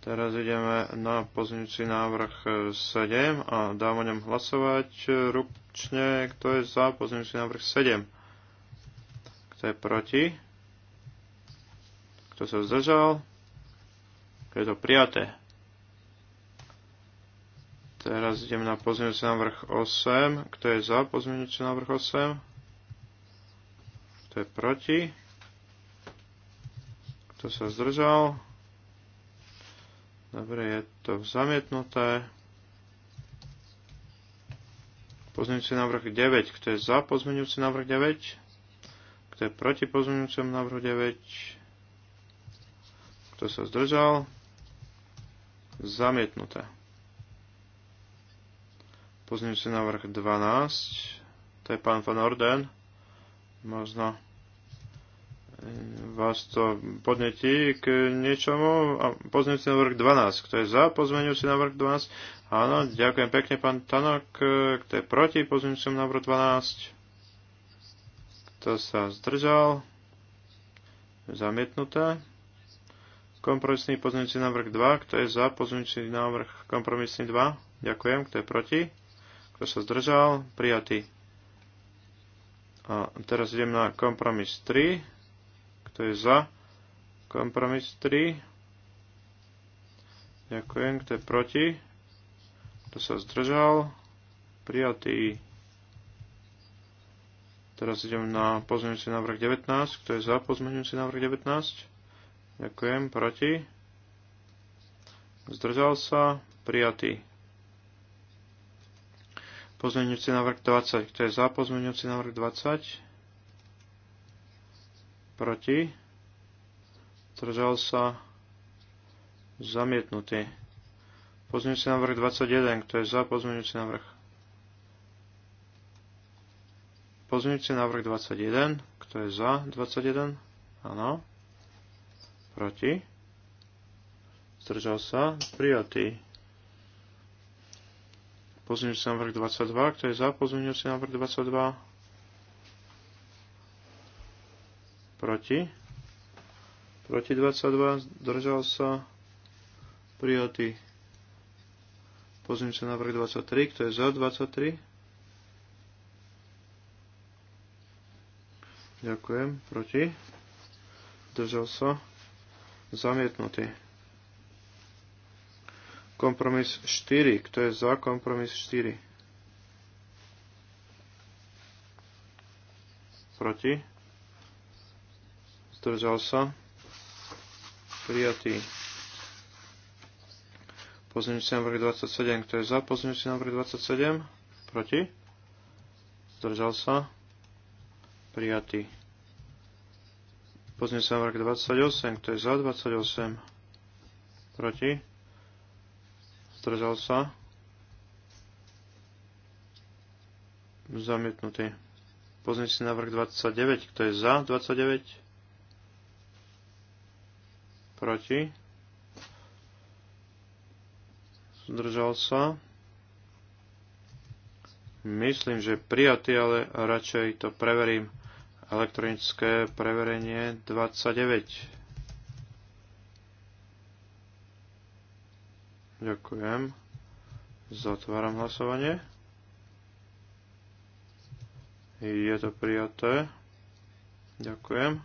Teraz ideme na pozmeňujúci návrh 7 a dám o ňom hlasovať ručne. Kto je za pozmeňujúci návrh 7? Kto je proti? Kto sa zdržal? Je to prijaté. Teraz idem na pozmeňujúci návrh 8. Kto je za pozmeňujúci návrh 8? Kto je proti? Kto sa zdržal? Dobre, je to zamietnuté. Pozmeňujúci návrh 9. Kto je za pozmeňujúci návrh 9? Kto je proti pozmeňujúcemu návrhu 9? Kto sa zdržal? Zamietnuté. Pozním si návrh 12. To je pán Van Orden. Možno eh, vás to podnetí k niečomu. Pozmeňujúci návrh 12. Kto je za pozmeňujúci návrh 12? Áno, ďakujem pekne, pán Tanok. Eh, kto je proti pozmeňujúcemu návrhu 12? Kto sa zdržal? Zamietnuté. Kompromisný pozmeňujúci návrh 2. Kto je za pozmeňujúci návrh kompromisný 2? Ďakujem. Kto je proti? Kto sa zdržal? Prijatý. A teraz idem na kompromis 3. Kto je za? Kompromis 3. Ďakujem. Kto je proti? Kto sa zdržal? Prijatý. Teraz idem na pozmeňujúci návrh 19. Kto je za pozmeňujúci návrh 19? Ďakujem. Proti? Zdržal sa? Prijatý. Pozmeňujúci návrh 20. Kto je za pozmeňujúci návrh 20? Proti? Zdržal sa? Zamietnutý. Pozmeňujúci návrh 21. Kto je za pozmeňujúci návrh? Pozmeňujúci návrh 21. Kto je za 21? Áno proti, zdržal sa, prijatý. Pozmeňujúci návrh 22, kto je za pozmeňujúci návrh 22, proti, proti 22, zdržal sa, prijatý. Pozmeňujúci návrh 23, kto je za 23, Ďakujem. Proti? Zdržal sa zamietnutý. Kompromis 4. Kto je za kompromis 4? Proti? Zdržal sa? Prijatý. Pozmeňujúci návrh 27. Kto je za pozmeňujúci návrh 27? Proti? Zdržal sa? Prijatý. Pozne sa vrak 28, kto je za 28? Proti? Zdržal sa? Zamietnutý. Pozne si návrh 29, kto je za 29? Proti? Zdržal sa? Myslím, že prijatý, ale radšej to preverím elektronické preverenie 29. Ďakujem. Zatváram hlasovanie. Je to prijaté. Ďakujem.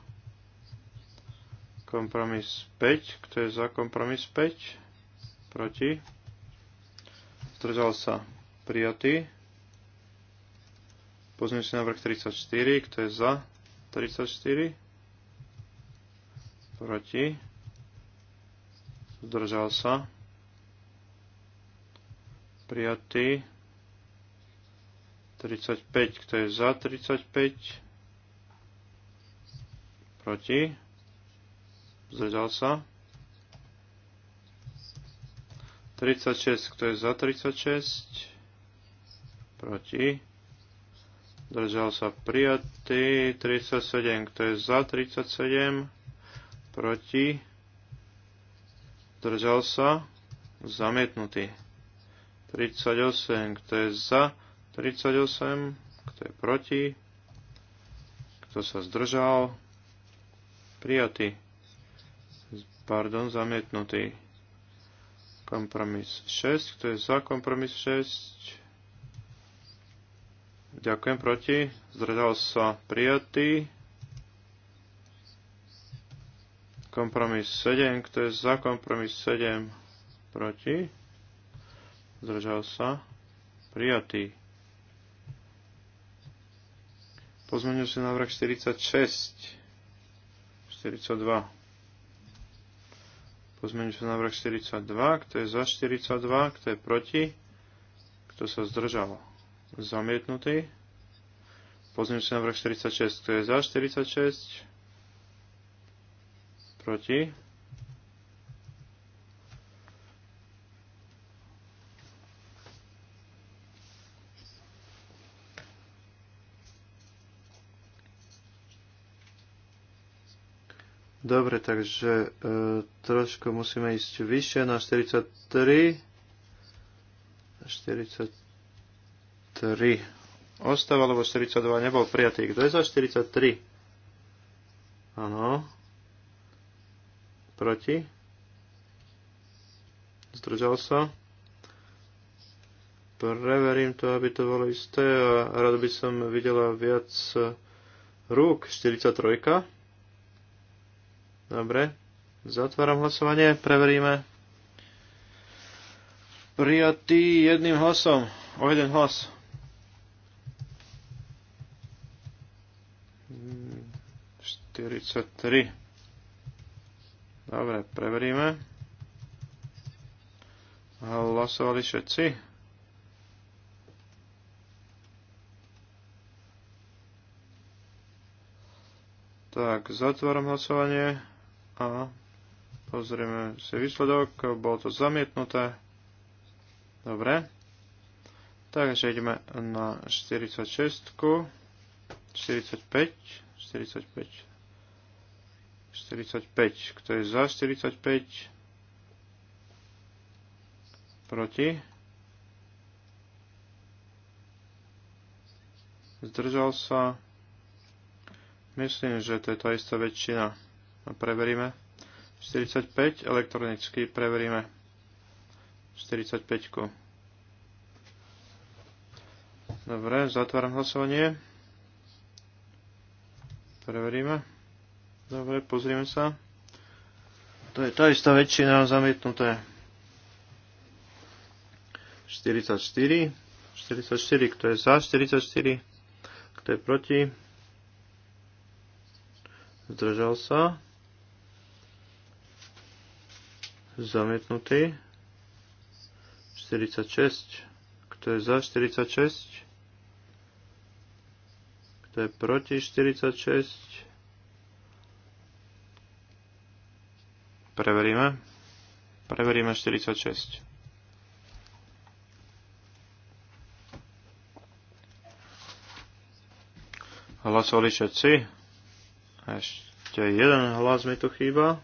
Kompromis 5. Kto je za kompromis 5? Proti? Zdržal sa. Prijatý. Pozmeňujem si návrh 34. Kto je za? 34 proti zdržal sa prijatý 35 kto je za 35 proti zdržal sa 36 kto je za 36 proti Držal sa prijatý. 37. Kto je za 37? Proti. držal sa. Zamietnutý. 38. Kto je za 38? Kto je proti? Kto sa zdržal? Prijatý. Pardon, zamietnutý. Kompromis 6. Kto je za kompromis 6? Ďakujem proti. Zdržal sa prijatý. Kompromis 7. Kto je za kompromis 7? Proti. Zdržal sa prijatý. Pozmenil si návrh 46. 42. Pozmenil sa návrh 42, kto je za 42, kto je proti, kto sa zdržal. Zamietnutý. sa na vrch 46. Kto je za 46? Proti? Dobre, takže e, trošku musíme ísť vyššie na 43. 43. 43 ostáva, lebo 42 nebol prijatý. Kto je za 43? Áno. Proti? Zdržal sa? Preverím to, aby to bolo isté a rád by som videla viac rúk. 43. Dobre. Zatváram hlasovanie, preveríme. Prijatý jedným hlasom. O jeden hlas. 43. Dobre, preveríme. Hlasovali všetci? Tak, zatváram hlasovanie a pozrieme si výsledok. Bolo to zamietnuté. Dobre. Takže ideme na 46, 45, 45, 45. Kto je za 45? Proti? Zdržal sa? Myslím, že to je tá istá väčšina. No, preveríme. 45 elektronicky preveríme. 45. Dobre, zatváram hlasovanie. Preveríme. Dobre, pozrieme sa. To je tá istá väčšina zamietnuté. 44. 44, kto je za 44, kto je proti. Zdržal sa. Zamietnutý. 46. Kto je za 46? Kto je proti 46? Preveríme. Preveríme 46. Hlasovali všetci. Ešte jeden hlas mi tu chýba.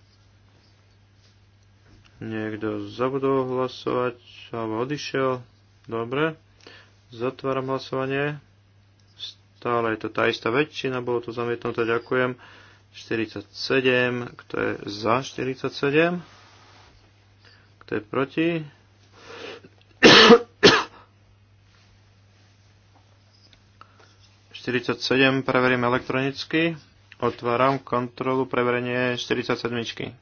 Niekto zabudol hlasovať alebo odišiel. Dobre. Zatváram hlasovanie. Stále je to tá istá väčšina, bolo to zamietnuté, ďakujem. 47, kto je za 47, kto je proti. preverím elektronicky. Otváram kontrolu preverenie 47.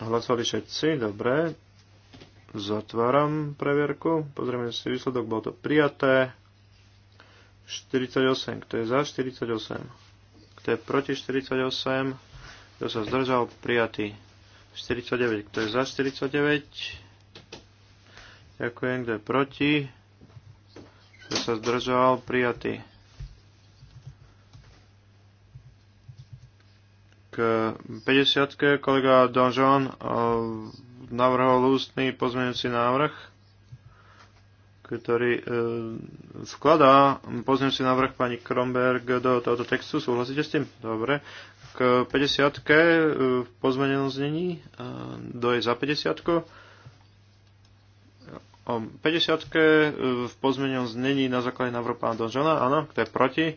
Hlasovali všetci, dobre. Zatváram previerku. Pozrieme si výsledok, bolo to prijaté. 48. Kto je za 48? Kto je proti 48? Kto sa zdržal? Prijatý. 49. Kto je za 49? Ďakujem. Kto je proti? Kto sa zdržal? Prijatý. K 50. kolega Donžon eh, navrhol ústny pozmeňujúci návrh ktorý e, skladá si návrh pani Kromberg do tohoto textu. Súhlasíte s tým? Dobre. K 50 e, v pozmenenom znení. E, do je za 50 O 50 e, v pozmenenom znení na základe návrhu pána Donžona. Áno, kto je proti? E,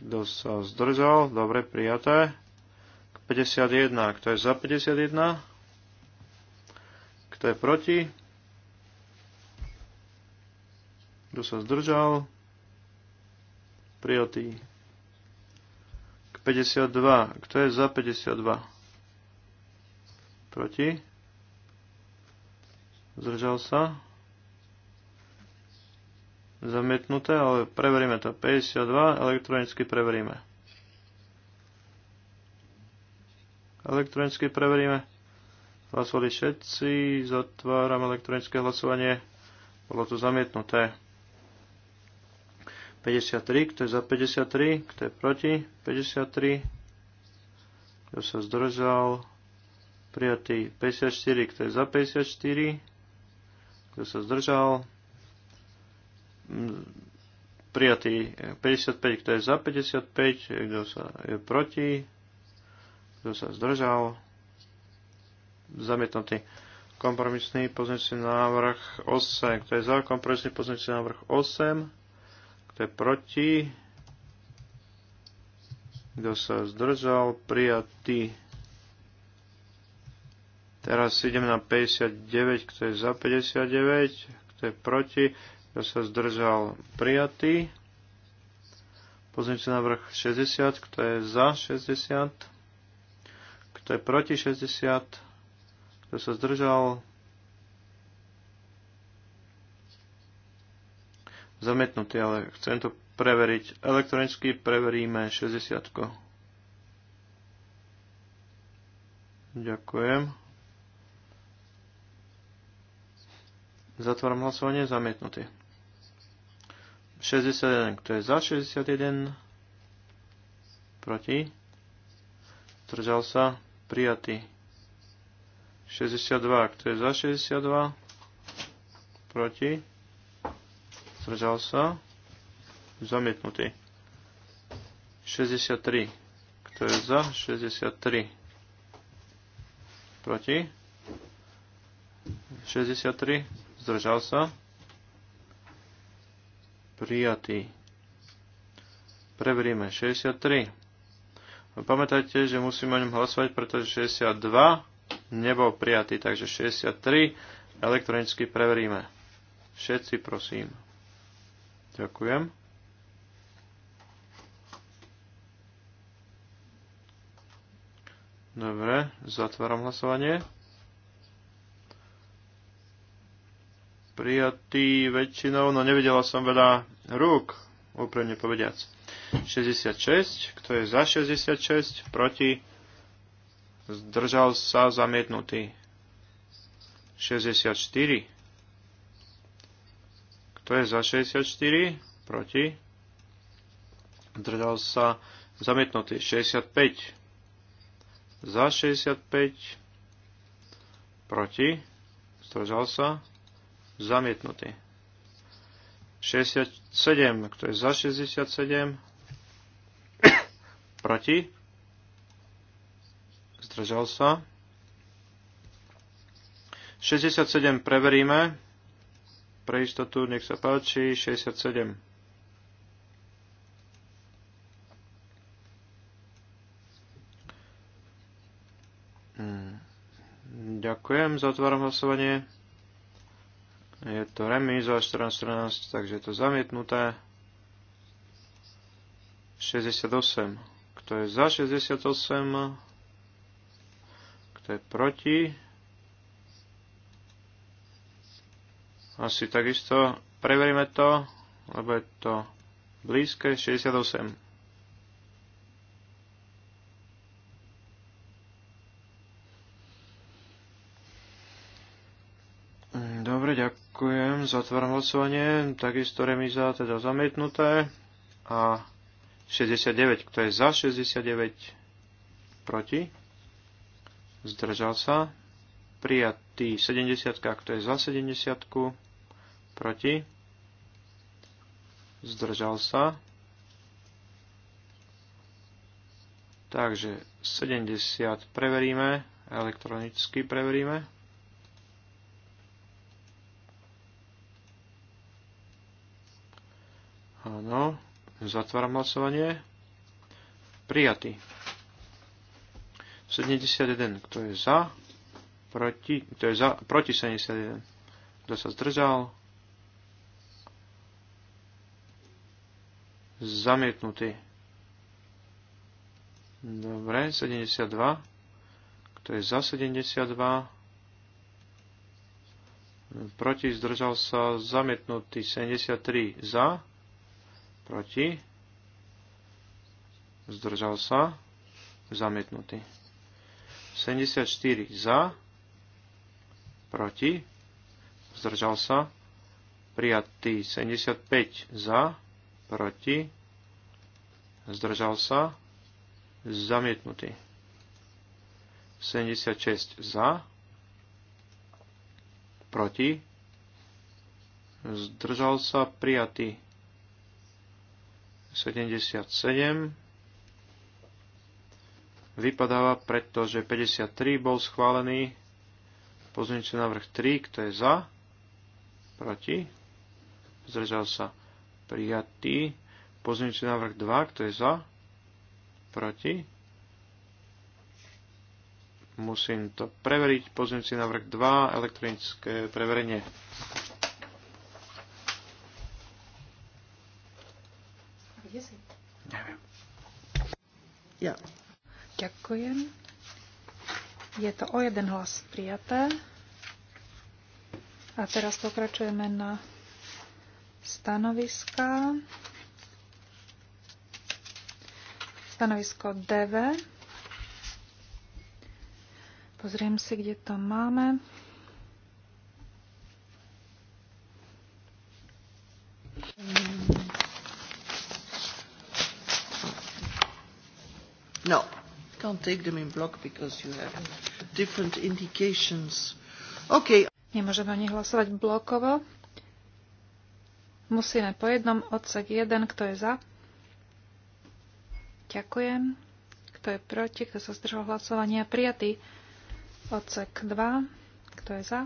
kto sa zdržal? Dobre, prijaté. K 51. Kto je za 51? Kto je proti? Kto sa zdržal? Prijatý. K 52. Kto je za 52? Proti? Zdržal sa? Zamietnuté, ale preveríme to. 52, elektronicky preveríme. Elektronicky preveríme. Hlasovali všetci, zatváram elektronické hlasovanie. Bolo to zamietnuté. 53, kto je za 53, kto je proti 53, kto sa zdržal, prijatý 54, kto je za 54, kto sa zdržal, prijatý 55, kto je za 55, kto sa je proti, kto sa zdržal, zamietnutý kompromisný pozmeňujúci návrh 8, kto je za kompromisný pozmeňujúci návrh 8, kto je proti? Kto sa zdržal? Prijatý. Teraz idem na 59, kto je za 59, kto je proti, kto sa zdržal prijatý. Pozrite vrch 60, kto je za 60, kto je proti 60, kto sa zdržal prijatý zamietnutý, ale chcem to preveriť. Elektronicky preveríme 60. Ďakujem. Zatváram hlasovanie, zamietnutý. 61, kto je za 61, proti, zdržal sa, prijatý. 62, kto je za 62, proti, zdržal sa, zamietnutý. 63, kto je za, 63, proti, 63, zdržal sa, prijatý. Preveríme 63. Pamätajte, že musíme o ňom hlasovať, pretože 62 nebol prijatý, takže 63 elektronicky preveríme. Všetci prosím. Ďakujem. Dobre, zatváram hlasovanie. Prijatý väčšinou, no nevidela som veľa rúk, úprimne povediac. 66, kto je za 66, proti, zdržal sa zamietnutý. 64. To je za 64? Proti? Držal sa zamietnutý. 65. Za 65. Proti? Zdržal sa zamietnutý. 67. Kto je za 67? Proti? Zdržal sa. 67 preveríme. Pre istotu, nech sa páči, 67. Mm, ďakujem, zatváram hlasovanie. Je to remíza 14-14, takže je to zamietnuté. 68. Kto je za 68? Kto je proti? asi takisto. Preveríme to, lebo je to blízke 68. Dobre, ďakujem. Zatváram hlasovanie. Takisto remiza teda zamietnuté. A 69. Kto je za 69? Proti? Zdržal sa? prijatý 70, kto je za 70, proti, zdržal sa. Takže 70 preveríme, elektronicky preveríme. Áno, zatváram hlasovanie. Prijatý. 71, kto je za? proti, to je za, proti 71. Kto sa zdržal? Zamietnutý. Dobre, 72. Kto je za 72? Proti zdržal sa zamietnutý 73 za. Proti. Zdržal sa. Zamietnutý. 74 za proti, zdržal sa, prijatý 75 za, proti, zdržal sa, zamietnutý 76 za, proti, zdržal sa, prijatý 77 vypadáva, pretože 53 bol schválený Pozmeňujúci návrh 3, kto je za? Proti? Zdržal sa. Prijatý. Pozmeňujúci návrh 2, kto je za? Proti? Musím to preveriť. Pozmeňujúci návrh 2, elektronické preverenie. Ja. Ďakujem. Je to o jeden hlas prijaté. A teraz pokračujeme na stanoviska. Stanovisko DV. Pozriem si, kde to máme. No, can't take them in block because you have different indications. Okay. Nemôžeme o nich hlasovať blokovo. Musíme po jednom odsek 1, kto je za. Ďakujem. Kto je proti, kto sa zdržal hlasovania. Prijatý odsek 2, kto je za.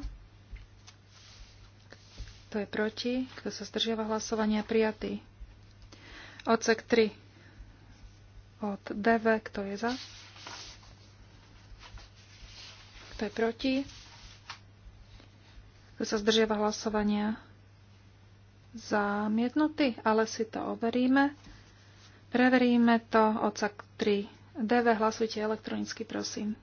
Kto je proti, kto sa zdržiava hlasovania. Prijatý odsek 3 od DV, kto je za. Kto je proti? Kto sa zdržiava hlasovania? Zamietnutý, ale si to overíme. Preveríme to odsak 3. DV hlasujte elektronicky, prosím.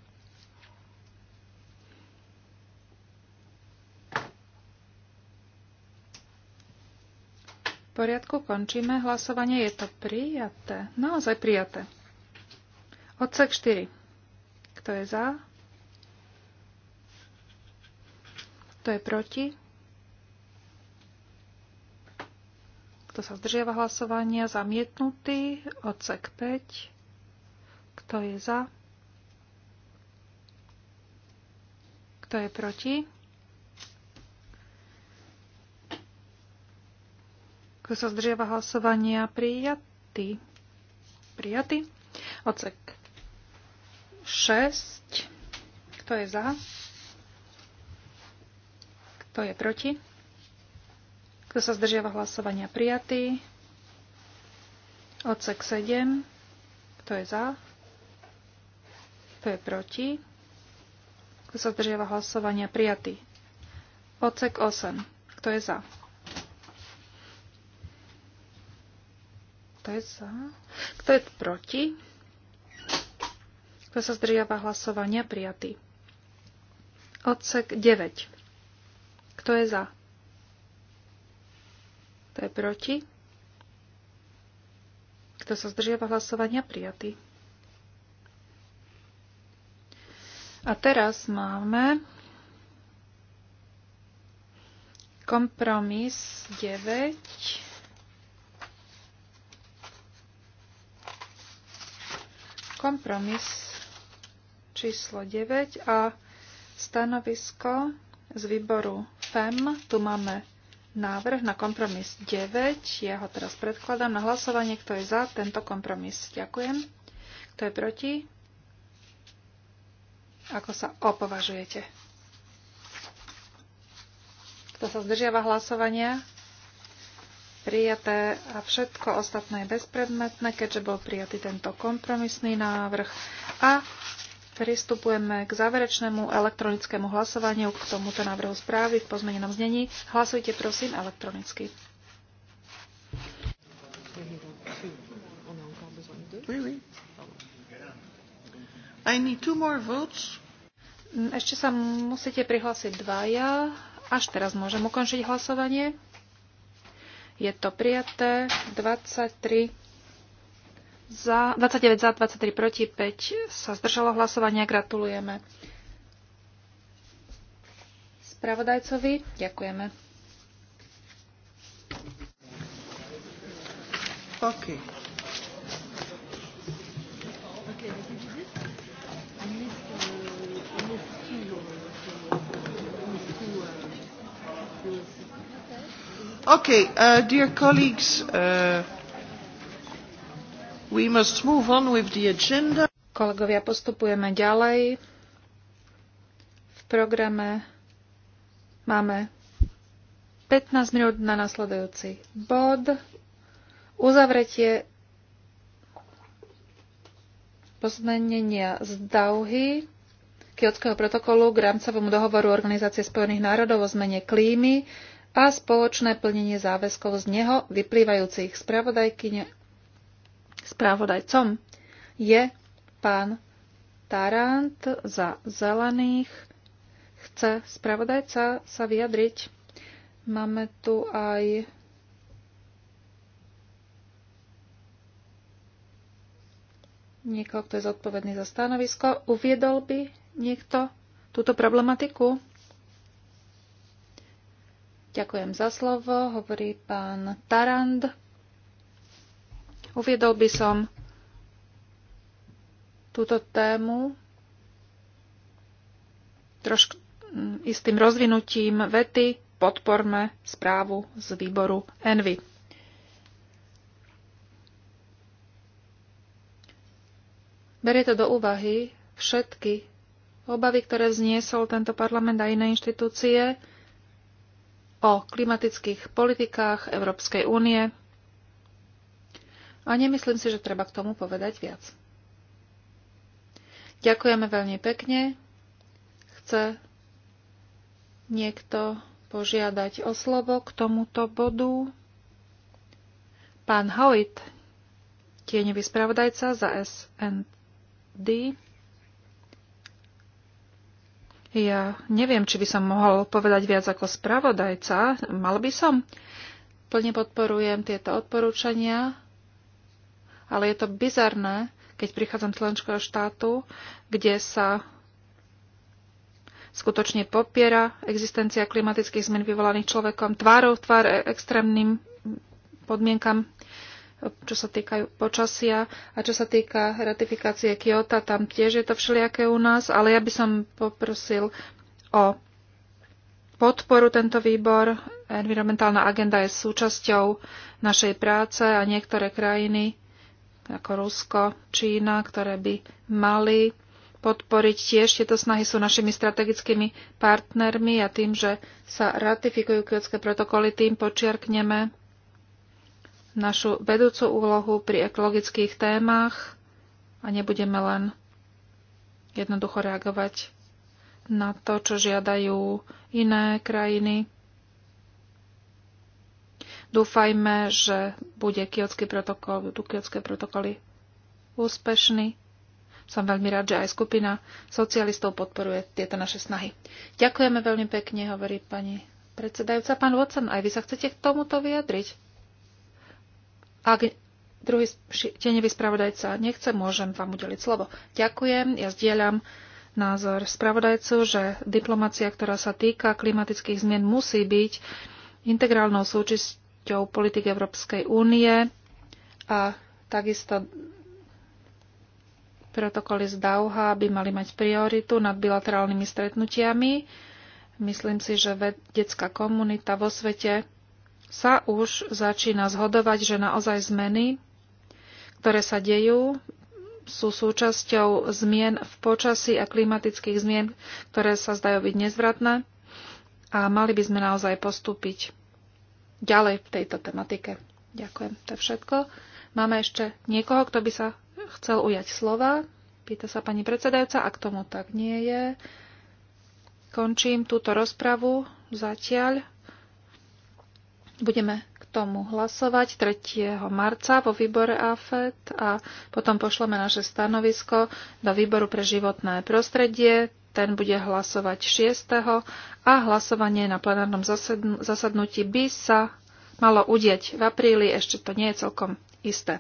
V poriadku, končíme. Hlasovanie je to prijaté. Naozaj prijaté. Odsek 4. Kto je za? Kto je proti? Kto sa zdržiava hlasovania? Zamietnutý. Odsek 5. Kto je za? Kto je proti? Kto sa zdržiava hlasovania? Prijatý. Prijatý. Ocek 6. Kto je za? Kto je proti? Kto sa zdržiava hlasovania? Prijatý. Odsek 7. Kto je za? Kto je proti? Kto sa zdržiava hlasovania? Prijatý. Odsek 8. Kto je za? Kto je za? Kto je proti? Kto sa zdržiava hlasovania? Prijatý. Odsek 9. Kto je za? Kto je proti? Kto sa zdržiava hlasovania? Prijatý. A teraz máme kompromis 9. Kompromis číslo 9 a stanovisko z výboru FEM tu máme návrh na kompromis 9. Ja ho teraz predkladám na hlasovanie, kto je za tento kompromis. Ďakujem. Kto je proti? Ako sa opovažujete? Kto sa zdržiava hlasovania? Prijaté a všetko ostatné je bezpredmetné, keďže bol prijatý tento kompromisný návrh. A Pristupujeme k záverečnému elektronickému hlasovaniu k tomuto návrhu správy v pozmenenom znení. Hlasujte prosím elektronicky. I need two more votes. Mm, ešte sa musíte prihlásiť dvaja. Až teraz môžem ukončiť hlasovanie. Je to prijaté. 23 za, 29 za, 23 proti, 5 sa zdržalo hlasovania. Gratulujeme spravodajcovi. Ďakujeme. OK. Okay, uh, dear colleagues, uh, We must move on with the agenda. Kolegovia, postupujeme ďalej. V programe máme 15 minút na nasledujúci bod. Uzavretie pozmenenia z Dauhy Kyotského protokolu k rámcovému dohovoru Organizácie spojených národov o zmene klímy a spoločné plnenie záväzkov z neho vyplývajúcich spravodajkyne Správodajcom je pán Tarant za zelených. Chce spravodajca sa vyjadriť. Máme tu aj niekoho, kto je zodpovedný za stanovisko. Uviedol by niekto túto problematiku? Ďakujem za slovo, hovorí pán Tarand. Uviedol by som túto tému trošku mm, istým rozvinutím vety podporme správu z výboru Envy. Berie to do úvahy všetky obavy, ktoré vzniesol tento parlament a iné inštitúcie o klimatických politikách Európskej únie, a nemyslím si, že treba k tomu povedať viac. Ďakujeme veľmi pekne. Chce niekto požiadať o slovo k tomuto bodu? Pán Hoyt, tieňový spravodajca za SND. Ja neviem, či by som mohol povedať viac ako spravodajca. Mal by som. Plne podporujem tieto odporúčania ale je to bizarné, keď prichádzam z členského štátu, kde sa skutočne popiera existencia klimatických zmen vyvolaných človekom tvárou v tvár e- extrémnym podmienkam, čo sa týkajú počasia a čo sa týka ratifikácie Kyoto, tam tiež je to všelijaké u nás, ale ja by som poprosil o podporu tento výbor. Environmentálna agenda je súčasťou našej práce a niektoré krajiny ako Rusko, Čína, ktoré by mali podporiť tiež. Tieto snahy sú našimi strategickými partnermi a tým, že sa ratifikujú kvetské protokoly, tým počiarkneme našu vedúcu úlohu pri ekologických témach a nebudeme len jednoducho reagovať na to, čo žiadajú iné krajiny. Dúfajme, že bude kiotský protokol, budú kiotské protokoly úspešný. Som veľmi rád, že aj skupina socialistov podporuje tieto naše snahy. Ďakujeme veľmi pekne, hovorí pani predsedajúca. Pán Watson, aj vy sa chcete k tomuto vyjadriť? Ak druhý tenevý spravodajca nechce, môžem vám udeliť slovo. Ďakujem, ja zdieľam názor spravodajcu, že diplomacia, ktorá sa týka klimatických zmien, musí byť integrálnou súčasťou súčasťou politik Európskej únie a takisto protokoly z Dauha by mali mať prioritu nad bilaterálnymi stretnutiami. Myslím si, že vedecká komunita vo svete sa už začína zhodovať, že naozaj zmeny, ktoré sa dejú, sú súčasťou zmien v počasí a klimatických zmien, ktoré sa zdajú byť nezvratné a mali by sme naozaj postúpiť ďalej v tejto tematike. Ďakujem, to je všetko. Máme ešte niekoho, kto by sa chcel ujať slova. Pýta sa pani predsedajúca, ak tomu tak nie je. Končím túto rozpravu zatiaľ. Budeme k tomu hlasovať 3. marca vo výbore AFET a potom pošleme naše stanovisko do výboru pre životné prostredie ten bude hlasovať 6. a hlasovanie na plenárnom zasadnutí by sa malo udieť v apríli, ešte to nie je celkom isté.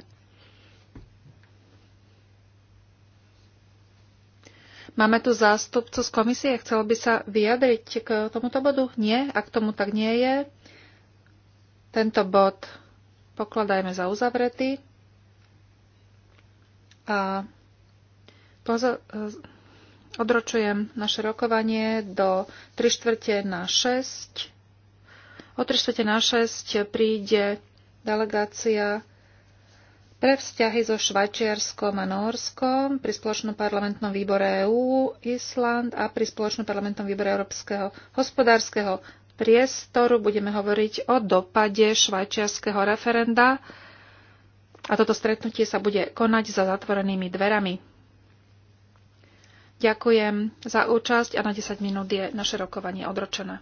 Máme tu zástupcu z komisie, chcel by sa vyjadriť k tomuto bodu? Nie, ak tomu tak nie je, tento bod pokladajme za uzavretý. A Odročujem naše rokovanie do 3 štvrte na 6. O 3 štvrte na 6 príde delegácia pre vzťahy so Švajčiarskom a Norskom pri spoločnom parlamentnom výbore EÚ Island a pri spoločnom parlamentnom výbore Európskeho hospodárskeho priestoru budeme hovoriť o dopade švajčiarskeho referenda a toto stretnutie sa bude konať za zatvorenými dverami. Ďakujem za účasť a na 10 minút je naše rokovanie odročené.